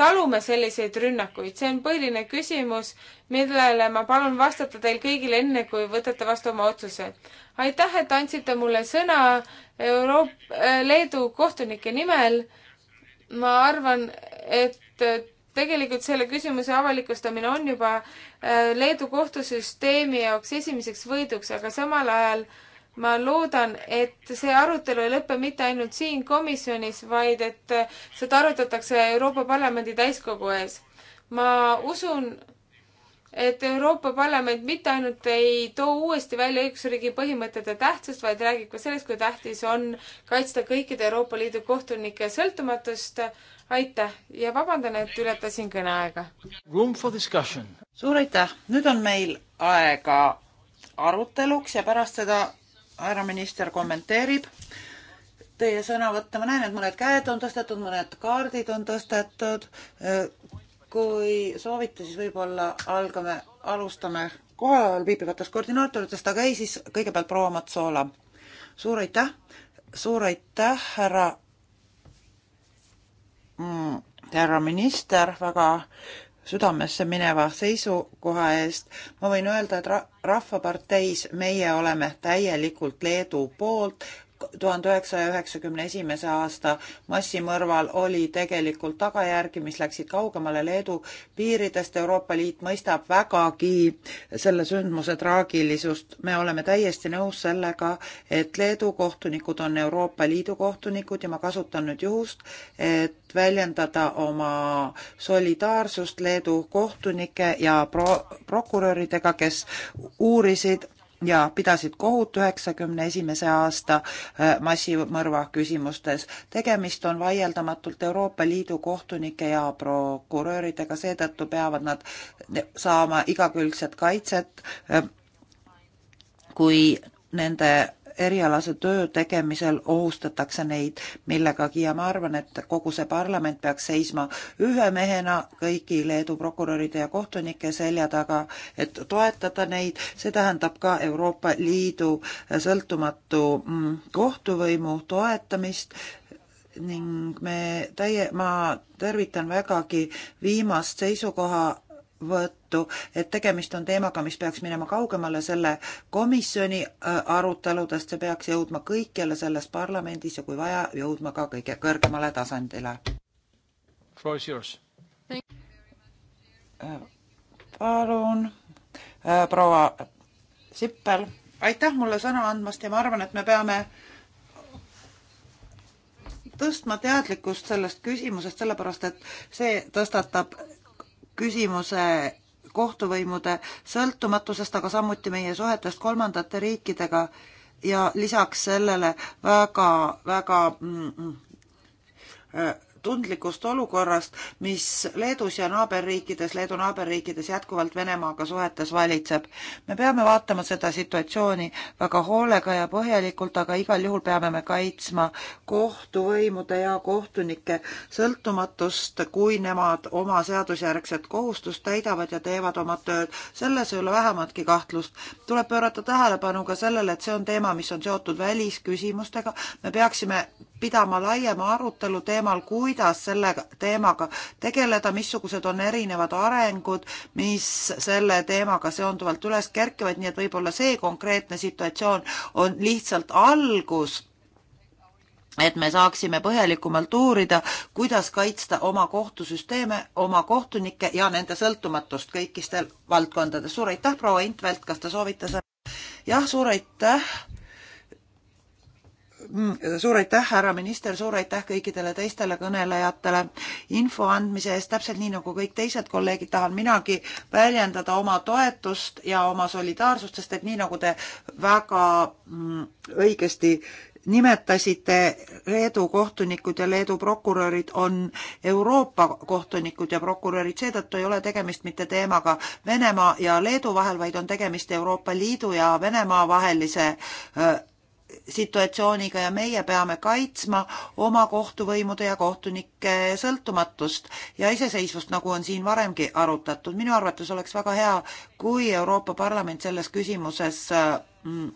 talume selliseid rünnakuid? see on põhiline küsimus, millele ma palun vastata teil kõigil enne, kui võtate vastu oma otsuse. aitäh, et andsite mulle sõna Euroop-, äh, Leedu kohtunike nimel. ma arvan, et äh, tegelikult selle küsimuse avalikustamine on juba äh, Leedu kohtusüsteemi jaoks esimeseks võiduks, aga samal ajal äh, ma loodan, et see arutelu ei lõpe mitte ainult siin komisjonis, vaid et seda arutatakse Euroopa Parlamendi täiskogu ees. ma usun, et Euroopa Parlament mitte ainult ei too uuesti välja õigusriigi põhimõtete tähtsust, vaid räägib ka sellest, kui tähtis on kaitsta kõikide Euroopa Liidu kohtunike sõltumatust. aitäh ja vabandan, et ületasin kõneaega. suur aitäh, nüüd on meil aega aruteluks ja pärast seda härra minister kommenteerib teie sõnavõtte, ma näen, et mõned käed on tõstetud, mõned kaardid on tõstetud. kui soovite, siis võib-olla algame, alustame kohal viibivatest koordinaatoritest, aga ei, siis kõigepealt proua Matsoola. suur aitäh, suur aitäh, härra mm,, härra minister, väga südamesse mineva seisukoha eest. ma võin öelda, et Rahvaparteis meie oleme täielikult Leedu poolt, tuhande üheksasaja üheksakümne esimese aasta massimõrval oli tegelikult tagajärgi, mis läksid kaugemale Leedu piiridest. Euroopa Liit mõistab vägagi selle sündmuse traagilisust. me oleme täiesti nõus sellega, et Leedu kohtunikud on Euroopa Liidu kohtunikud ja ma kasutan nüüd juhust, et väljendada oma solidaarsust Leedu kohtunike ja pro prokuröridega, kes uurisid ja pidasid kohut üheksakümne esimese aasta äh, massimõrva küsimustes. tegemist on vaieldamatult Euroopa Liidu kohtunike ja prokuröridega, seetõttu peavad nad saama igakülgset kaitset, äh, kui nende erialase töö tegemisel ohustatakse neid millegagi ja ma arvan, et kogu see parlament peaks seisma ühe mehena kõigi Leedu prokuröride ja kohtunike selja taga, et toetada neid, see tähendab ka Euroopa Liidu sõltumatu mm, kohtuvõimu toetamist, ning me täie, ma tervitan vägagi viimast seisukoha võttu, et tegemist on teemaga, mis peaks minema kaugemale selle komisjoni äh, aruteludest, see peaks jõudma kõikjale selles parlamendis ja kui vaja, jõudma ka kõige kõrgemale tasandile. Äh, palun, äh, proua Sippel, aitäh mulle sõna andmast ja ma arvan, et me peame tõstma teadlikkust sellest küsimusest, sellepärast et see tõstatab küsimuse kohtuvõimude sõltumatusest, aga samuti meie suhetest kolmandate riikidega ja lisaks sellele väga, väga mm, mm, äh, tundlikust olukorrast, mis Leedus ja naaberriikides, Leedu naaberriikides jätkuvalt Venemaaga suhetes valitseb. me peame vaatama seda situatsiooni väga hoolega ja põhjalikult, aga igal juhul peame me kaitsma kohtuvõimude ja kohtunike sõltumatust, kui nemad oma seadusjärgset kohustust täidavad ja teevad oma tööd. selles ei ole vähematki kahtlust. tuleb pöörata tähelepanu ka sellele, et see on teema, mis on seotud välisküsimustega. me peaksime pidama laiema arutelu teemal, kuidas selle teemaga tegeleda, missugused on erinevad arengud, mis selle teemaga seonduvalt üles kerkivad, nii et võib-olla see konkreetne situatsioon on lihtsalt algus, et me saaksime põhjalikumalt uurida, kuidas kaitsta oma kohtusüsteeme, oma kohtunikke ja nende sõltumatust kõikistel valdkondades. suur aitäh, proua Intvelt, kas te soovite seda? jah, suur aitäh Mm, suur aitäh, härra minister, suur aitäh kõikidele teistele kõnelejatele info andmise eest, täpselt nii nagu kõik teised kolleegid, tahan minagi väljendada oma toetust ja oma solidaarsust, sest et nii nagu te väga mm, õigesti nimetasite, Leedu kohtunikud ja Leedu prokurörid on Euroopa kohtunikud ja prokurörid, seetõttu ei ole tegemist mitte teemaga Venemaa ja Leedu vahel, vaid on tegemist Euroopa Liidu ja Venemaa vahelise äh, situatsiooniga ja meie peame kaitsma oma kohtuvõimude ja kohtunike sõltumatust ja iseseisvust, nagu on siin varemgi arutatud. minu arvates oleks väga hea, kui Euroopa Parlament selles küsimuses mm,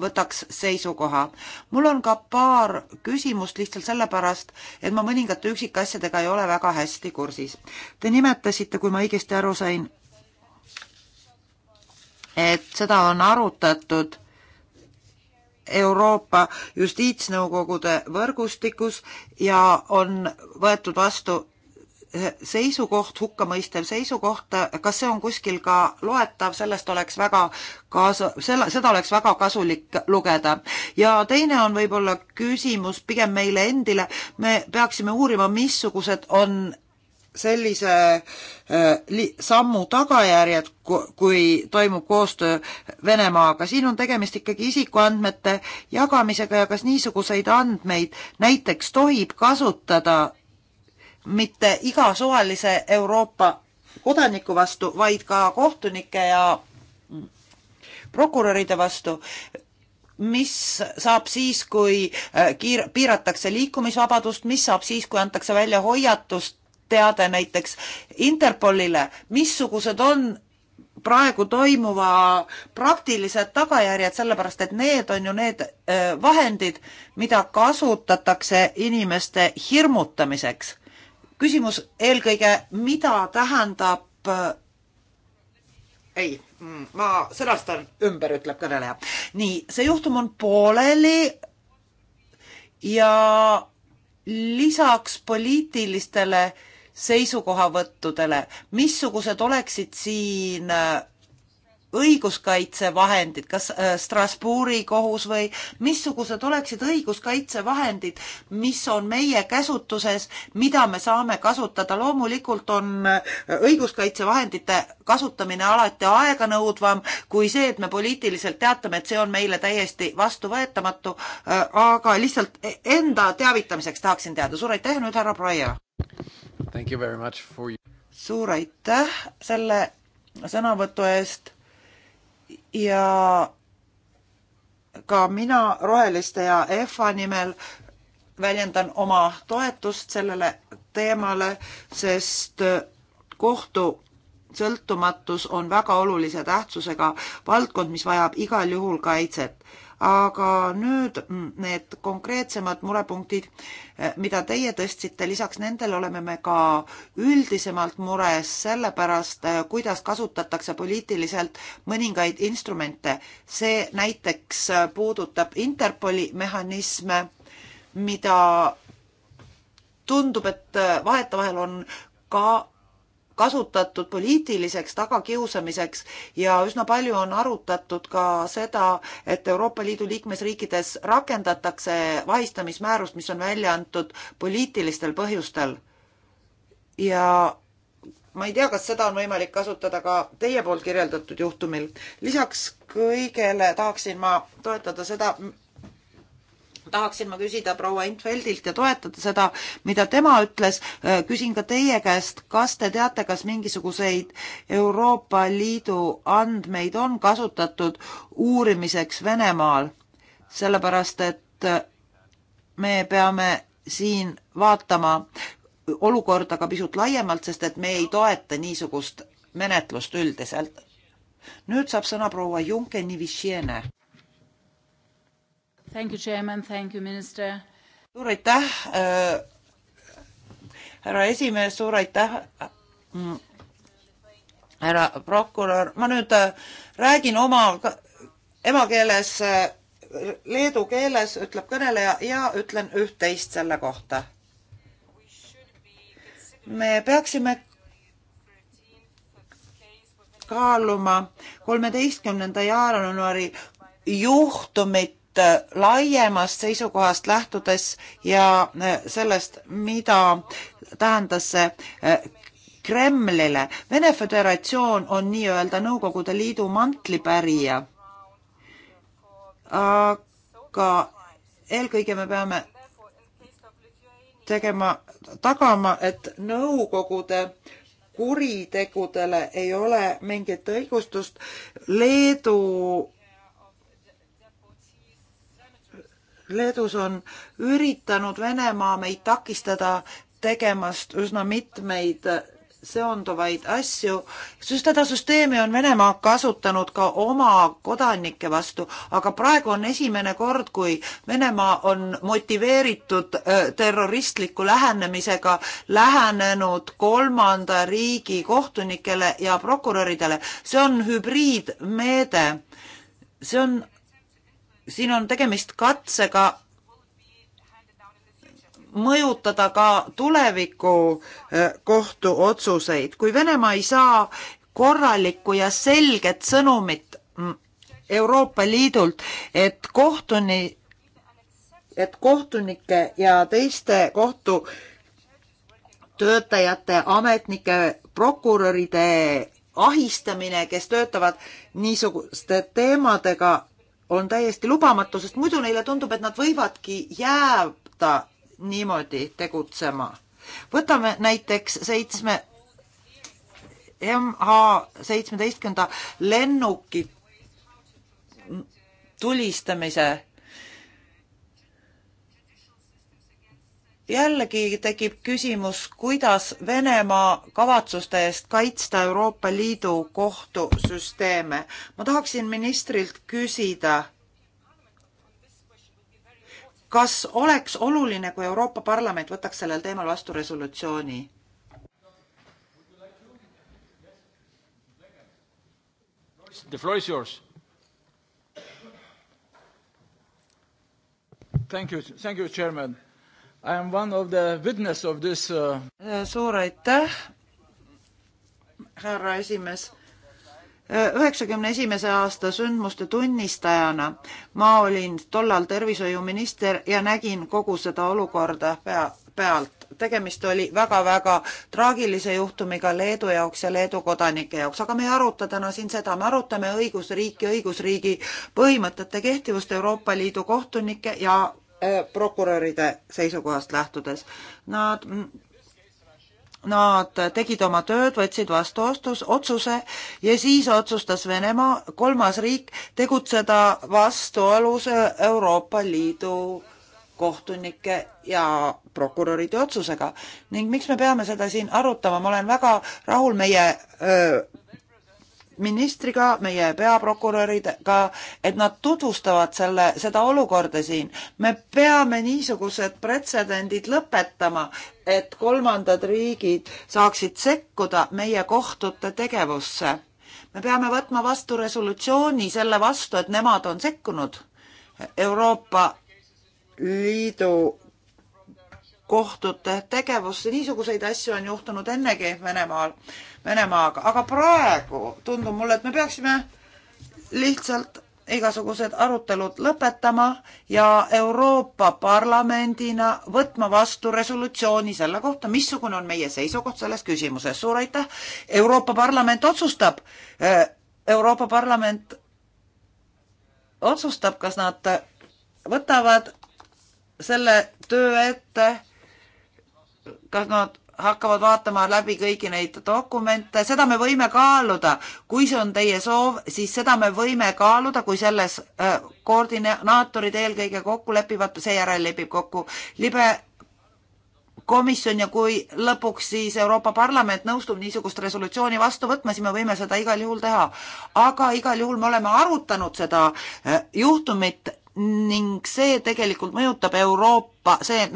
võtaks seisukoha. mul on ka paar küsimust lihtsalt sellepärast, et ma mõningate üksikasjadega ei ole väga hästi kursis. Te nimetasite, kui ma õigesti aru sain, et seda on arutatud Euroopa justiitsnõukogude võrgustikus ja on võetud vastu seisukoht, hukkamõistev seisukoht, kas see on kuskil ka loetav, sellest oleks väga kaasa, selle, seda oleks väga kasulik lugeda. ja teine on võib-olla küsimus pigem meile endile, me peaksime uurima, missugused on sellise äh, sammu tagajärjed, kui toimub koostöö Venemaaga. siin on tegemist ikkagi isikuandmete jagamisega ja kas niisuguseid andmeid näiteks tohib kasutada mitte iga suvalise Euroopa kodaniku vastu, vaid ka kohtunike ja prokuröride vastu, mis saab siis, kui äh, kiir-, piiratakse liikumisvabadust, mis saab siis, kui antakse välja hoiatust teade näiteks Interpolile, missugused on praegu toimuva praktilised tagajärjed, sellepärast et need on ju need vahendid, mida kasutatakse inimeste hirmutamiseks. küsimus eelkõige, mida tähendab ei, mm, ma sõnastan ümber, ütleb kõneleja. nii, see juhtum on pooleli ja lisaks poliitilistele äh, seisukohavõttudele, missugused oleksid siin äh, õiguskaitsevahendid, kas äh, Strasbourgi kohus või missugused oleksid õiguskaitsevahendid, mis on meie käsutuses, mida me saame kasutada, loomulikult on äh, õiguskaitsevahendite kasutamine alati aeganõudvam kui see, et me poliitiliselt teatame, et see on meile täiesti vastuvõetamatu, aga lihtsalt e-, enda teavitamiseks tahaksin teada, suur aitäh nüüd, härra Proia! For... suur aitäh selle sõnavõtu eest ja ka mina Roheliste ja EFA nimel väljendan oma toetust sellele teemale, sest kohtu sõltumatus on väga olulise tähtsusega valdkond, mis vajab igal juhul kaitset aga nüüd need konkreetsemad murepunktid, mida teie tõstsite, lisaks nendele oleme me ka üldisemalt mures selle pärast, kuidas kasutatakse poliitiliselt mõningaid instrumente. see näiteks puudutab Interpoli mehhanisme, mida tundub, et vahetevahel on ka kasutatud poliitiliseks tagakiusamiseks ja üsna palju on arutatud ka seda, et Euroopa Liidu liikmesriikides rakendatakse vahistamismäärust, mis on välja antud poliitilistel põhjustel. ja ma ei tea, kas seda on võimalik kasutada ka teie poolt kirjeldatud juhtumil. lisaks kõigele tahaksin ma toetada seda, tahaksin ma küsida proua Intveldilt ja toetada seda, mida tema ütles. küsin ka teie käest, kas te teate, kas mingisuguseid Euroopa Liidu andmeid on kasutatud uurimiseks Venemaal? sellepärast, et me peame siin vaatama olukorda ka pisut laiemalt, sest et me ei toeta niisugust menetlust üldiselt. nüüd saab sõna proua Junke-Nivishiene suur aitäh äh,, härra esimees, suur aitäh äh,, härra prokurör, ma nüüd äh, räägin oma emakeeles äh,, leedu keeles, ütleb kõneleja ja ütlen üht-teist selle kohta. me peaksime kaaluma kolmeteistkümnenda jaanuari juhtumit Äh, laiemast seisukohast lähtudes ja äh, sellest, mida tähendas see äh, Kremlile. Vene Föderatsioon on nii-öelda Nõukogude Liidu mantlipärija. aga eelkõige me peame tegema, tagama, et Nõukogude kuritegudele ei ole mingit õigustust. Leedu Leedus on üritanud Venemaa meid takistada tegemast üsna mitmeid seonduvaid asju, sest seda süsteemi on Venemaa kasutanud ka oma kodanike vastu, aga praegu on esimene kord, kui Venemaa on motiveeritud terroristliku lähenemisega lähenenud kolmanda riigi kohtunikele ja prokuröridele. see on hübriidmeede. see on siin on tegemist katsega mõjutada ka tuleviku äh, kohtuotsuseid. kui Venemaa ei saa korralikku ja selget sõnumit mm, Euroopa Liidult, et kohtuni, et kohtunike ja teiste kohtu töötajate, ametnike, prokuröride ahistamine, kes töötavad niisuguste teemadega, on täiesti lubamatu, sest muidu neile tundub, et nad võivadki jääda niimoodi tegutsema. võtame näiteks seitsme MH seitsmeteistkümnenda lennuki tulistamise jällegi tekib küsimus, kuidas Venemaa kavatsuste eest kaitsta Euroopa Liidu kohtusüsteeme. ma tahaksin ministrilt küsida, kas oleks oluline, kui Euroopa Parlament võtaks sellel teemal vastu resolutsiooni? The floor is yours. Thank you, thank you, chairman I am one of the witness of this uh... Äh, suur aitäh, härra esimees. Äh, üheksakümne esimese aasta sündmuste tunnistajana ma olin tollal tervishoiuminister ja nägin kogu seda olukorda pea, pealt. tegemist oli väga-väga traagilise juhtumiga Leedu jaoks ja Leedu kodanike jaoks, aga me ei aruta täna siin seda, me arutame õigusriiki, õigusriigi põhimõtete kehtivust Euroopa Liidu kohtunike ja prokuröride seisukohast lähtudes. Nad Nad tegid oma tööd, võtsid vastu ostus, otsuse ja siis otsustas Venemaa, kolmas riik, tegutseda vastuolus Euroopa Liidu kohtunike ja prokuröride otsusega. ning miks me peame seda siin arutama, ma olen väga rahul meie öö, ministriga, meie peaprokuröridega, et nad tutvustavad selle, seda olukorda siin. me peame niisugused pretsedendid lõpetama, et kolmandad riigid saaksid sekkuda meie kohtute tegevusse. me peame võtma vastu resolutsiooni selle vastu, et nemad on sekkunud Euroopa Liidu kohtute tegevusse, niisuguseid asju on juhtunud ennegi Venemaal Venemaaga, aga praegu tundub mulle, et me peaksime lihtsalt igasugused arutelud lõpetama ja Euroopa Parlamendina võtma vastu resolutsiooni selle kohta, missugune on meie seisukoht selles küsimuses. suur aitäh! Euroopa Parlament otsustab, äh, Euroopa Parlament otsustab, kas nad võtavad selle töö ette, kas nad hakkavad vaatama läbi kõiki neid dokumente, seda me võime kaaluda. kui see on teie soov, siis seda me võime kaaluda, kui selles äh, koordinaatorid eelkõige kokku lepivad, seejärel lepib kokku libe komisjon ja kui lõpuks siis Euroopa Parlament nõustub niisugust resolutsiooni vastu võtma, siis me võime seda igal juhul teha. aga igal juhul me oleme arutanud seda äh, juhtumit ning see tegelikult mõjutab Euroopa, see,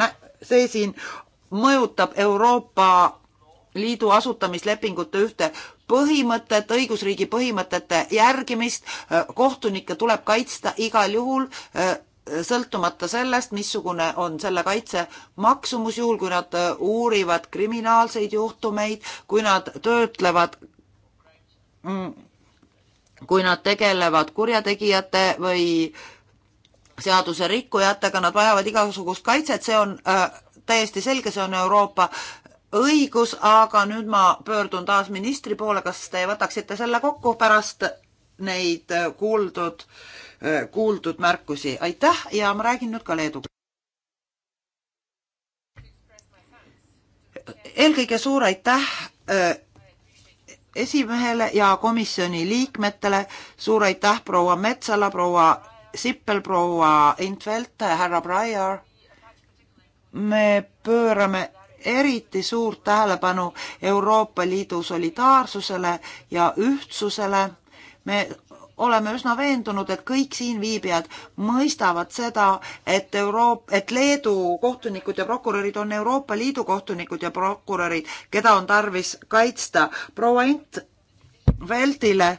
see siin mõjutab Euroopa Liidu asutamislepingute ühte põhimõtet, õigusriigi põhimõtete järgimist, kohtunikke tuleb kaitsta igal juhul eh, sõltumata sellest, missugune on selle kaitse maksumus, juhul kui nad eh, uurivad kriminaalseid juhtumeid, kui nad töötlevad, mm, kui nad tegelevad kurjategijate või seaduserikkujatega, nad vajavad igasugust kaitset, see on eh, täiesti selge, see on Euroopa õigus, aga nüüd ma pöördun taas ministri poole, kas te võtaksite selle kokku pärast neid äh, kuuldud, äh, kuuldud märkusi, aitäh ja ma räägin nüüd ka Leedu. eelkõige suur aitäh äh, esimehele ja komisjoni liikmetele, suur aitäh proua Metsala, proua Sippel, proua Intvelt, härra Breyer me pöörame eriti suurt tähelepanu Euroopa Liidu solidaarsusele ja ühtsusele. Me oleme üsna veendunud, et kõik siinviibijad mõistavad seda, et Euroop-, et Leedu kohtunikud ja prokurörid on Euroopa Liidu kohtunikud ja prokurörid, keda on tarvis kaitsta. proua Int Veldile.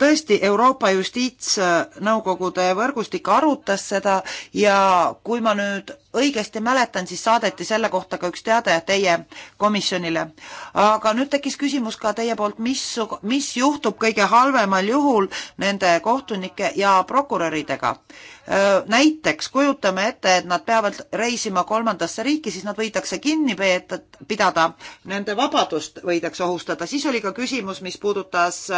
tõesti, Euroopa Justiitsnõukogude võrgustik arutas seda ja kui ma nüüd õigesti mäletan, siis saadeti selle kohta ka üks teade teie komisjonile. aga nüüd tekkis küsimus ka teie poolt, mis, mis juhtub kõige halvemal juhul nende kohtunike ja prokuröridega näiteks kujutame ette, et nad peavad reisima kolmandasse riiki, siis nad võidakse kinni pidada, nende vabadust võidakse ohustada. siis oli ka küsimus, mis puudutas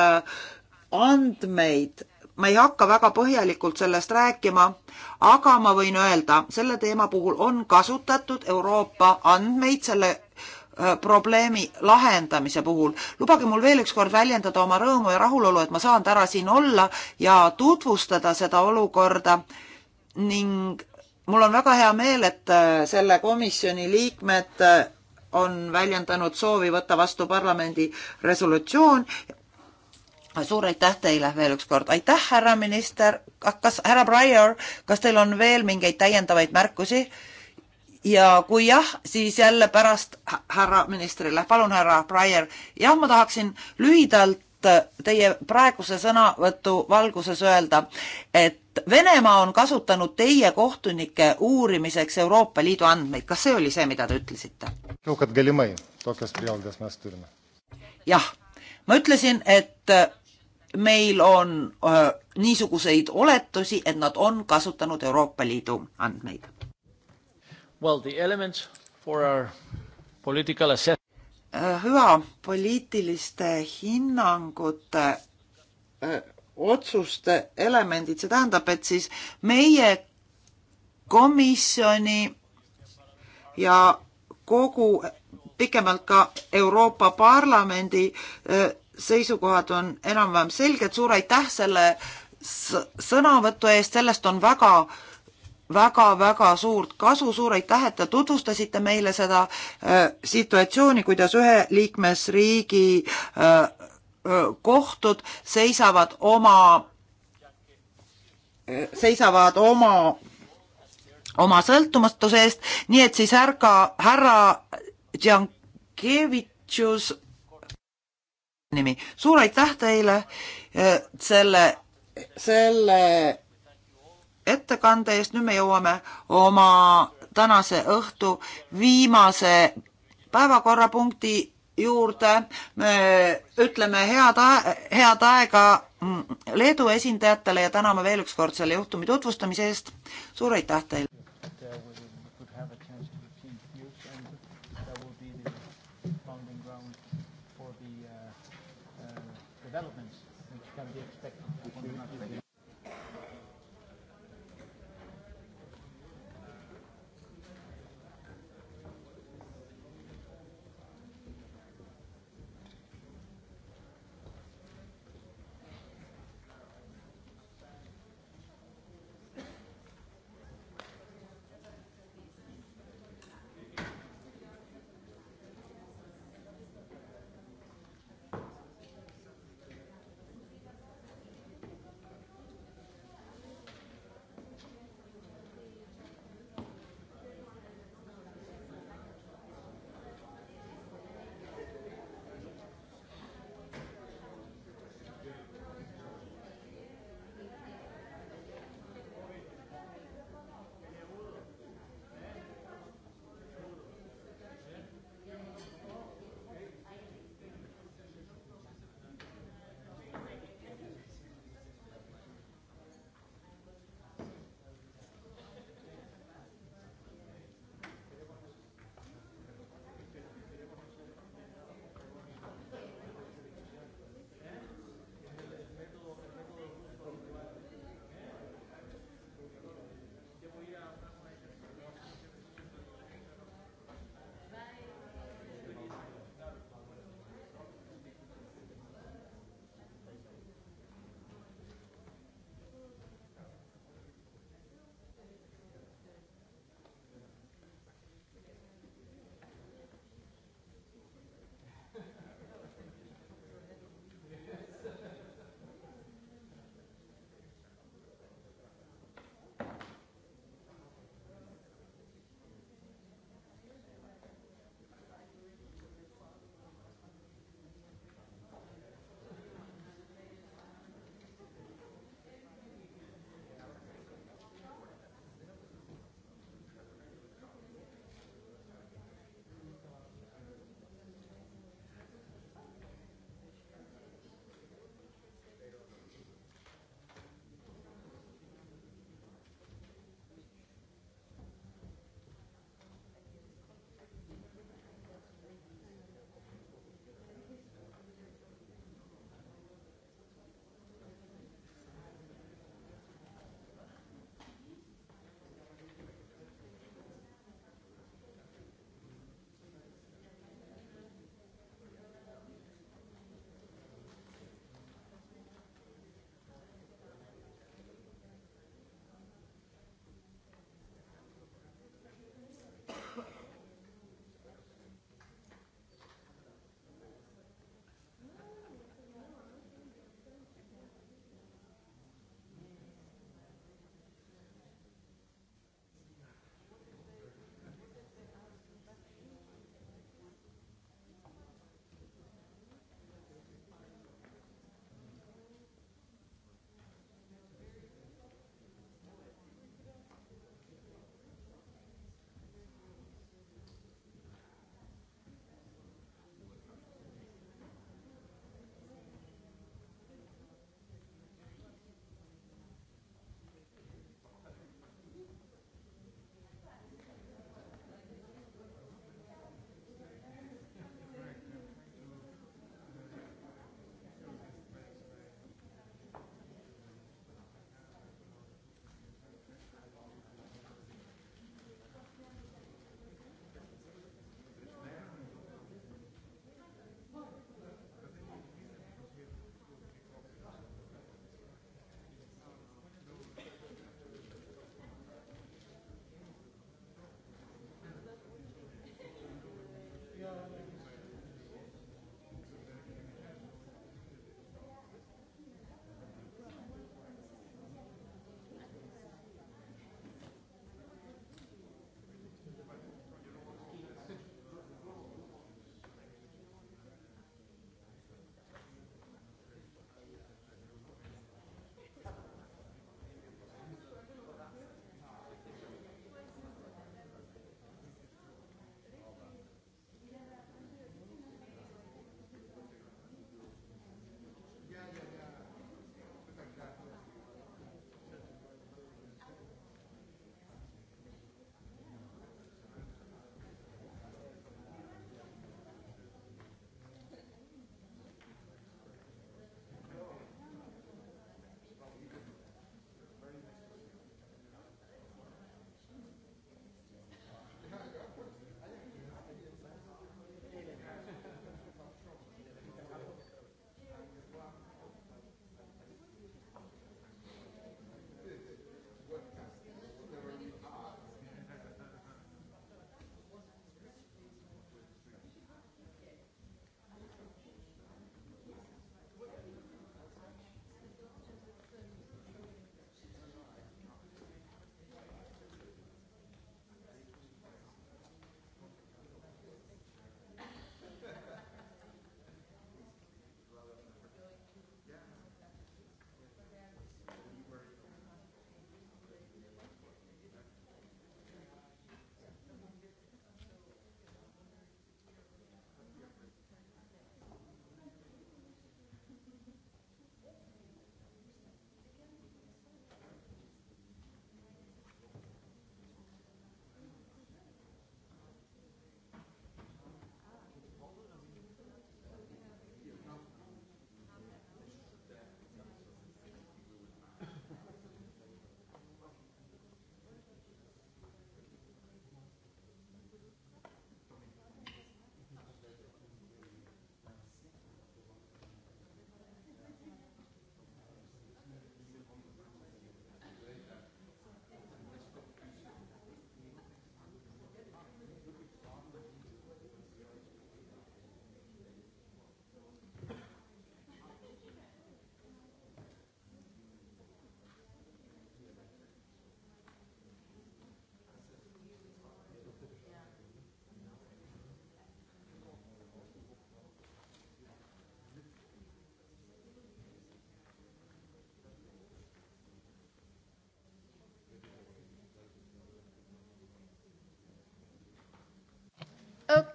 andmeid. ma ei hakka väga põhjalikult sellest rääkima, aga ma võin öelda, selle teema puhul on kasutatud Euroopa andmeid selle Äh, probleemi lahendamise puhul. lubage mul veel ükskord väljendada oma rõõmu ja rahulolu, et ma saan täna siin olla ja tutvustada seda olukorda ning mul on väga hea meel, et äh, selle komisjoni liikmed äh, on väljendanud soovi võtta vastu parlamendi resolutsioon. suur aitäh teile veel ükskord, aitäh, härra minister, kas härra Breyer, kas teil on veel mingeid täiendavaid märkusi? ja kui jah, siis jälle pärast härra ministrile, palun härra Breyer, jah, ma tahaksin lühidalt äh, teie praeguse sõnavõtu valguses öelda, et Venemaa on kasutanud teie kohtunike uurimiseks Euroopa Liidu andmeid, kas see oli see, mida te ütlesite? jah, ma ütlesin, et äh, meil on öö, äh, niisuguseid oletusi, et nad on kasutanud Euroopa Liidu andmeid Well, the elements for our political assessment äh, hüva poliitiliste hinnangute öö, äh, otsuste elemendid, see tähendab, et siis meie komisjoni ja kogu, pikemalt ka Euroopa Parlamendi öö, äh, seisukohad on enam-vähem selged, suur aitäh selle sõnavõtu eest, sellest on väga äh, väga-väga suurt kasu, suur aitäh, et te tutvustasite meile seda äh, situatsiooni, kuidas ühe liikmesriigi äh, äh kohtud seisavad oma, äh, seisavad oma, oma sõltumatuse eest, nii et siis ärka härra Djankevitšus nimi, suur aitäh teile äh, selle, selle ettekande eest, nüüd me jõuame oma tänase õhtu viimase päevakorrapunkti juurde. me ütleme head, head aega mm, Leedu esindajatele ja täname veel ükskord selle juhtumi tutvustamise eest. suur aitäh teile!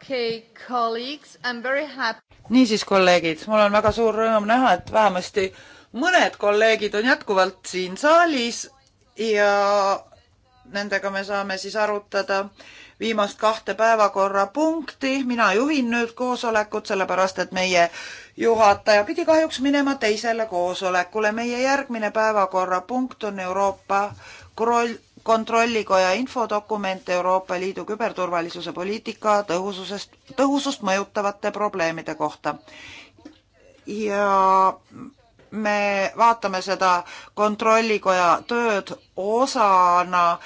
okay, colleagues, I am very happy. niisiis, kolleegid, mul on väga suur rõõm näha, et vähemasti mõned kolleegid on jätkuvalt siin saalis ja nendega me saame siis arutada viimast kahte päevakorrapunkti. mina juhin nüüd koosolekut, sellepärast et meie juhataja pidi kahjuks minema teisele koosolekule. meie järgmine päevakorrapunkt on Euroopa kontrollikoja infodokument Euroopa Liidu küberturvalisuse poliitika tõhususest, tõhusust mõjutavate probleemide kohta. ja me vaatame seda kontrollikoja tööd osana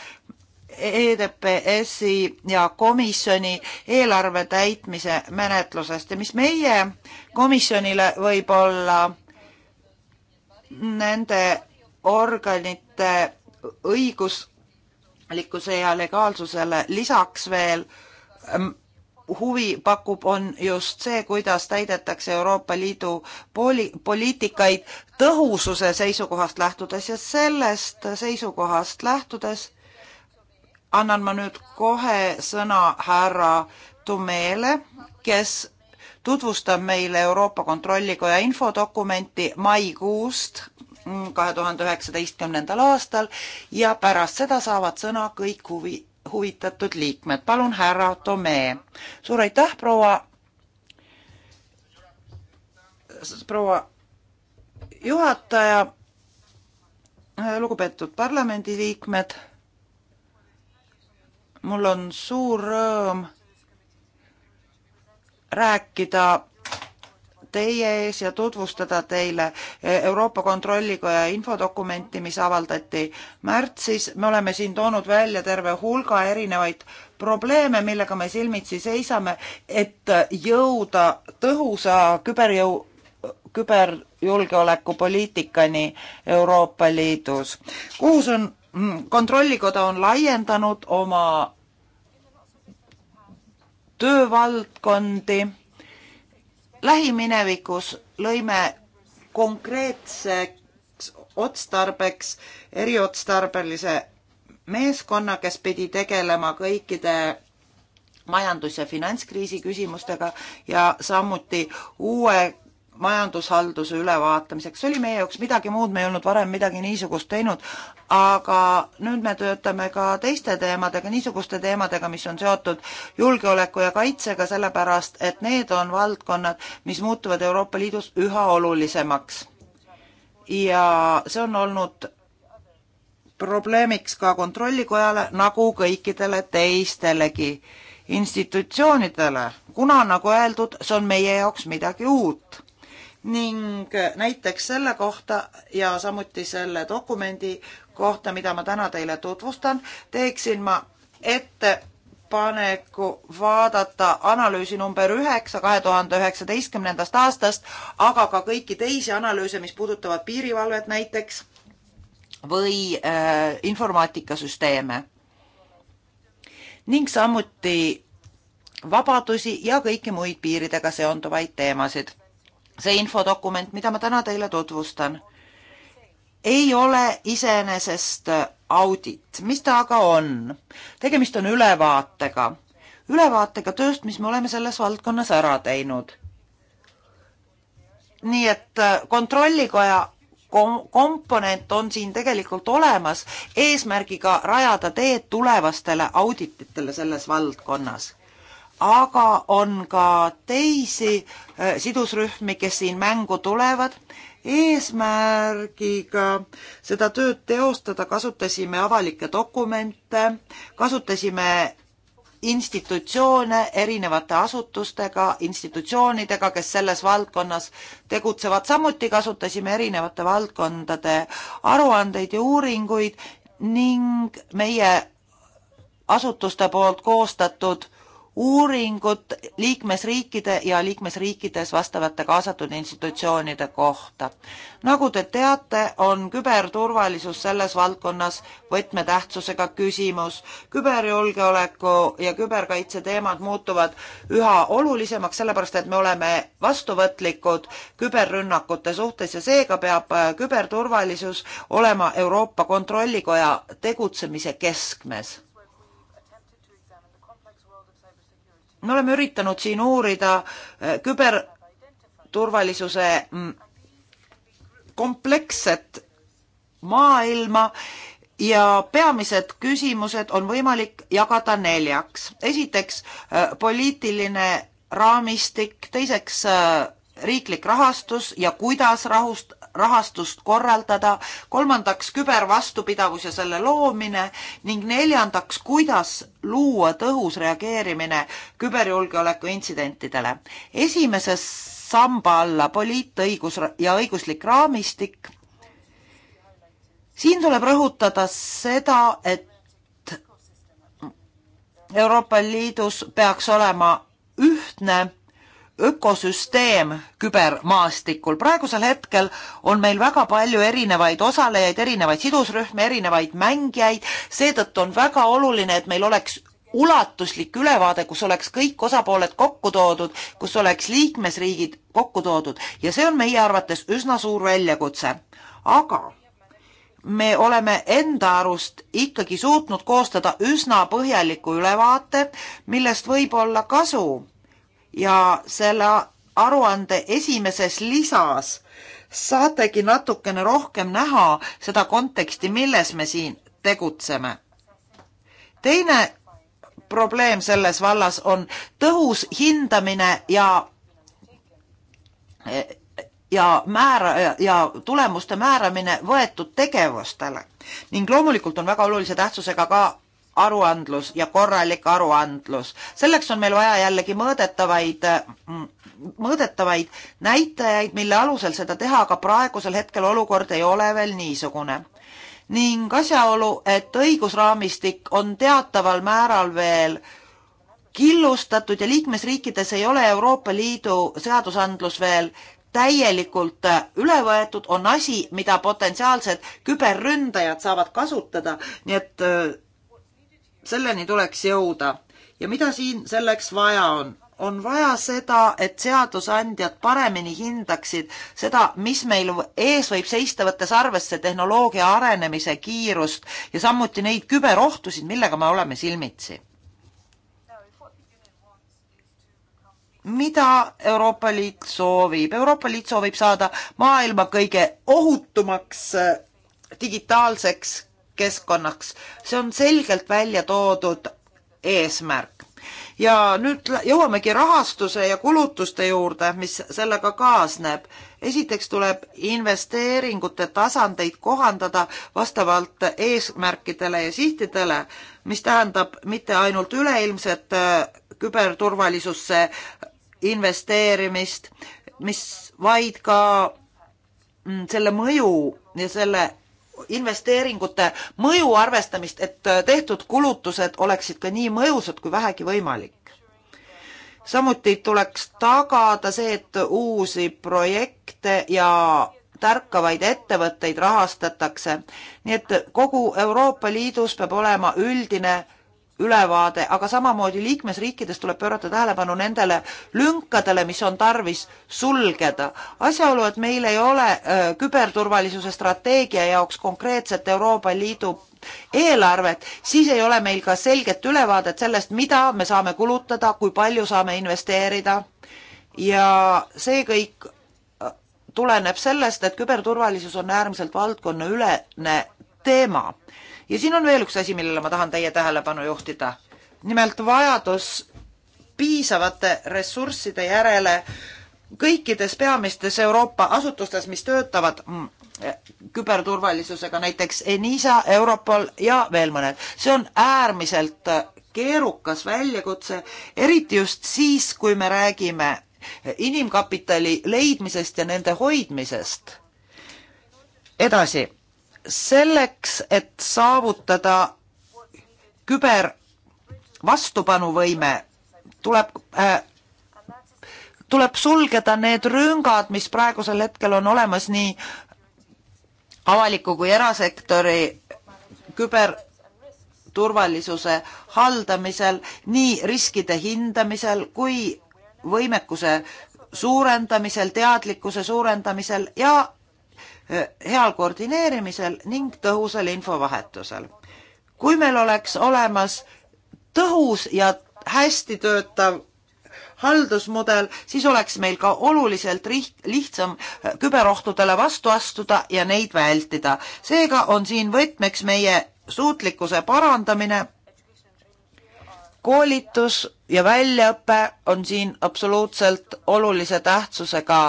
EDPS-i ja komisjoni eelarve täitmise menetlusest ja mis meie komisjonile võib-olla nende organite õigus likkuse ja legaalsusele lisaks veel huvi pakub, on just see, kuidas täidetakse Euroopa Liidu poli-, poliitikaid tõhususe seisukohast lähtudes ja sellest seisukohast lähtudes annan ma nüüd kohe sõna härra Tumeele, kes tutvustab meile Euroopa Kontrollikoja infodokumenti maikuust kahe tuhande üheksateistkümnendal aastal ja pärast seda saavad sõna kõik huvi, huvitatud liikmed. palun, härra Tomee. suur aitäh, proua, proua juhataja, lugupeetud parlamendiliikmed, mul on suur rõõm rääkida teie ees ja tutvustada teile eh, Euroopa Kontrollikoja infodokumenti, mis avaldati märtsis. me oleme siin toonud välja terve hulga erinevaid probleeme, millega me silmitsi seisame, et jõuda tõhusa küberjõu küberjulgeolekupoliitikani Euroopa Liidus. kuus on, mm, kontrollikoda on laiendanud oma töövaldkondi lähiminevikus lõime konkreetseks otstarbeks eriotstarbelise meeskonna, kes pidi tegelema kõikide majandus- ja finantskriisi küsimustega ja samuti uue majandushalduse ülevaatamiseks, see oli meie jaoks midagi muud, me ei olnud varem midagi niisugust teinud, aga nüüd me töötame ka teiste teemadega, niisuguste teemadega, mis on seotud julgeoleku ja kaitsega, sellepärast et need on valdkonnad, mis muutuvad Euroopa Liidus üha olulisemaks. ja see on olnud probleemiks ka Kontrollikojale, nagu kõikidele teistelegi institutsioonidele, kuna nagu öeldud, see on meie jaoks midagi uut ning näiteks selle kohta ja samuti selle dokumendi kohta, mida ma täna teile tutvustan, teeksin ma ettepaneku vaadata analüüsi number üheksa kahe tuhande üheksateistkümnendast aastast, aga ka kõiki teisi analüüse, mis puudutavad piirivalvet näiteks või äh, informaatikasüsteeme. ning samuti vabadusi ja kõiki muid piiridega seonduvaid teemasid see infodokument, mida ma täna teile tutvustan, ei ole iseenesest audit, mis ta aga on? tegemist on ülevaatega, ülevaatega tööst, mis me oleme selles valdkonnas ära teinud. nii et äh, Kontrollikoja kom-, komponent on siin tegelikult olemas, eesmärgiga rajada teed tulevastele audititele selles valdkonnas aga on ka teisi äh, sidusrühmi, kes siin mängu tulevad. eesmärgiga seda tööd teostada kasutasime avalikke dokumente, kasutasime institutsioone erinevate asutustega, institutsioonidega, kes selles valdkonnas tegutsevad, samuti kasutasime erinevate valdkondade aruandeid ja uuringuid ning meie asutuste poolt koostatud uuringut liikmesriikide ja liikmesriikides vastavate kaasatud institutsioonide kohta. nagu te teate, on küberturvalisus selles valdkonnas võtmetähtsusega küsimus. küberjulgeoleku ja küberkaitse teemad muutuvad üha olulisemaks, sellepärast et me oleme vastuvõtlikud küberrünnakute suhtes ja seega peab äh, küberturvalisus olema Euroopa Kontrollikoja tegutsemise keskmes me oleme üritanud siin uurida eh, küberturvalisuse mm, kompleksset maailma ja peamised küsimused on võimalik jagada neljaks. esiteks eh, poliitiline raamistik, teiseks eh, riiklik rahastus ja kuidas rahust, rahastust korraldada, kolmandaks kübervastupidavus ja selle loomine ning neljandaks, kuidas luua tõhus reageerimine küberjulgeoleku intsidentidele. esimeses samba alla poliitõigus ja õiguslik raamistik. siin tuleb rõhutada seda, et Euroopa Liidus peaks olema ühtne ökosüsteem kübermaastikul. praegusel hetkel on meil väga palju erinevaid osalejaid, erinevaid sidusrühmi, erinevaid mängijaid, seetõttu on väga oluline, et meil oleks ulatuslik ülevaade, kus oleks kõik osapooled kokku toodud, kus oleks liikmesriigid kokku toodud ja see on meie arvates üsna suur väljakutse. aga me oleme enda arust ikkagi suutnud koostada üsna põhjaliku ülevaate, millest võib olla kasu ja selle aruande esimeses lisas saategi natukene rohkem näha seda konteksti, milles me siin tegutseme. teine probleem selles vallas on tõhus hindamine ja ja määra ja tulemuste määramine võetud tegevustele ning loomulikult on väga olulise tähtsusega ka aruandlus ja korralik aruandlus. selleks on meil vaja jällegi mõõdetavaid, mm, mõõdetavaid näitajaid, mille alusel seda teha, aga praegusel hetkel olukord ei ole veel niisugune. ning asjaolu, et õigusraamistik on teataval määral veel killustatud ja liikmesriikides ei ole Euroopa Liidu seadusandlus veel täielikult üle võetud, on asi, mida potentsiaalsed küberründajad saavad kasutada, nii et selleni tuleks jõuda ja mida siin selleks vaja on? on vaja seda, et seadusandjad paremini hindaksid seda, mis meil ees võib seista, võttes arvesse tehnoloogia arenemise kiirust ja samuti neid küberohtusid, millega me oleme silmitsi. mida Euroopa Liit soovib? Euroopa Liit soovib saada maailma kõige ohutumaks digitaalseks keskkonnaks. see on selgelt välja toodud eesmärk. ja nüüd jõuamegi rahastuse ja kulutuste juurde, mis sellega kaasneb. esiteks tuleb investeeringute tasandeid kohandada vastavalt eesmärkidele ja sihtidele, mis tähendab mitte ainult üleilmset äh, küberturvalisusse investeerimist, mis vaid ka mm, selle mõju ja selle investeeringute mõju arvestamist, et äh, tehtud kulutused oleksid ka nii mõjusad kui vähegi võimalik. samuti tuleks tagada see, et uusi projekte ja tärkavaid ettevõtteid rahastatakse. nii et kogu Euroopa Liidus peab olema üldine ülevaade, aga samamoodi liikmesriikides tuleb pöörata tähelepanu nendele lünkadele, mis on tarvis sulgeda. asjaolu, et meil ei ole äh, küberturvalisuse strateegia jaoks konkreetset Euroopa Liidu eelarvet, siis ei ole meil ka selget ülevaadet sellest, mida me saame kulutada, kui palju saame investeerida ja see kõik äh, tuleneb sellest, et küberturvalisus on äärmiselt valdkonnaülene teema ja siin on veel üks asi, millele ma tahan teie tähelepanu juhtida. nimelt vajadus piisavate ressursside järele kõikides peamistes Euroopa asutustes, mis töötavad mm, eh, küberturvalisusega, näiteks ENISA, Europol ja veel mõned. see on äärmiselt eh, keerukas väljakutse, eriti just siis, kui me räägime eh, inimkapitali leidmisest ja nende hoidmisest. edasi selleks, et saavutada küber vastupanuvõime, tuleb äh, tuleb sulgeda need rüngad, mis praegusel hetkel on olemas nii avaliku kui erasektori küberturvalisuse haldamisel, nii riskide hindamisel kui võimekuse suurendamisel, teadlikkuse suurendamisel ja Eh, heal koordineerimisel ning tõhusal infovahetusel. kui meil oleks olemas tõhus ja hästi töötav haldusmudel, siis oleks meil ka oluliselt riht-, lihtsam eh, küberohtudele vastu astuda ja neid vältida. seega on siin võtmeks meie suutlikkuse parandamine, koolitus ja väljaõpe on siin absoluutselt olulise tähtsusega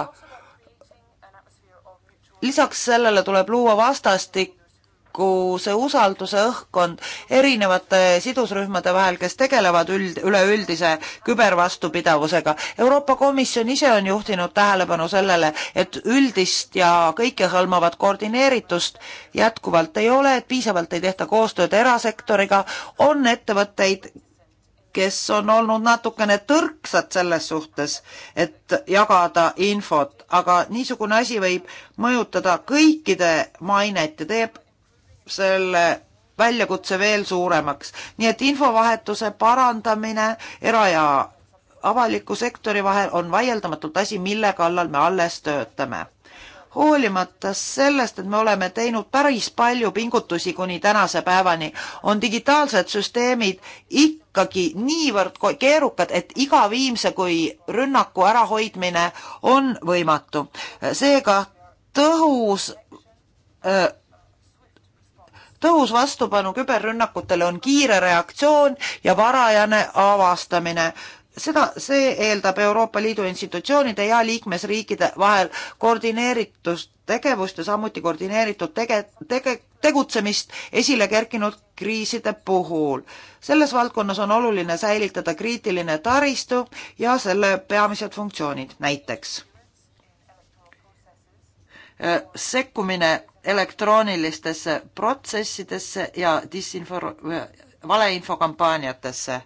lisaks sellele tuleb luua vastastikuse usalduse õhkkond erinevate sidusrühmade vahel, kes tegelevad üld, üleüldise kübervastupidavusega. Euroopa Komisjon ise on juhtinud tähelepanu sellele, et üldist ja kõikehõlmavat koordineeritust jätkuvalt ei ole, et piisavalt ei tehta koostööd erasektoriga, on ettevõtteid, kes on olnud natukene tõrksad selles suhtes, et jagada infot, aga niisugune asi võib mõjutada kõikide mainet ja teeb selle väljakutse veel suuremaks. nii et infovahetuse parandamine era- ja avaliku sektori vahel on vaieldamatult asi, mille kallal me alles töötame hoolimata sellest, et me oleme teinud päris palju pingutusi kuni tänase päevani, on digitaalsed süsteemid ikkagi niivõrd keerukad, et iga viimse kui rünnaku ärahoidmine on võimatu. seega tõhus tõhus vastupanu küberrünnakutele on kiire reaktsioon ja varajane avastamine seda, see eeldab Euroopa Liidu institutsioonide ja liikmesriikide vahel koordineeritust tegevust ja samuti koordineeritud tege-, tege-, tegutsemist esile kerkinud kriiside puhul. selles valdkonnas on oluline säilitada kriitiline taristu ja selle peamised funktsioonid, näiteks äh, sekkumine elektroonilistesse protsessidesse ja disinfor-, äh, valeinfokampaaniatesse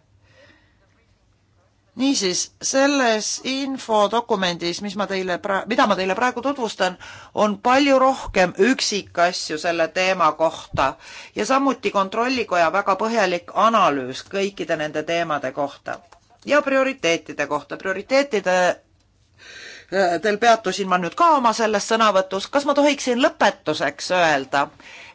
niisiis, selles infodokumendis, mis ma teile pra-, mida ma teile praegu tutvustan, on palju rohkem üksikasju selle teema kohta ja samuti Kontrollikoja väga põhjalik analüüs kõikide nende teemade kohta ja prioriteetide kohta. prioriteetide Teil äh, peatusin ma nüüd ka oma selles sõnavõtus, kas ma tohiksin lõpetuseks öelda,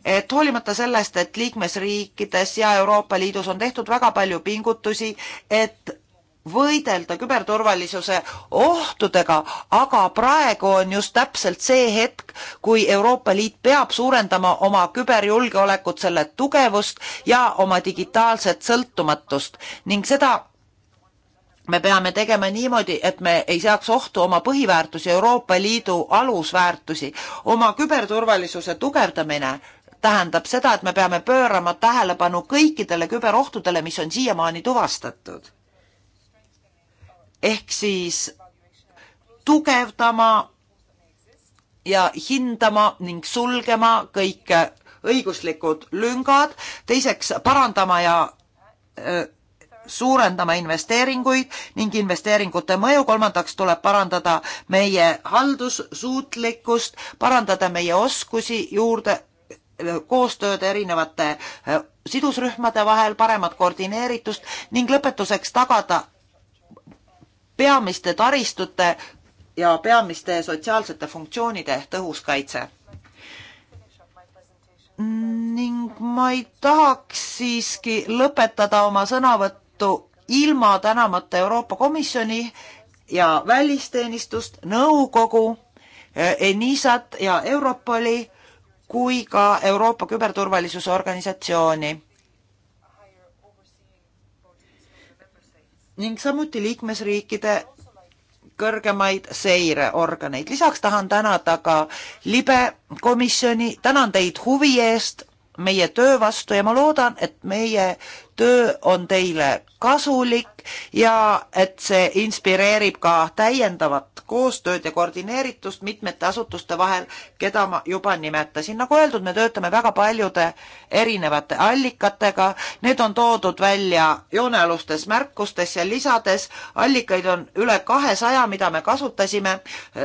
et hoolimata sellest, et liikmesriikides ja Euroopa Liidus on tehtud väga palju pingutusi, et võidelda küberturvalisuse ohtudega, aga praegu on just täpselt see hetk, kui Euroopa Liit peab suurendama oma küberjulgeolekut, selle tugevust ja oma digitaalset sõltumatust ning seda me peame tegema niimoodi, et me ei seaks ohtu oma põhiväärtusi, Euroopa Liidu alusväärtusi, oma küberturvalisuse tugevdamine tähendab seda, et me peame pöörama tähelepanu kõikidele küberohtudele, mis on siiamaani tuvastatud ehk siis tugevdama ja hindama ning sulgema kõik õiguslikud lüngad, teiseks parandama ja suurendama investeeringuid ning investeeringute mõju, kolmandaks tuleb parandada meie haldussuutlikkust, parandada meie oskusi juurde, koostööd erinevate sidusrühmade vahel, paremat koordineeritust ning lõpetuseks tagada peamiste taristute ja peamiste sotsiaalsete funktsioonide tõhus kaitse. ning ma ei tahaks siiski lõpetada oma sõnavõttu ilma tänamata Euroopa Komisjoni ja välisteenistust, nõukogu, ENISA-t ja Europoli kui ka Euroopa Küberturvalisuse Organisatsiooni ning samuti liikmesriikide kõrgemaid seireorganeid. lisaks tahan tänada ka libe komisjoni, tänan teid huvi eest meie töö vastu ja ma loodan, et meie töö on teile kasulik eesmärk ja et see inspireerib ka täiendavat koostööd ja koordineeritust mitmete asutuste vahel, keda ma juba nimetasin. nagu öeldud, me töötame väga paljude erinevate allikatega, need on toodud välja joonealustes märkustes ja lisades, allikaid on üle kahesaja, mida me kasutasime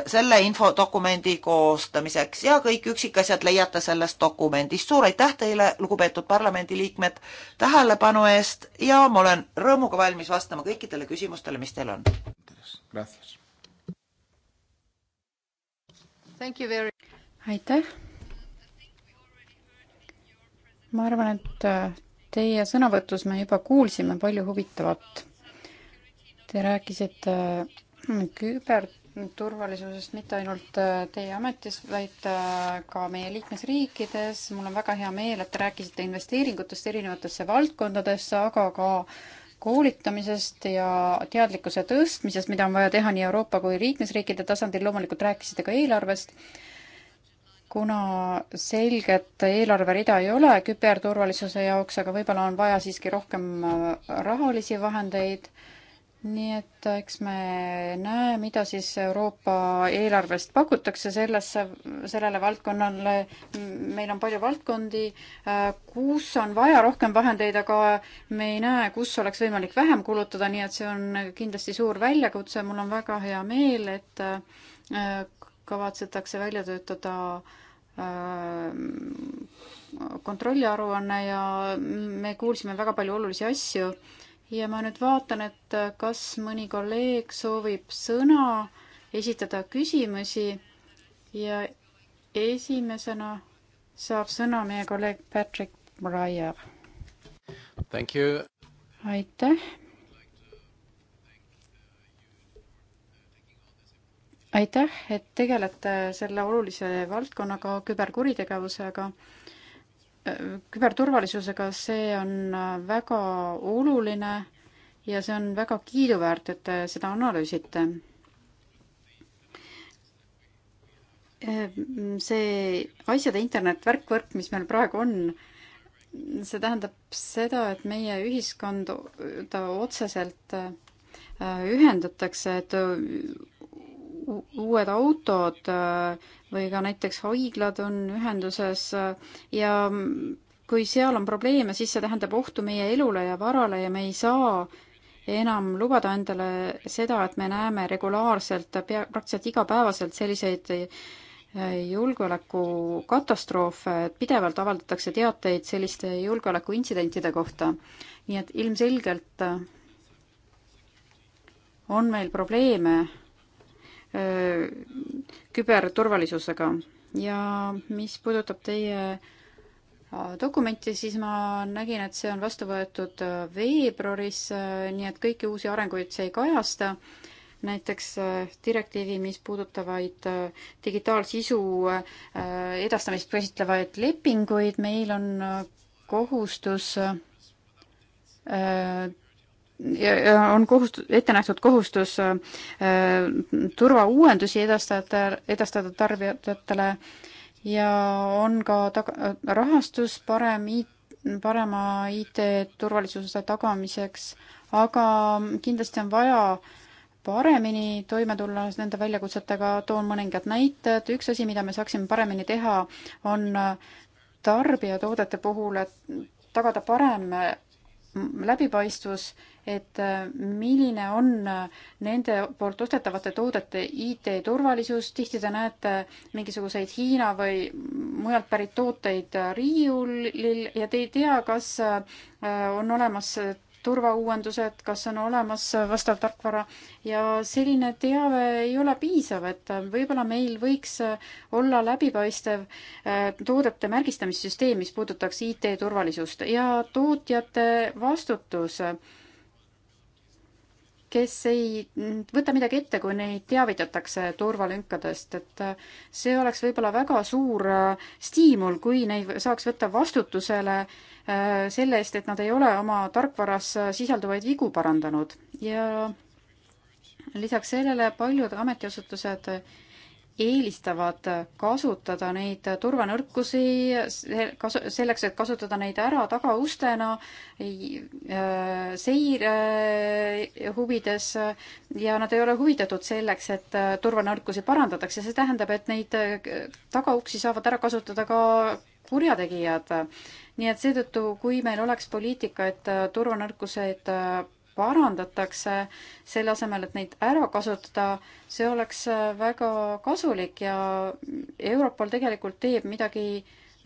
selle infodokumendi koostamiseks ja kõik üksikasjad leiate sellest dokumendist. suur aitäh teile, lugupeetud parlamendiliikmed, tähelepanu eest ja ma olen rõõmuga valmis vastama vastama kõikidele küsimustele, mis teil on. Very... aitäh. ma arvan, et äh, teie sõnavõtus me juba kuulsime palju huvitavat. Te rääkisite äh, küber turvalisusest mitte ainult äh, teie ametis, vaid ka meie liikmesriikides. mul on väga hea meel, et te rääkisite investeeringutest erinevatesse valdkondadesse, aga ka koolitamisest ja teadlikkuse tõstmisest, mida on vaja teha nii Euroopa kui liikmesriikide tasandil, loomulikult rääkisite ka eelarvest, kuna selget eelarverida ei ole küberturvalisuse jaoks, aga võib-olla on vaja siiski rohkem äh, rahalisi vahendeid nii et äh, eks me näe, mida siis Euroopa eelarvest pakutakse sellesse, sellele valdkonnale. meil on palju valdkondi, äh, kus on vaja rohkem vahendeid, aga me ei näe, kus oleks võimalik vähem kulutada, nii et see on kindlasti suur väljakutse. mul on väga hea meel, et äh, kavatsetakse välja töötada kontrolliaruanne ja me kuulsime väga palju olulisi asju ja ma nüüd vaatan, et kas mõni kolleeg soovib sõna, esitada küsimusi ja esimesena saab sõna meie kolleeg Patrick Breyer. aitäh. aitäh, et tegelete selle olulise valdkonnaga, küberkuritegevusega küberturvalisusega, see on äh, väga oluline ja see on väga kiiduväärt, et te seda analüüsite. Ehm, see asjade internet, värkvõrk, mis meil praegu on, see tähendab seda, et meie ühiskond ta otseselt äh, ühendatakse, et uued autod äh, või ka näiteks haiglad on ühenduses äh, ja kui seal on probleeme, siis see tähendab ohtu meie elule ja varale ja me ei saa enam lubada endale seda, et me näeme regulaarselt, pea, praktiliselt igapäevaselt selliseid äh, julgeolekukatastroofe, et pidevalt avaldatakse teateid selliste julgeolekuintsidentide kohta. nii et ilmselgelt on meil probleeme küberturvalisusega ja mis puudutab teie äh, dokumenti, siis ma nägin, et see on vastu võetud äh, veebruaris, äh, nii et kõiki uusi arenguid see ei kajasta. näiteks direktiivi, mis puudutavaid digitaalsisu edastamist käsitlevaid lepinguid, meil on kohustus on kohust-, ette nähtud kohustus äh, turvauuendusi edastajate, edastada tarbijatele ja on ka taga-, rahastus parem IT, parema IT-turvalisuse tagamiseks, aga kindlasti on vaja paremini toime tulla nende väljakutsetega, toon mõningad näited, üks asi, mida me saaksime paremini teha, on tarbijatoodete puhul, et tagada parem läbipaistvus et äh, milline on äh, nende poolt ostetavate toodete IT-turvalisus, tihti te näete mingisuguseid Hiina või mujalt pärit tooteid äh, riiulil ja te ei tea, kas on olemas turvauuendused, kas on olemas vastav tarkvara ja selline teave ei ole piisav, et võib-olla meil võiks olla läbipaistev toodete märgistamissüsteem, mis puudutaks IT-turvalisust ja tootjate vastutus kes ei võta midagi ette, kui neid teavitatakse turvalünkadest, et see oleks võib-olla väga suur äh, stiimul, kui neid saaks võtta vastutusele äh, selle eest, et nad ei ole oma tarkvaras äh, sisalduvaid vigu parandanud ja lisaks sellele paljud ametiasutused eelistavad kasutada neid turvanõrkusi kasu-, selleks, et kasutada neid ära tagaustena äh, seire äh, huvides ja nad ei ole huvitatud selleks, et äh, turvanõrkusi parandatakse, see tähendab, et neid tagauksi saavad ära kasutada ka kurjategijad. nii et seetõttu, kui meil oleks poliitika, et turvanõrkused parandatakse, selle asemel, et neid ära kasutada, see oleks äh, väga kasulik ja Europol tegelikult teeb midagi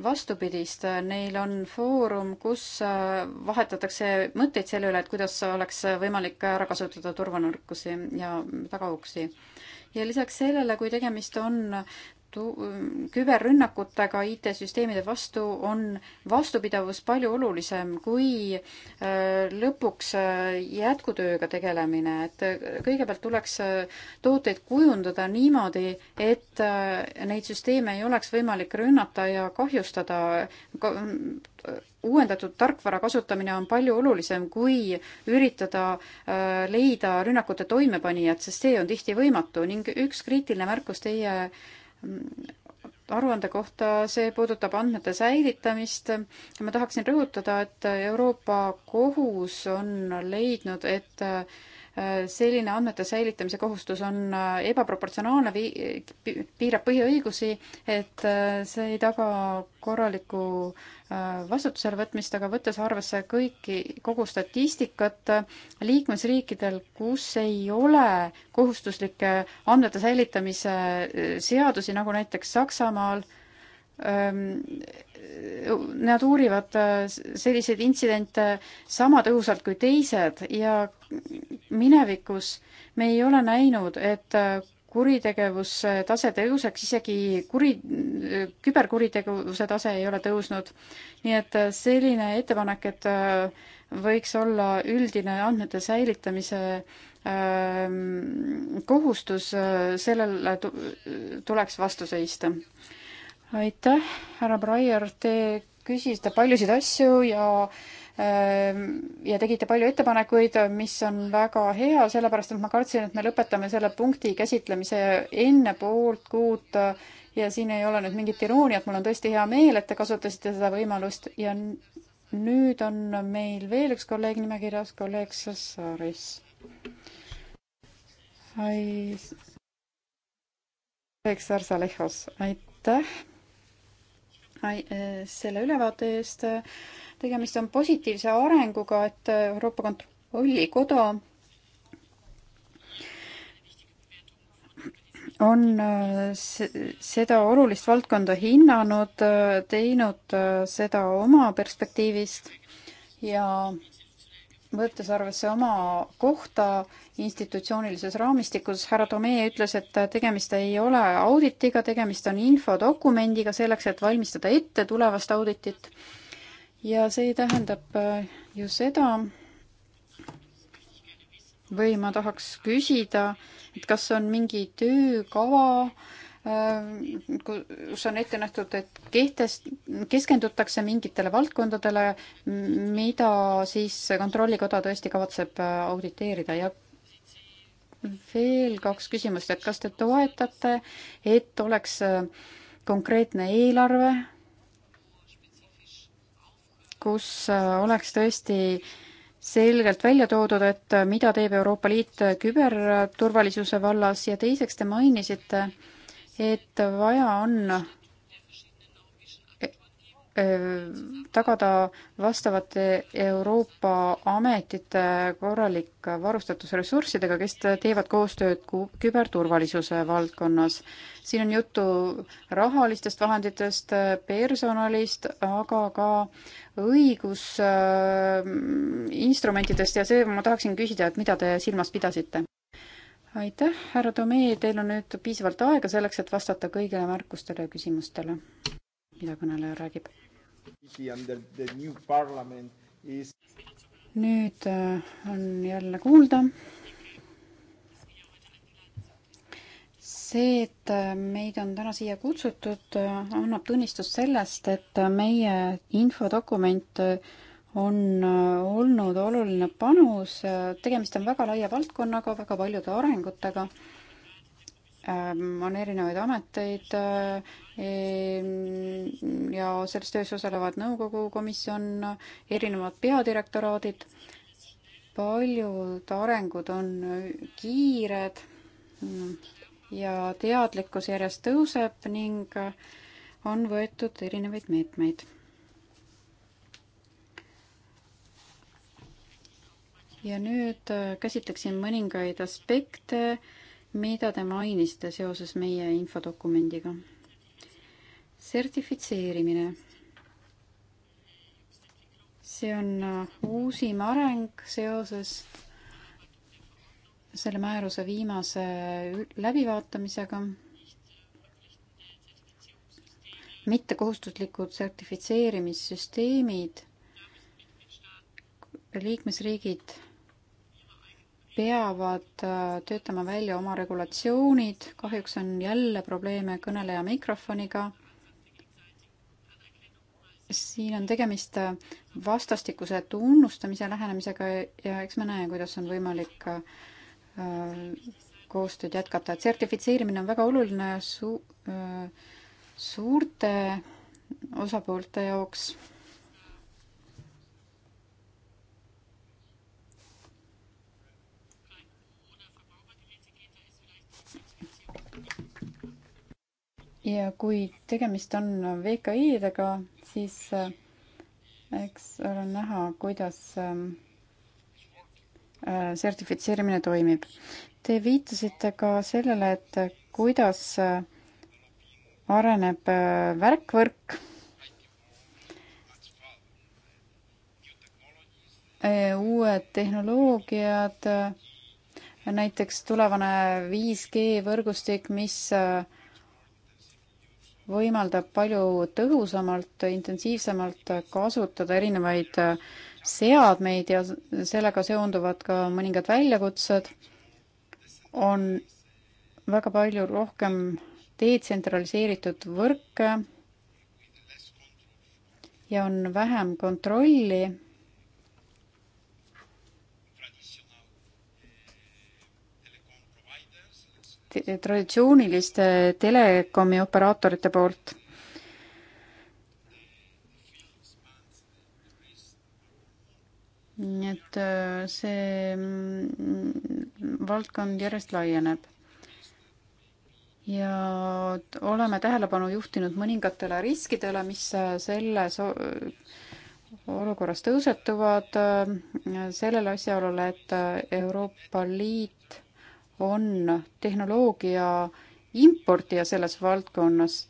vastupidist, neil on foorum, kus äh, vahetatakse mõtteid selle üle, et kuidas oleks võimalik ära kasutada turvanõrkusi ja tagauksi. ja lisaks sellele, kui tegemist on küberrünnakutega IT-süsteemide vastu on vastupidavus palju olulisem kui äh, lõpuks äh, jätkutööga tegelemine, et äh, kõigepealt tuleks tooteid kujundada niimoodi, et neid süsteeme ei oleks võimalik rünnata ja kahjustada. uuendatud tarkvara kasutamine on palju olulisem kui üritada leida rünnakute toimepanijat, sest see on tihti võimatu ning üks kriitiline märkus teie aruande kohta, see puudutab andmete säilitamist. ma tahaksin rõhutada, et Euroopa Kohus on leidnud, et Äh, selline andmete säilitamise kohustus on äh, ebaproportsionaalne, piirab põhiõigusi, et äh, see ei taga korralikku vastutusele võtmist, aga võttes arvesse kõiki, kogu statistikat liikmesriikidel, kus ei ole kohustuslikke andmete säilitamise seadusi, nagu näiteks Saksamaal, ähm, nad uurivad äh, selliseid intsidente sama tõhusalt kui teised ja minevikus me ei ole näinud, et äh, kuritegevuse tase tõuseks, isegi kuri, küberkuritegevuse tase ei ole tõusnud. nii et äh, selline ettepanek, et võiks olla üldine andmete säilitamise ähm, kohustus, sellele tuleks vastu seista aitäh, härra Breyer, te küsisite paljusid asju ja ähm, ja tegite palju ettepanekuid, mis on väga hea, sellepärast et ma kartsin, et me lõpetame selle punkti käsitlemise enne poolt kuud ja siin ei ole nüüd mingit irooniat, mul on tõesti hea meel, et te kasutasite seda võimalust ja nüüd on meil veel üks kolleeg nimekirjas, kolleeg Sassaris. kolleeg Sarsalehos, aitäh Äh, selle ülevaate eest. tegemist on positiivse arenguga, et äh, Euroopa Kontrollikoda on äh, seda olulist valdkonda hinnanud, teinud seda oma perspektiivist ja võttes arvesse oma kohta institutsioonilises raamistikus, härra Tomee ütles, et tegemist ei ole auditiga, tegemist on infodokumendiga selleks, et valmistada ette tulevast auditit. ja see tähendab äh, ju seda, või ma tahaks küsida, et kas on mingi töökava äh, Äh, kus on ette nähtud, et kehtes, keskendutakse mingitele valdkondadele, mida siis Kontrollikoda tõesti kavatseb äh, auditeerida ja veel kaks küsimust, et kas te toetate, et oleks äh, konkreetne eelarve, kus oleks tõesti selgelt välja toodud, et mida teeb Euroopa Liit küberturvalisuse vallas ja teiseks te mainisite, et vaja on e, e, tagada vastavate Euroopa ametite korralik varustatus ressurssidega, kes teevad koostööd küberturvalisuse valdkonnas. siin on juttu rahalistest vahenditest, personalist, aga ka õigusinstrumentidest e, ja see, ma tahaksin küsida, et mida te silmas pidasite? aitäh, härra Tomee, teil on nüüd piisavalt aega selleks, et vastata kõigile märkustele ja küsimustele, mida kõneleja räägib. nüüd äh, on jälle kuulda. see, et äh, meid on täna siia kutsutud, äh, annab tunnistust sellest, et meie infodokument on äh, olnud oluline panus, äh, tegemist on väga laia valdkonnaga, väga paljude arengutega, ähm, on erinevaid ameteid äh, ja selles töös osalevad nõukogu komisjon, erinevad peadirektoraadid, paljud arengud on kiired mm, ja teadlikkus järjest tõuseb ning on võetud erinevaid meetmeid ja nüüd äh, käsitleksin mõningaid aspekte, mida te mainisite seoses meie infodokumendiga. sertifitseerimine. see on äh, uusim areng seoses selle määruse viimase läbivaatamisega. mittekohustuslikud sertifitseerimissüsteemid liikmesriigid peavad äh, töötama välja oma regulatsioonid, kahjuks on jälle probleeme kõneleja mikrofoniga. siin on tegemist äh, vastastikuse tunnustamise lähenemisega ja eks me näe, kuidas on võimalik äh, koostööd jätkata, et sertifitseerimine on väga oluline su-, suurte osapoolte jaoks ja kui tegemist on VKI-dega, siis äh, eks ole näha, kuidas ähm, äh, sertifitseerimine toimib. Te viitasite ka sellele, et kuidas äh, areneb värkvõrk uued tehnoloogiad, näiteks tulevane 5G võrgustik, mis võimaldab palju tõhusamalt, intensiivsemalt kasutada erinevaid seadmeid ja sellega seonduvad ka mõningad väljakutsed, on väga palju rohkem detsentraliseeritud võrke ja on vähem kontrolli traditsiooniliste telekomi operaatorite poolt. nii et äh, see mm, valdkond järjest laieneb ja oleme tähelepanu juhtinud mõningatele riskidele, mis äh, selles olukorras tõusetuvad, äh, sellele asjaolule, et Euroopa Liit on tehnoloogia importija selles valdkonnas,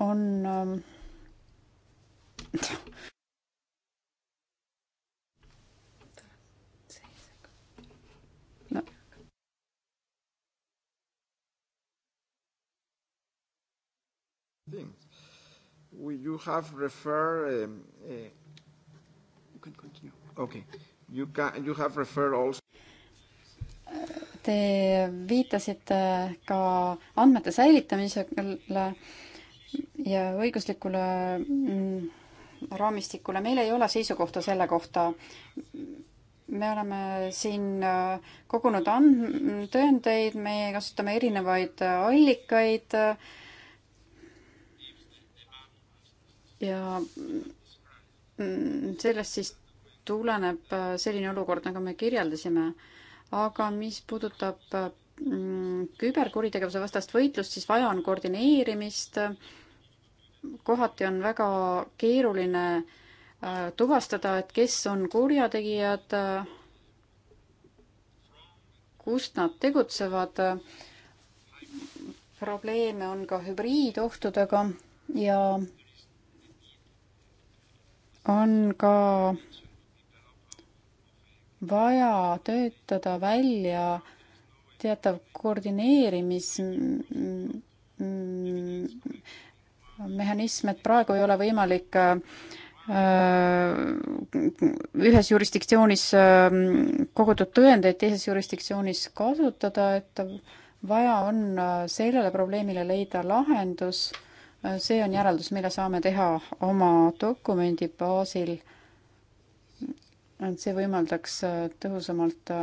on äh, no. You have referred um, uh, you can continue okay.. You can, you have referred also Te viitasite ka andmete säilitamisele ja õiguslikule mm, raamistikule. meil ei ole seisukohta selle kohta. me oleme siin äh, kogunud and-, tõendeid, me kasutame erinevaid allikaid ja mm, sellest siis tuleneb äh, selline olukord, nagu me kirjeldasime. aga mis puudutab äh, mm, küberkuritegevuse vastast võitlust, siis vaja on koordineerimist. kohati on väga keeruline äh, tuvastada, et kes on kurjategijad, kust nad tegutsevad. probleeme on ka hübriidohtudega ja on ka vaja töötada välja teatav koordineerimis mehhanism, et praegu ei ole võimalik äh, ühes jurisdiktsioonis äh, kogutud tõendeid teises jurisdiktsioonis kasutada, et vaja on äh, sellele probleemile leida lahendus. see on järeldus, mille saame teha oma dokumendi baasil et see võimaldaks äh, tõhusamalt äh,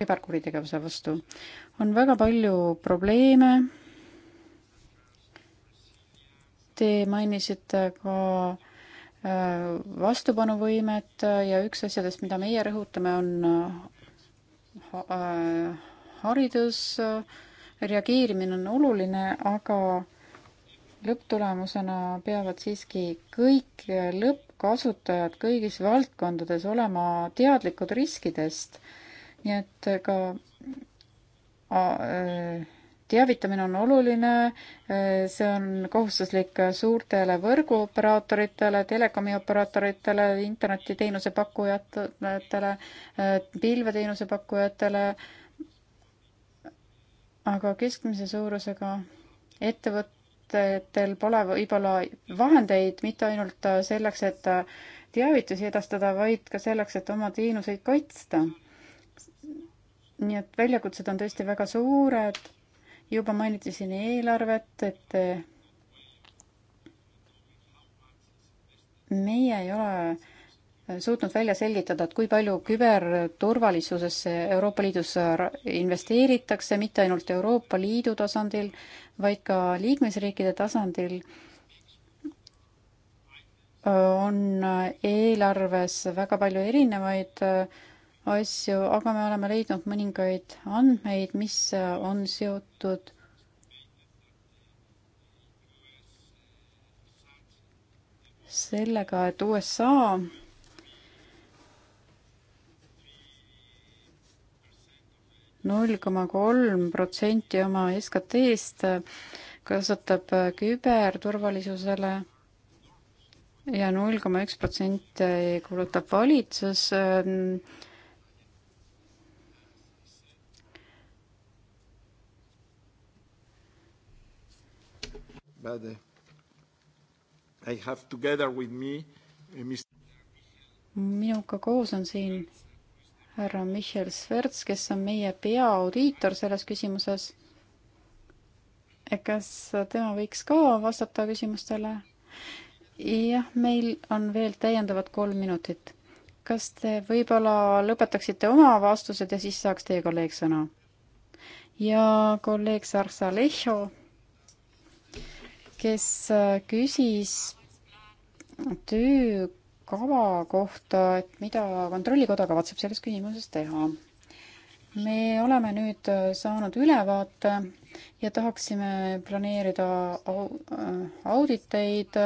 küberkuritegevuse vastu. on väga palju probleeme. Te mainisite ka äh, vastupanuvõimet ja üks asjadest, mida meie rõhutame, on haridus. reageerimine on oluline, aga lõpptulemusena peavad siiski kõik lõppkasutajad kõigis valdkondades olema teadlikud riskidest. nii et ka äh, teavitamine on oluline, äh, see on kohustuslik suurtele võrguoperaatoritele, telekomi operaatoritele, internetiteenuse pakkujatele, äh, pilveteenuse pakkujatele, aga keskmise suurusega ettevõt-, ettevõtetel pole võib-olla vahendeid mitte ainult selleks, et teavitusi edastada, vaid ka selleks, et oma teenuseid kaitsta. nii et väljakutsed on tõesti väga suured. juba mainiti siin eelarvet, et meie ei ole suutnud välja selgitada, et kui palju küberturvalisusesse Euroopa Liidus investeeritakse, mitte ainult Euroopa Liidu tasandil, vaid ka liikmesriikide tasandil, on eelarves väga palju erinevaid äh, asju, aga me oleme leidnud mõningaid andmeid, mis äh, on seotud sellega, et USA null koma kolm protsenti oma SKT-st äh, kasutab äh, küberturvalisusele ja null koma üks protsenti kulutab valitsus. Äh, But uh, I have together with me uh, Mr. minuga koos on siin härra Michel Sverts, kes on meie peaaudiitor selles küsimuses. kas tema võiks ka vastata küsimustele? jah, meil on veel täiendavad kolm minutit. kas te võib-olla lõpetaksite oma vastused ja siis saaks teie kolleeg sõna? ja kolleeg Sarsa Leho, kes küsis töö kava kohta, et mida Kontrollikoda kavatseb selles küsimuses teha. me oleme nüüd saanud ülevaate ja tahaksime planeerida auditeid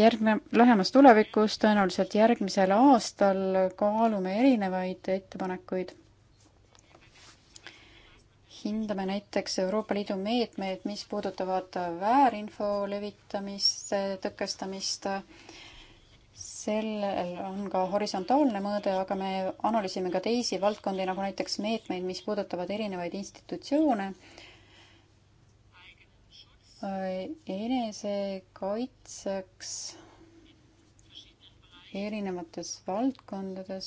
järgne, lähemas tulevikus, tõenäoliselt järgmisel aastal kaalume erinevaid ettepanekuid. hindame näiteks Euroopa Liidu meetmeid, mis puudutavad väärinfo levitamist, tõkestamist äh, sellel äh, on ka horisontaalne mõõde, aga me analüüsime ka teisi valdkondi, nagu näiteks meetmeid, mis puudutavad erinevaid institutsioone. Äh, enesekaitseks erinevates valdkondades.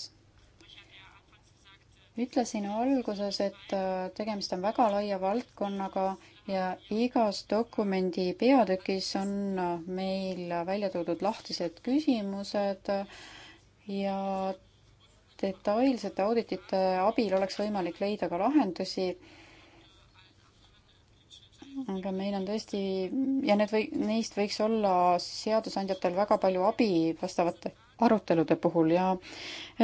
ütlesin alguses, et äh, tegemist on väga laia valdkonnaga ja igas dokumendi peatükis on meil välja toodud lahtised küsimused ja detailsete auditite abil oleks võimalik leida ka lahendusi. aga meil on tõesti ja need või neist võiks olla seadusandjatel väga palju abi vastavate arutelude puhul ja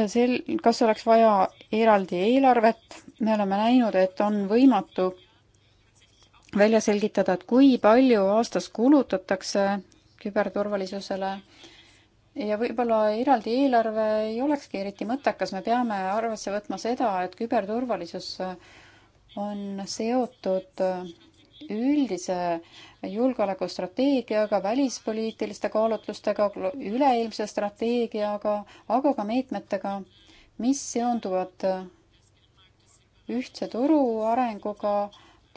sel, kas oleks vaja eraldi eelarvet, me oleme näinud, et on võimatu välja selgitada, et kui palju aastas kulutatakse küberturvalisusele ja võib-olla eraldi eelarve ei olekski eriti mõttekas, me peame arvesse võtma seda, et küberturvalisus on seotud üldise julgeolekustrateegiaga, välispoliitiliste kaalutlustega, üleilmse strateegiaga, aga ka meetmetega, mis seonduvad ühtse turu arenguga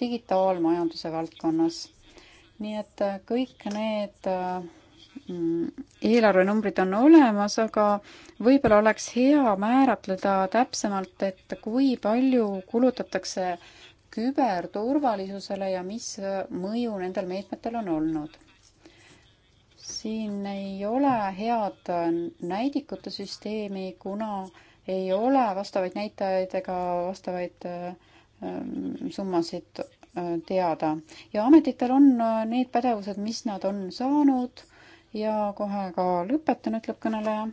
digitaalmajanduse valdkonnas. nii et äh, kõik need äh, mm, eelarvenumbrid on olemas, aga võib-olla oleks hea määratleda täpsemalt, et kui palju kulutatakse küberturvalisusele ja mis äh, mõju nendel meetmetel on olnud siin ei ole head näidikute süsteemi, kuna ei ole vastavaid näitajaid ega vastavaid äh, Ähm, summasid äh, teada ja ametitel on äh, need pädevused, mis nad on saanud ja kohe ka lõpetan, ütleb kõneleja.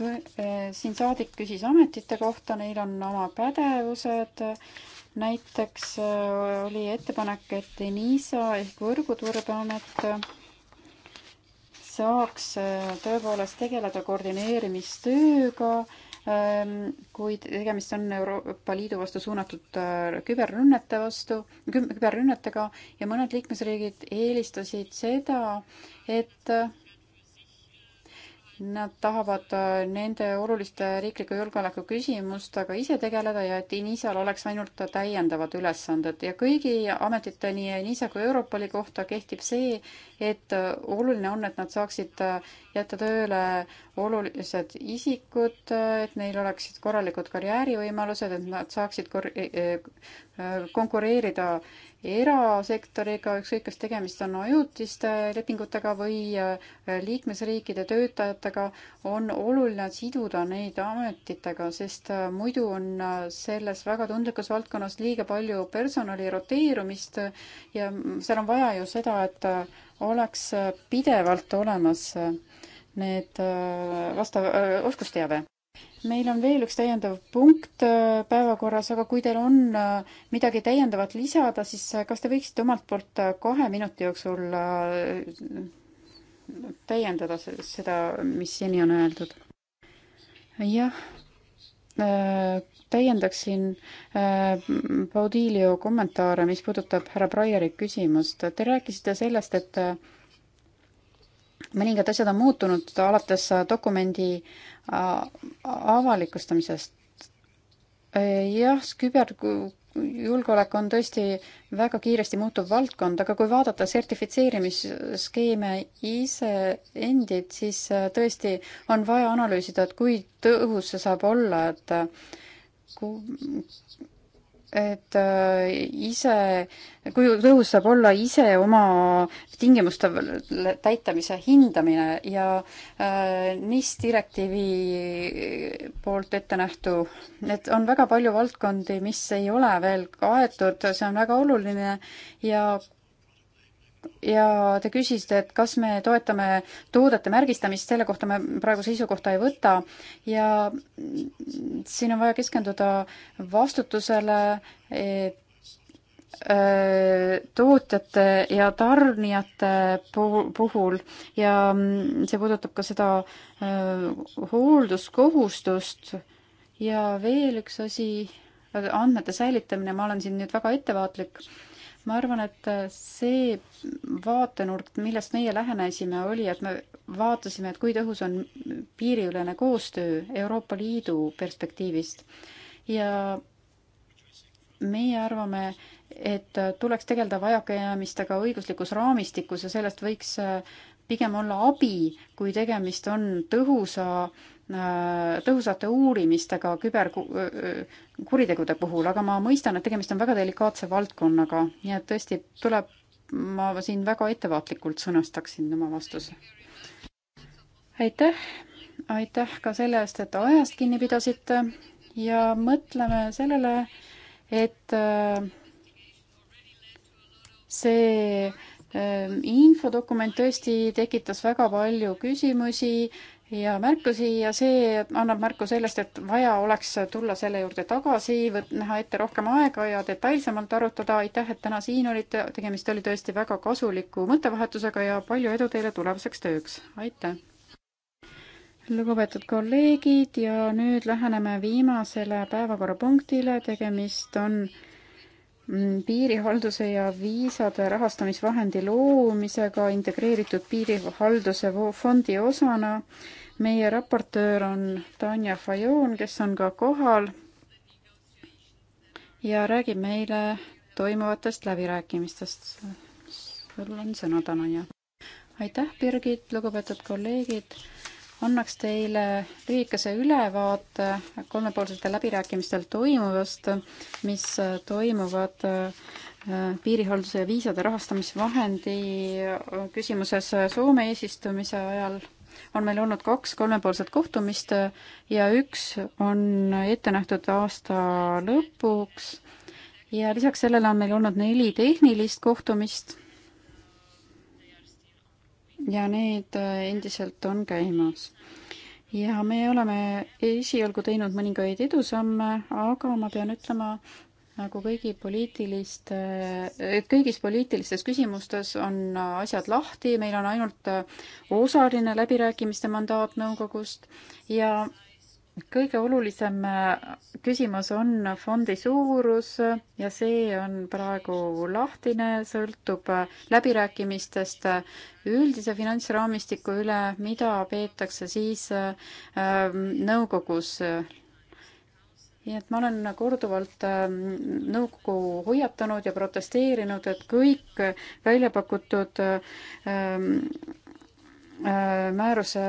Äh, siin saadik küsis ametite kohta, neil on oma pädevused. näiteks oli ettepanek, et Enisa ehk Võrguturbeamet saaks tõepoolest tegeleda koordineerimistööga Ehm, kui tegemist on Euroopa Liidu vastu suunatud äh, küberrünnete vastu, küberrünnetega ja mõned liikmesriigid eelistasid seda, et nad tahavad äh, nende oluliste riikliku julgeoleku küsimustega ise tegeleda ja et Enisal oleks ainult täiendavad ülesanded ja kõigi ametite, nii Enisa kui Europoli kohta kehtib see, et äh, oluline on, et nad saaksid äh, jätta tööle olulised isikud, et neil oleksid korralikud karjäärivõimalused, et nad saaksid konkureerida erasektoriga, ükskõik kas tegemist on ajutiste lepingutega või äh, liikmesriikide töötajatega, on oluline siduda neid ametitega, sest äh, muidu on äh, selles väga tundlikus valdkonnas liiga palju personali roteerumist ja seal on vaja ju seda, et oleks pidevalt olemas need vastav oskusteave meil on veel üks täiendav punkt äh, päevakorras, aga kui teil on äh, midagi täiendavat lisada, siis äh, kas te võiksite omalt poolt kahe minuti jooksul täiendada seda, mis seni on öeldud? jah, täiendaksin Baudilio kommentaare, mis puudutab härra Breiri küsimust. Te rääkisite sellest, et mõningad asjad on muutunud alates dokumendi avalikustamisest. E, jah, küberjulgeolek on tõesti väga kiiresti muutuv valdkond, aga kui vaadata sertifitseerimisskeeme iseendid, siis e, tõesti on vaja analüüsida, et kui tõhus see saab olla, et e, kui et äh, ise, kui tõhus saab olla ise oma tingimuste täitamise hindamine ja äh, NIS direktiivi poolt ette nähtu, et on väga palju valdkondi, mis ei ole veel kaetud, see on väga oluline ja ja te küsisite, et kas me toetame toodete märgistamist, selle kohta me praegu seisukohta ei võta ja siin on vaja keskenduda vastutusele äh, tootjate ja tarnijate puhul ja see puudutab ka seda äh, hoolduskohustust ja veel üks asi, andmete säilitamine, ma olen siin nüüd väga ettevaatlik ma arvan, et äh, see vaatenurk, millest meie lähenesime, oli, et me vaatasime, et kui tõhus on piiriülene koostöö Euroopa Liidu perspektiivist ja meie arvame, et äh, tuleks tegeleda vajakajäämistega õiguslikus raamistikus ja sellest võiks äh, pigem olla abi, kui tegemist on tõhusa Äh, tõhusate uurimistega küberkuritegude äh, puhul, aga ma mõistan, et tegemist on väga delikaatse valdkonnaga, nii et tõesti tuleb, ma siin väga ettevaatlikult sõnastaksin oma vastuse. aitäh, aitäh ka selle eest, et ajast kinni pidasite ja mõtleme sellele, et äh, see infodokument tõesti tekitas väga palju küsimusi ja märkusi ja see annab märku sellest, et vaja oleks tulla selle juurde tagasi, näha ette rohkem aega ja detailsemalt arutada. aitäh, et täna siin olite, tegemist oli tõesti väga kasuliku mõttevahetusega ja palju edu teile tulevaseks tööks, aitäh! lugupeetud kolleegid ja nüüd läheneme viimasele päevakorrapunktile, tegemist on Mm, piirihalduse ja viisade rahastamisvahendi loomisega integreeritud piirihalduse fondi osana. meie raportöör on Tanja Fajon, kes on ka kohal ja räägib meile toimuvatest läbirääkimistest. sul on sõna, Tanja. aitäh, Birgit, lugupeetud kolleegid annaks teile lühikese ülevaate kolmepoolsetel läbirääkimistel toimuvast, mis toimuvad äh, piirihalduse ja viisade rahastamisvahendi äh, küsimuses Soome eesistumise ajal on meil olnud kaks kolmepoolset kohtumist äh, ja üks on ette nähtud aasta lõpuks ja lisaks sellele on meil olnud neli tehnilist kohtumist ja need äh, endiselt on käimas. ja me oleme esialgu teinud mõningaid edusamme, aga ma pean ütlema, nagu kõigi poliitiliste, äh, et kõigis poliitilistes küsimustes on äh, asjad lahti, meil on ainult osaline läbirääkimiste mandaat nõukogust ja kõige olulisem äh, küsimus on fondi suurus ja see on praegu lahtine, sõltub äh, läbirääkimistest äh, üldise finantsraamistiku üle, mida peetakse siis nõukogus. nii et ma olen korduvalt nõukogu hoiatanud ja protesteerinud, et kõik välja pakutud määruse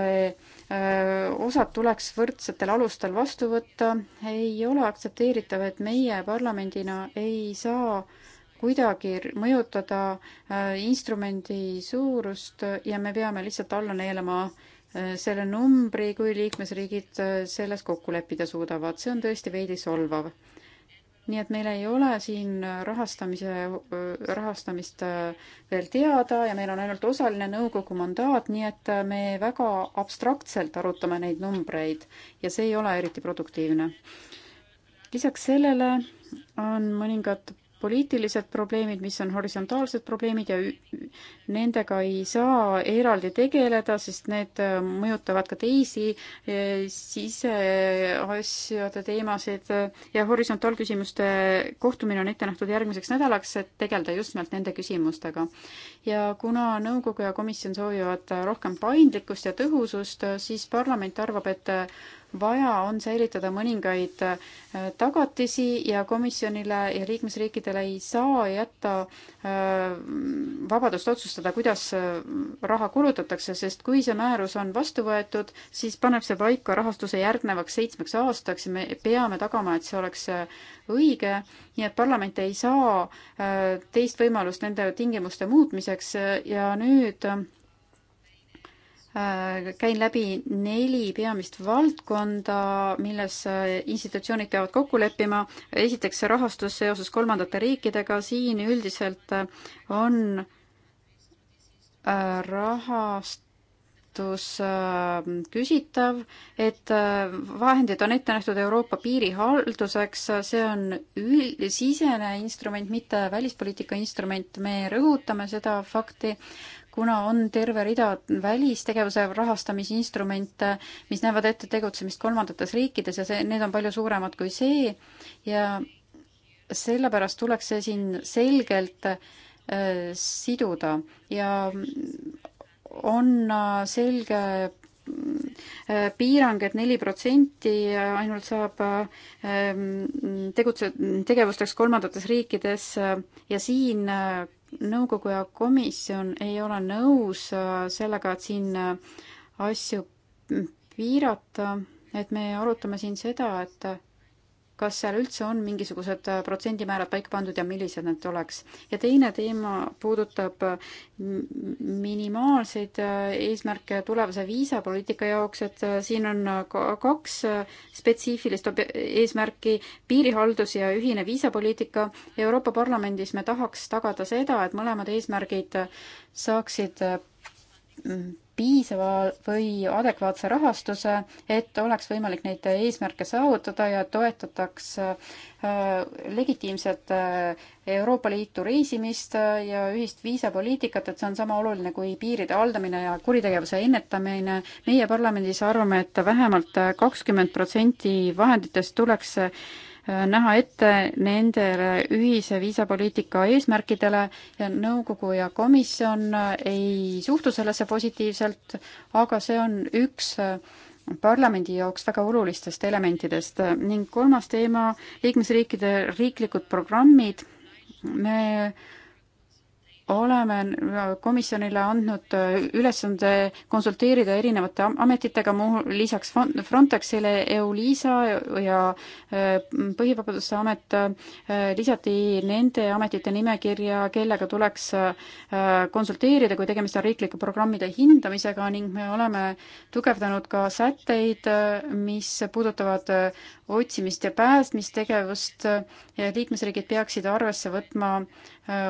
Äh, osad tuleks võrdsetel alustel vastu võtta. ei ole aktsepteeritav, et meie parlamendina ei saa kuidagi mõjutada äh, instrumendi suurust ja me peame lihtsalt alla neelama äh, selle numbri, kui liikmesriigid selles kokku leppida suudavad. see on tõesti veidi solvav nii et meil ei ole siin rahastamise, rahastamist äh, veel teada ja meil on ainult osaline nõukogu mandaat, nii et äh, me väga abstraktselt arutame neid numbreid ja see ei ole eriti produktiivne. lisaks sellele on mõningad poliitilised probleemid, mis on horisontaalsed probleemid ja nendega ei saa eraldi tegeleda, sest need äh, mõjutavad ka teisi äh, siseasjade teemasid äh, ja horisontaalküsimuste kohtumine on ette nähtud järgmiseks nädalaks, et tegeleda just nimelt nende küsimustega ja kuna nõukogu ja komisjon soovivad rohkem paindlikkust ja tõhusust, siis parlament arvab, et vaja on säilitada mõningaid äh, tagatisi ja komisjonile ja liikmesriikidele ei saa jätta äh, vabadust otsustada, kuidas äh, raha kulutatakse, sest kui see määrus on vastu võetud, siis paneb see paika rahastuse järgnevaks seitsmeks aastaks ja me peame tagama, et see oleks õige nii et parlament ei saa äh, teist võimalust nende tingimuste muutmiseks äh, ja nüüd äh, käin läbi neli peamist valdkonda, milles institutsioonid peavad kokku leppima. esiteks rahastus seoses kolmandate riikidega, siin üldiselt on rahast toetus äh, küsitav, et äh, vahendid on ette nähtud Euroopa piirihalduseks, see on üld-, sisene instrument, mitte välispoliitika instrument, me rõhutame seda fakti, kuna on terve rida välistegevuse rahastamisinstrumente, mis näevad ette tegutsemist kolmandates riikides ja see, need on palju suuremad kui see ja sellepärast tuleks see siin selgelt äh, siduda ja on äh, selge äh, piirang, et neli protsenti ainult saab ähm, tegutse-, tegevusteks kolmandates riikides äh, ja siin nõukogu ja komisjon ei ole nõus sellega, et siin asju piirata, et me arutame siin seda, et kas seal üldse on mingisugused äh, protsendimäärad paika pandud ja millised need oleks? ja teine teema puudutab minimaalseid äh, eesmärke tulevase viisapoliitika jaoks, et äh, siin on kaks spetsiifilist eesmärki, piirihaldus ja ühine viisapoliitika. Euroopa Parlamendis me tahaks tagada seda, et mõlemad eesmärgid saaksid piisava või adekvaatse rahastuse, et oleks võimalik neid eesmärke saavutada ja toetataks äh, legitiimset äh, Euroopa Liitu reisimist äh, ja ühist viisapoliitikat, et see on sama oluline kui piiride haldamine ja kuritegevuse ennetamine. meie parlamendis arvame, et vähemalt kakskümmend protsenti vahenditest tuleks Äh, näha ette nendele ühise viisapoliitika eesmärkidele ja nõukogu ja komisjon äh, ei suhtu sellesse positiivselt, aga see on üks äh, parlamendi jaoks väga olulistest elementidest ning kolmas teema, liikmesriikide riiklikud programmid, me oleme komisjonile andnud äh, ülesande konsulteerida erinevate ametitega, muu lisaks Frontexile, EULISA ja äh, Põhivabaduste Amet äh, lisati nende ametite nimekirja, kellega tuleks konsulteerida, kui tegemist on riiklike programmide hindamisega ning me oleme tugevdanud ka sätteid, mis puudutavad otsimist ja päästmistegevust. liikmesriigid peaksid arvesse võtma äh,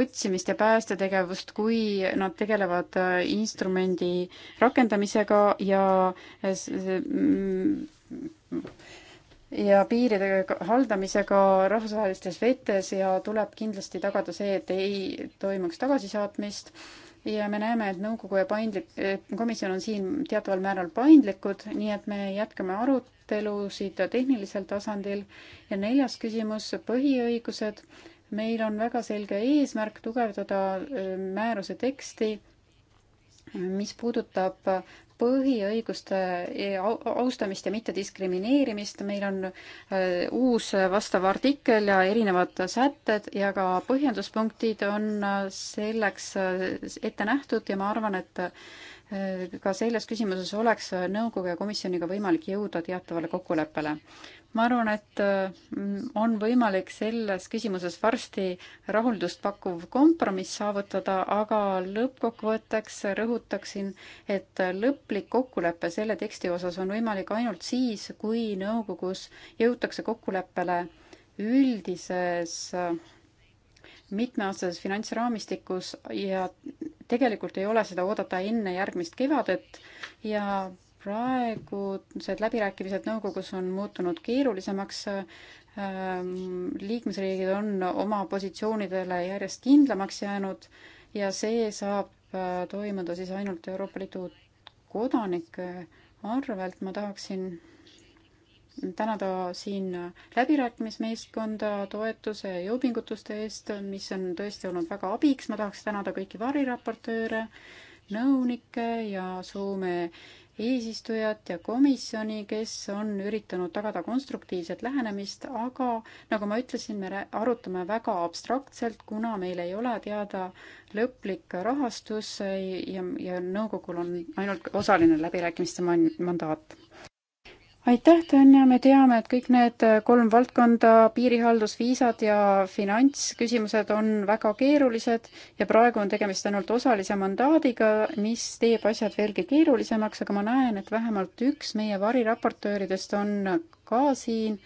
otsimist ja päästetegevust, kui nad tegelevad äh, instrumendi rakendamisega ja äh, mm, ja piiride haldamisega rahvusvahelistes vetes ja tuleb kindlasti tagada see, et ei toimuks tagasisaatmist ja me näeme, et nõukogu ja paindlik, komisjon on siin teataval määral paindlikud, nii et me jätkame arut-, arutelusid tehnilisel tasandil. ja neljas küsimus, põhiõigused. meil on väga selge eesmärk tugevdada äh, määruse teksti, mis puudutab põhiõiguste äh, austamist ja mittediskrimineerimist, meil on äh, uus vastav artikkel ja erinevad sätted ja ka põhjenduspunktid on selleks ette nähtud ja ma arvan, et Äh, ka selles küsimuses oleks nõukogu ja komisjoniga võimalik jõuda teatavale kokkuleppele. ma arvan, et äh, on võimalik selles küsimuses varsti rahuldust pakkuv kompromiss saavutada, aga lõppkokkuvõtteks rõhutaksin, et lõplik kokkulepe selle teksti osas on võimalik ainult siis, kui nõukogus jõutakse kokkuleppele üldises äh, mitmeaastases finantsraamistikus ja tegelikult ei ole seda oodata enne järgmist kevadet ja praegused läbirääkimised nõukogus on muutunud keerulisemaks. Ähm, liikmesriigid on oma positsioonidele järjest kindlamaks jäänud ja see saab äh, toimuda siis ainult Euroopa Liidu kodanike arvelt. ma tahaksin tänada siin läbirääkimismeeskonda toetuse ja jõupingutuste eest, mis on tõesti olnud väga abiks. ma tahaks tänada kõiki variraportööre, nõunikke ja Soome eesistujat ja komisjoni, kes on üritanud tagada konstruktiivset lähenemist, aga nagu ma ütlesin, me arutame väga abstraktselt, kuna meil ei ole teada lõplik rahastus ja, ja nõukogul on ainult osaline läbirääkimiste mandaat aitäh, Tanja, me teame, et kõik need kolm valdkonda, piirihaldus, viisad ja finantsküsimused on väga keerulised ja praegu on tegemist ainult osalise mandaadiga, mis teeb asjad veelgi keerulisemaks, aga ma näen, et vähemalt üks meie variraportööridest on ka siin,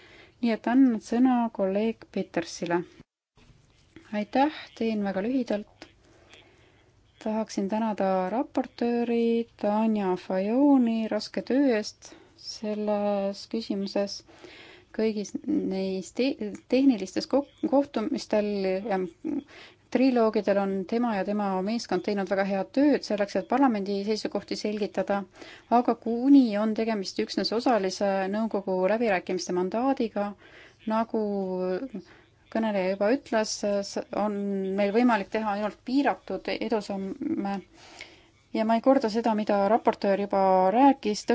nii et annan sõna kolleeg Petersile. aitäh, teen väga lühidalt tahaksin tänada raportööri Tanja Fajoni raske töö eest selles küsimuses kõigis neis te tehnilistes kohtumistel ja triloogidel on tema ja tema meeskond teinud väga head tööd selleks, et parlamendi seisukohti selgitada, aga kuni on tegemist üksnes osalise nõukogu läbirääkimiste mandaadiga, nagu kõneleja juba ütles, on meil võimalik teha ainult piiratud edusamme ja ma ei korda seda, mida raportöör juba rääkis, tõhus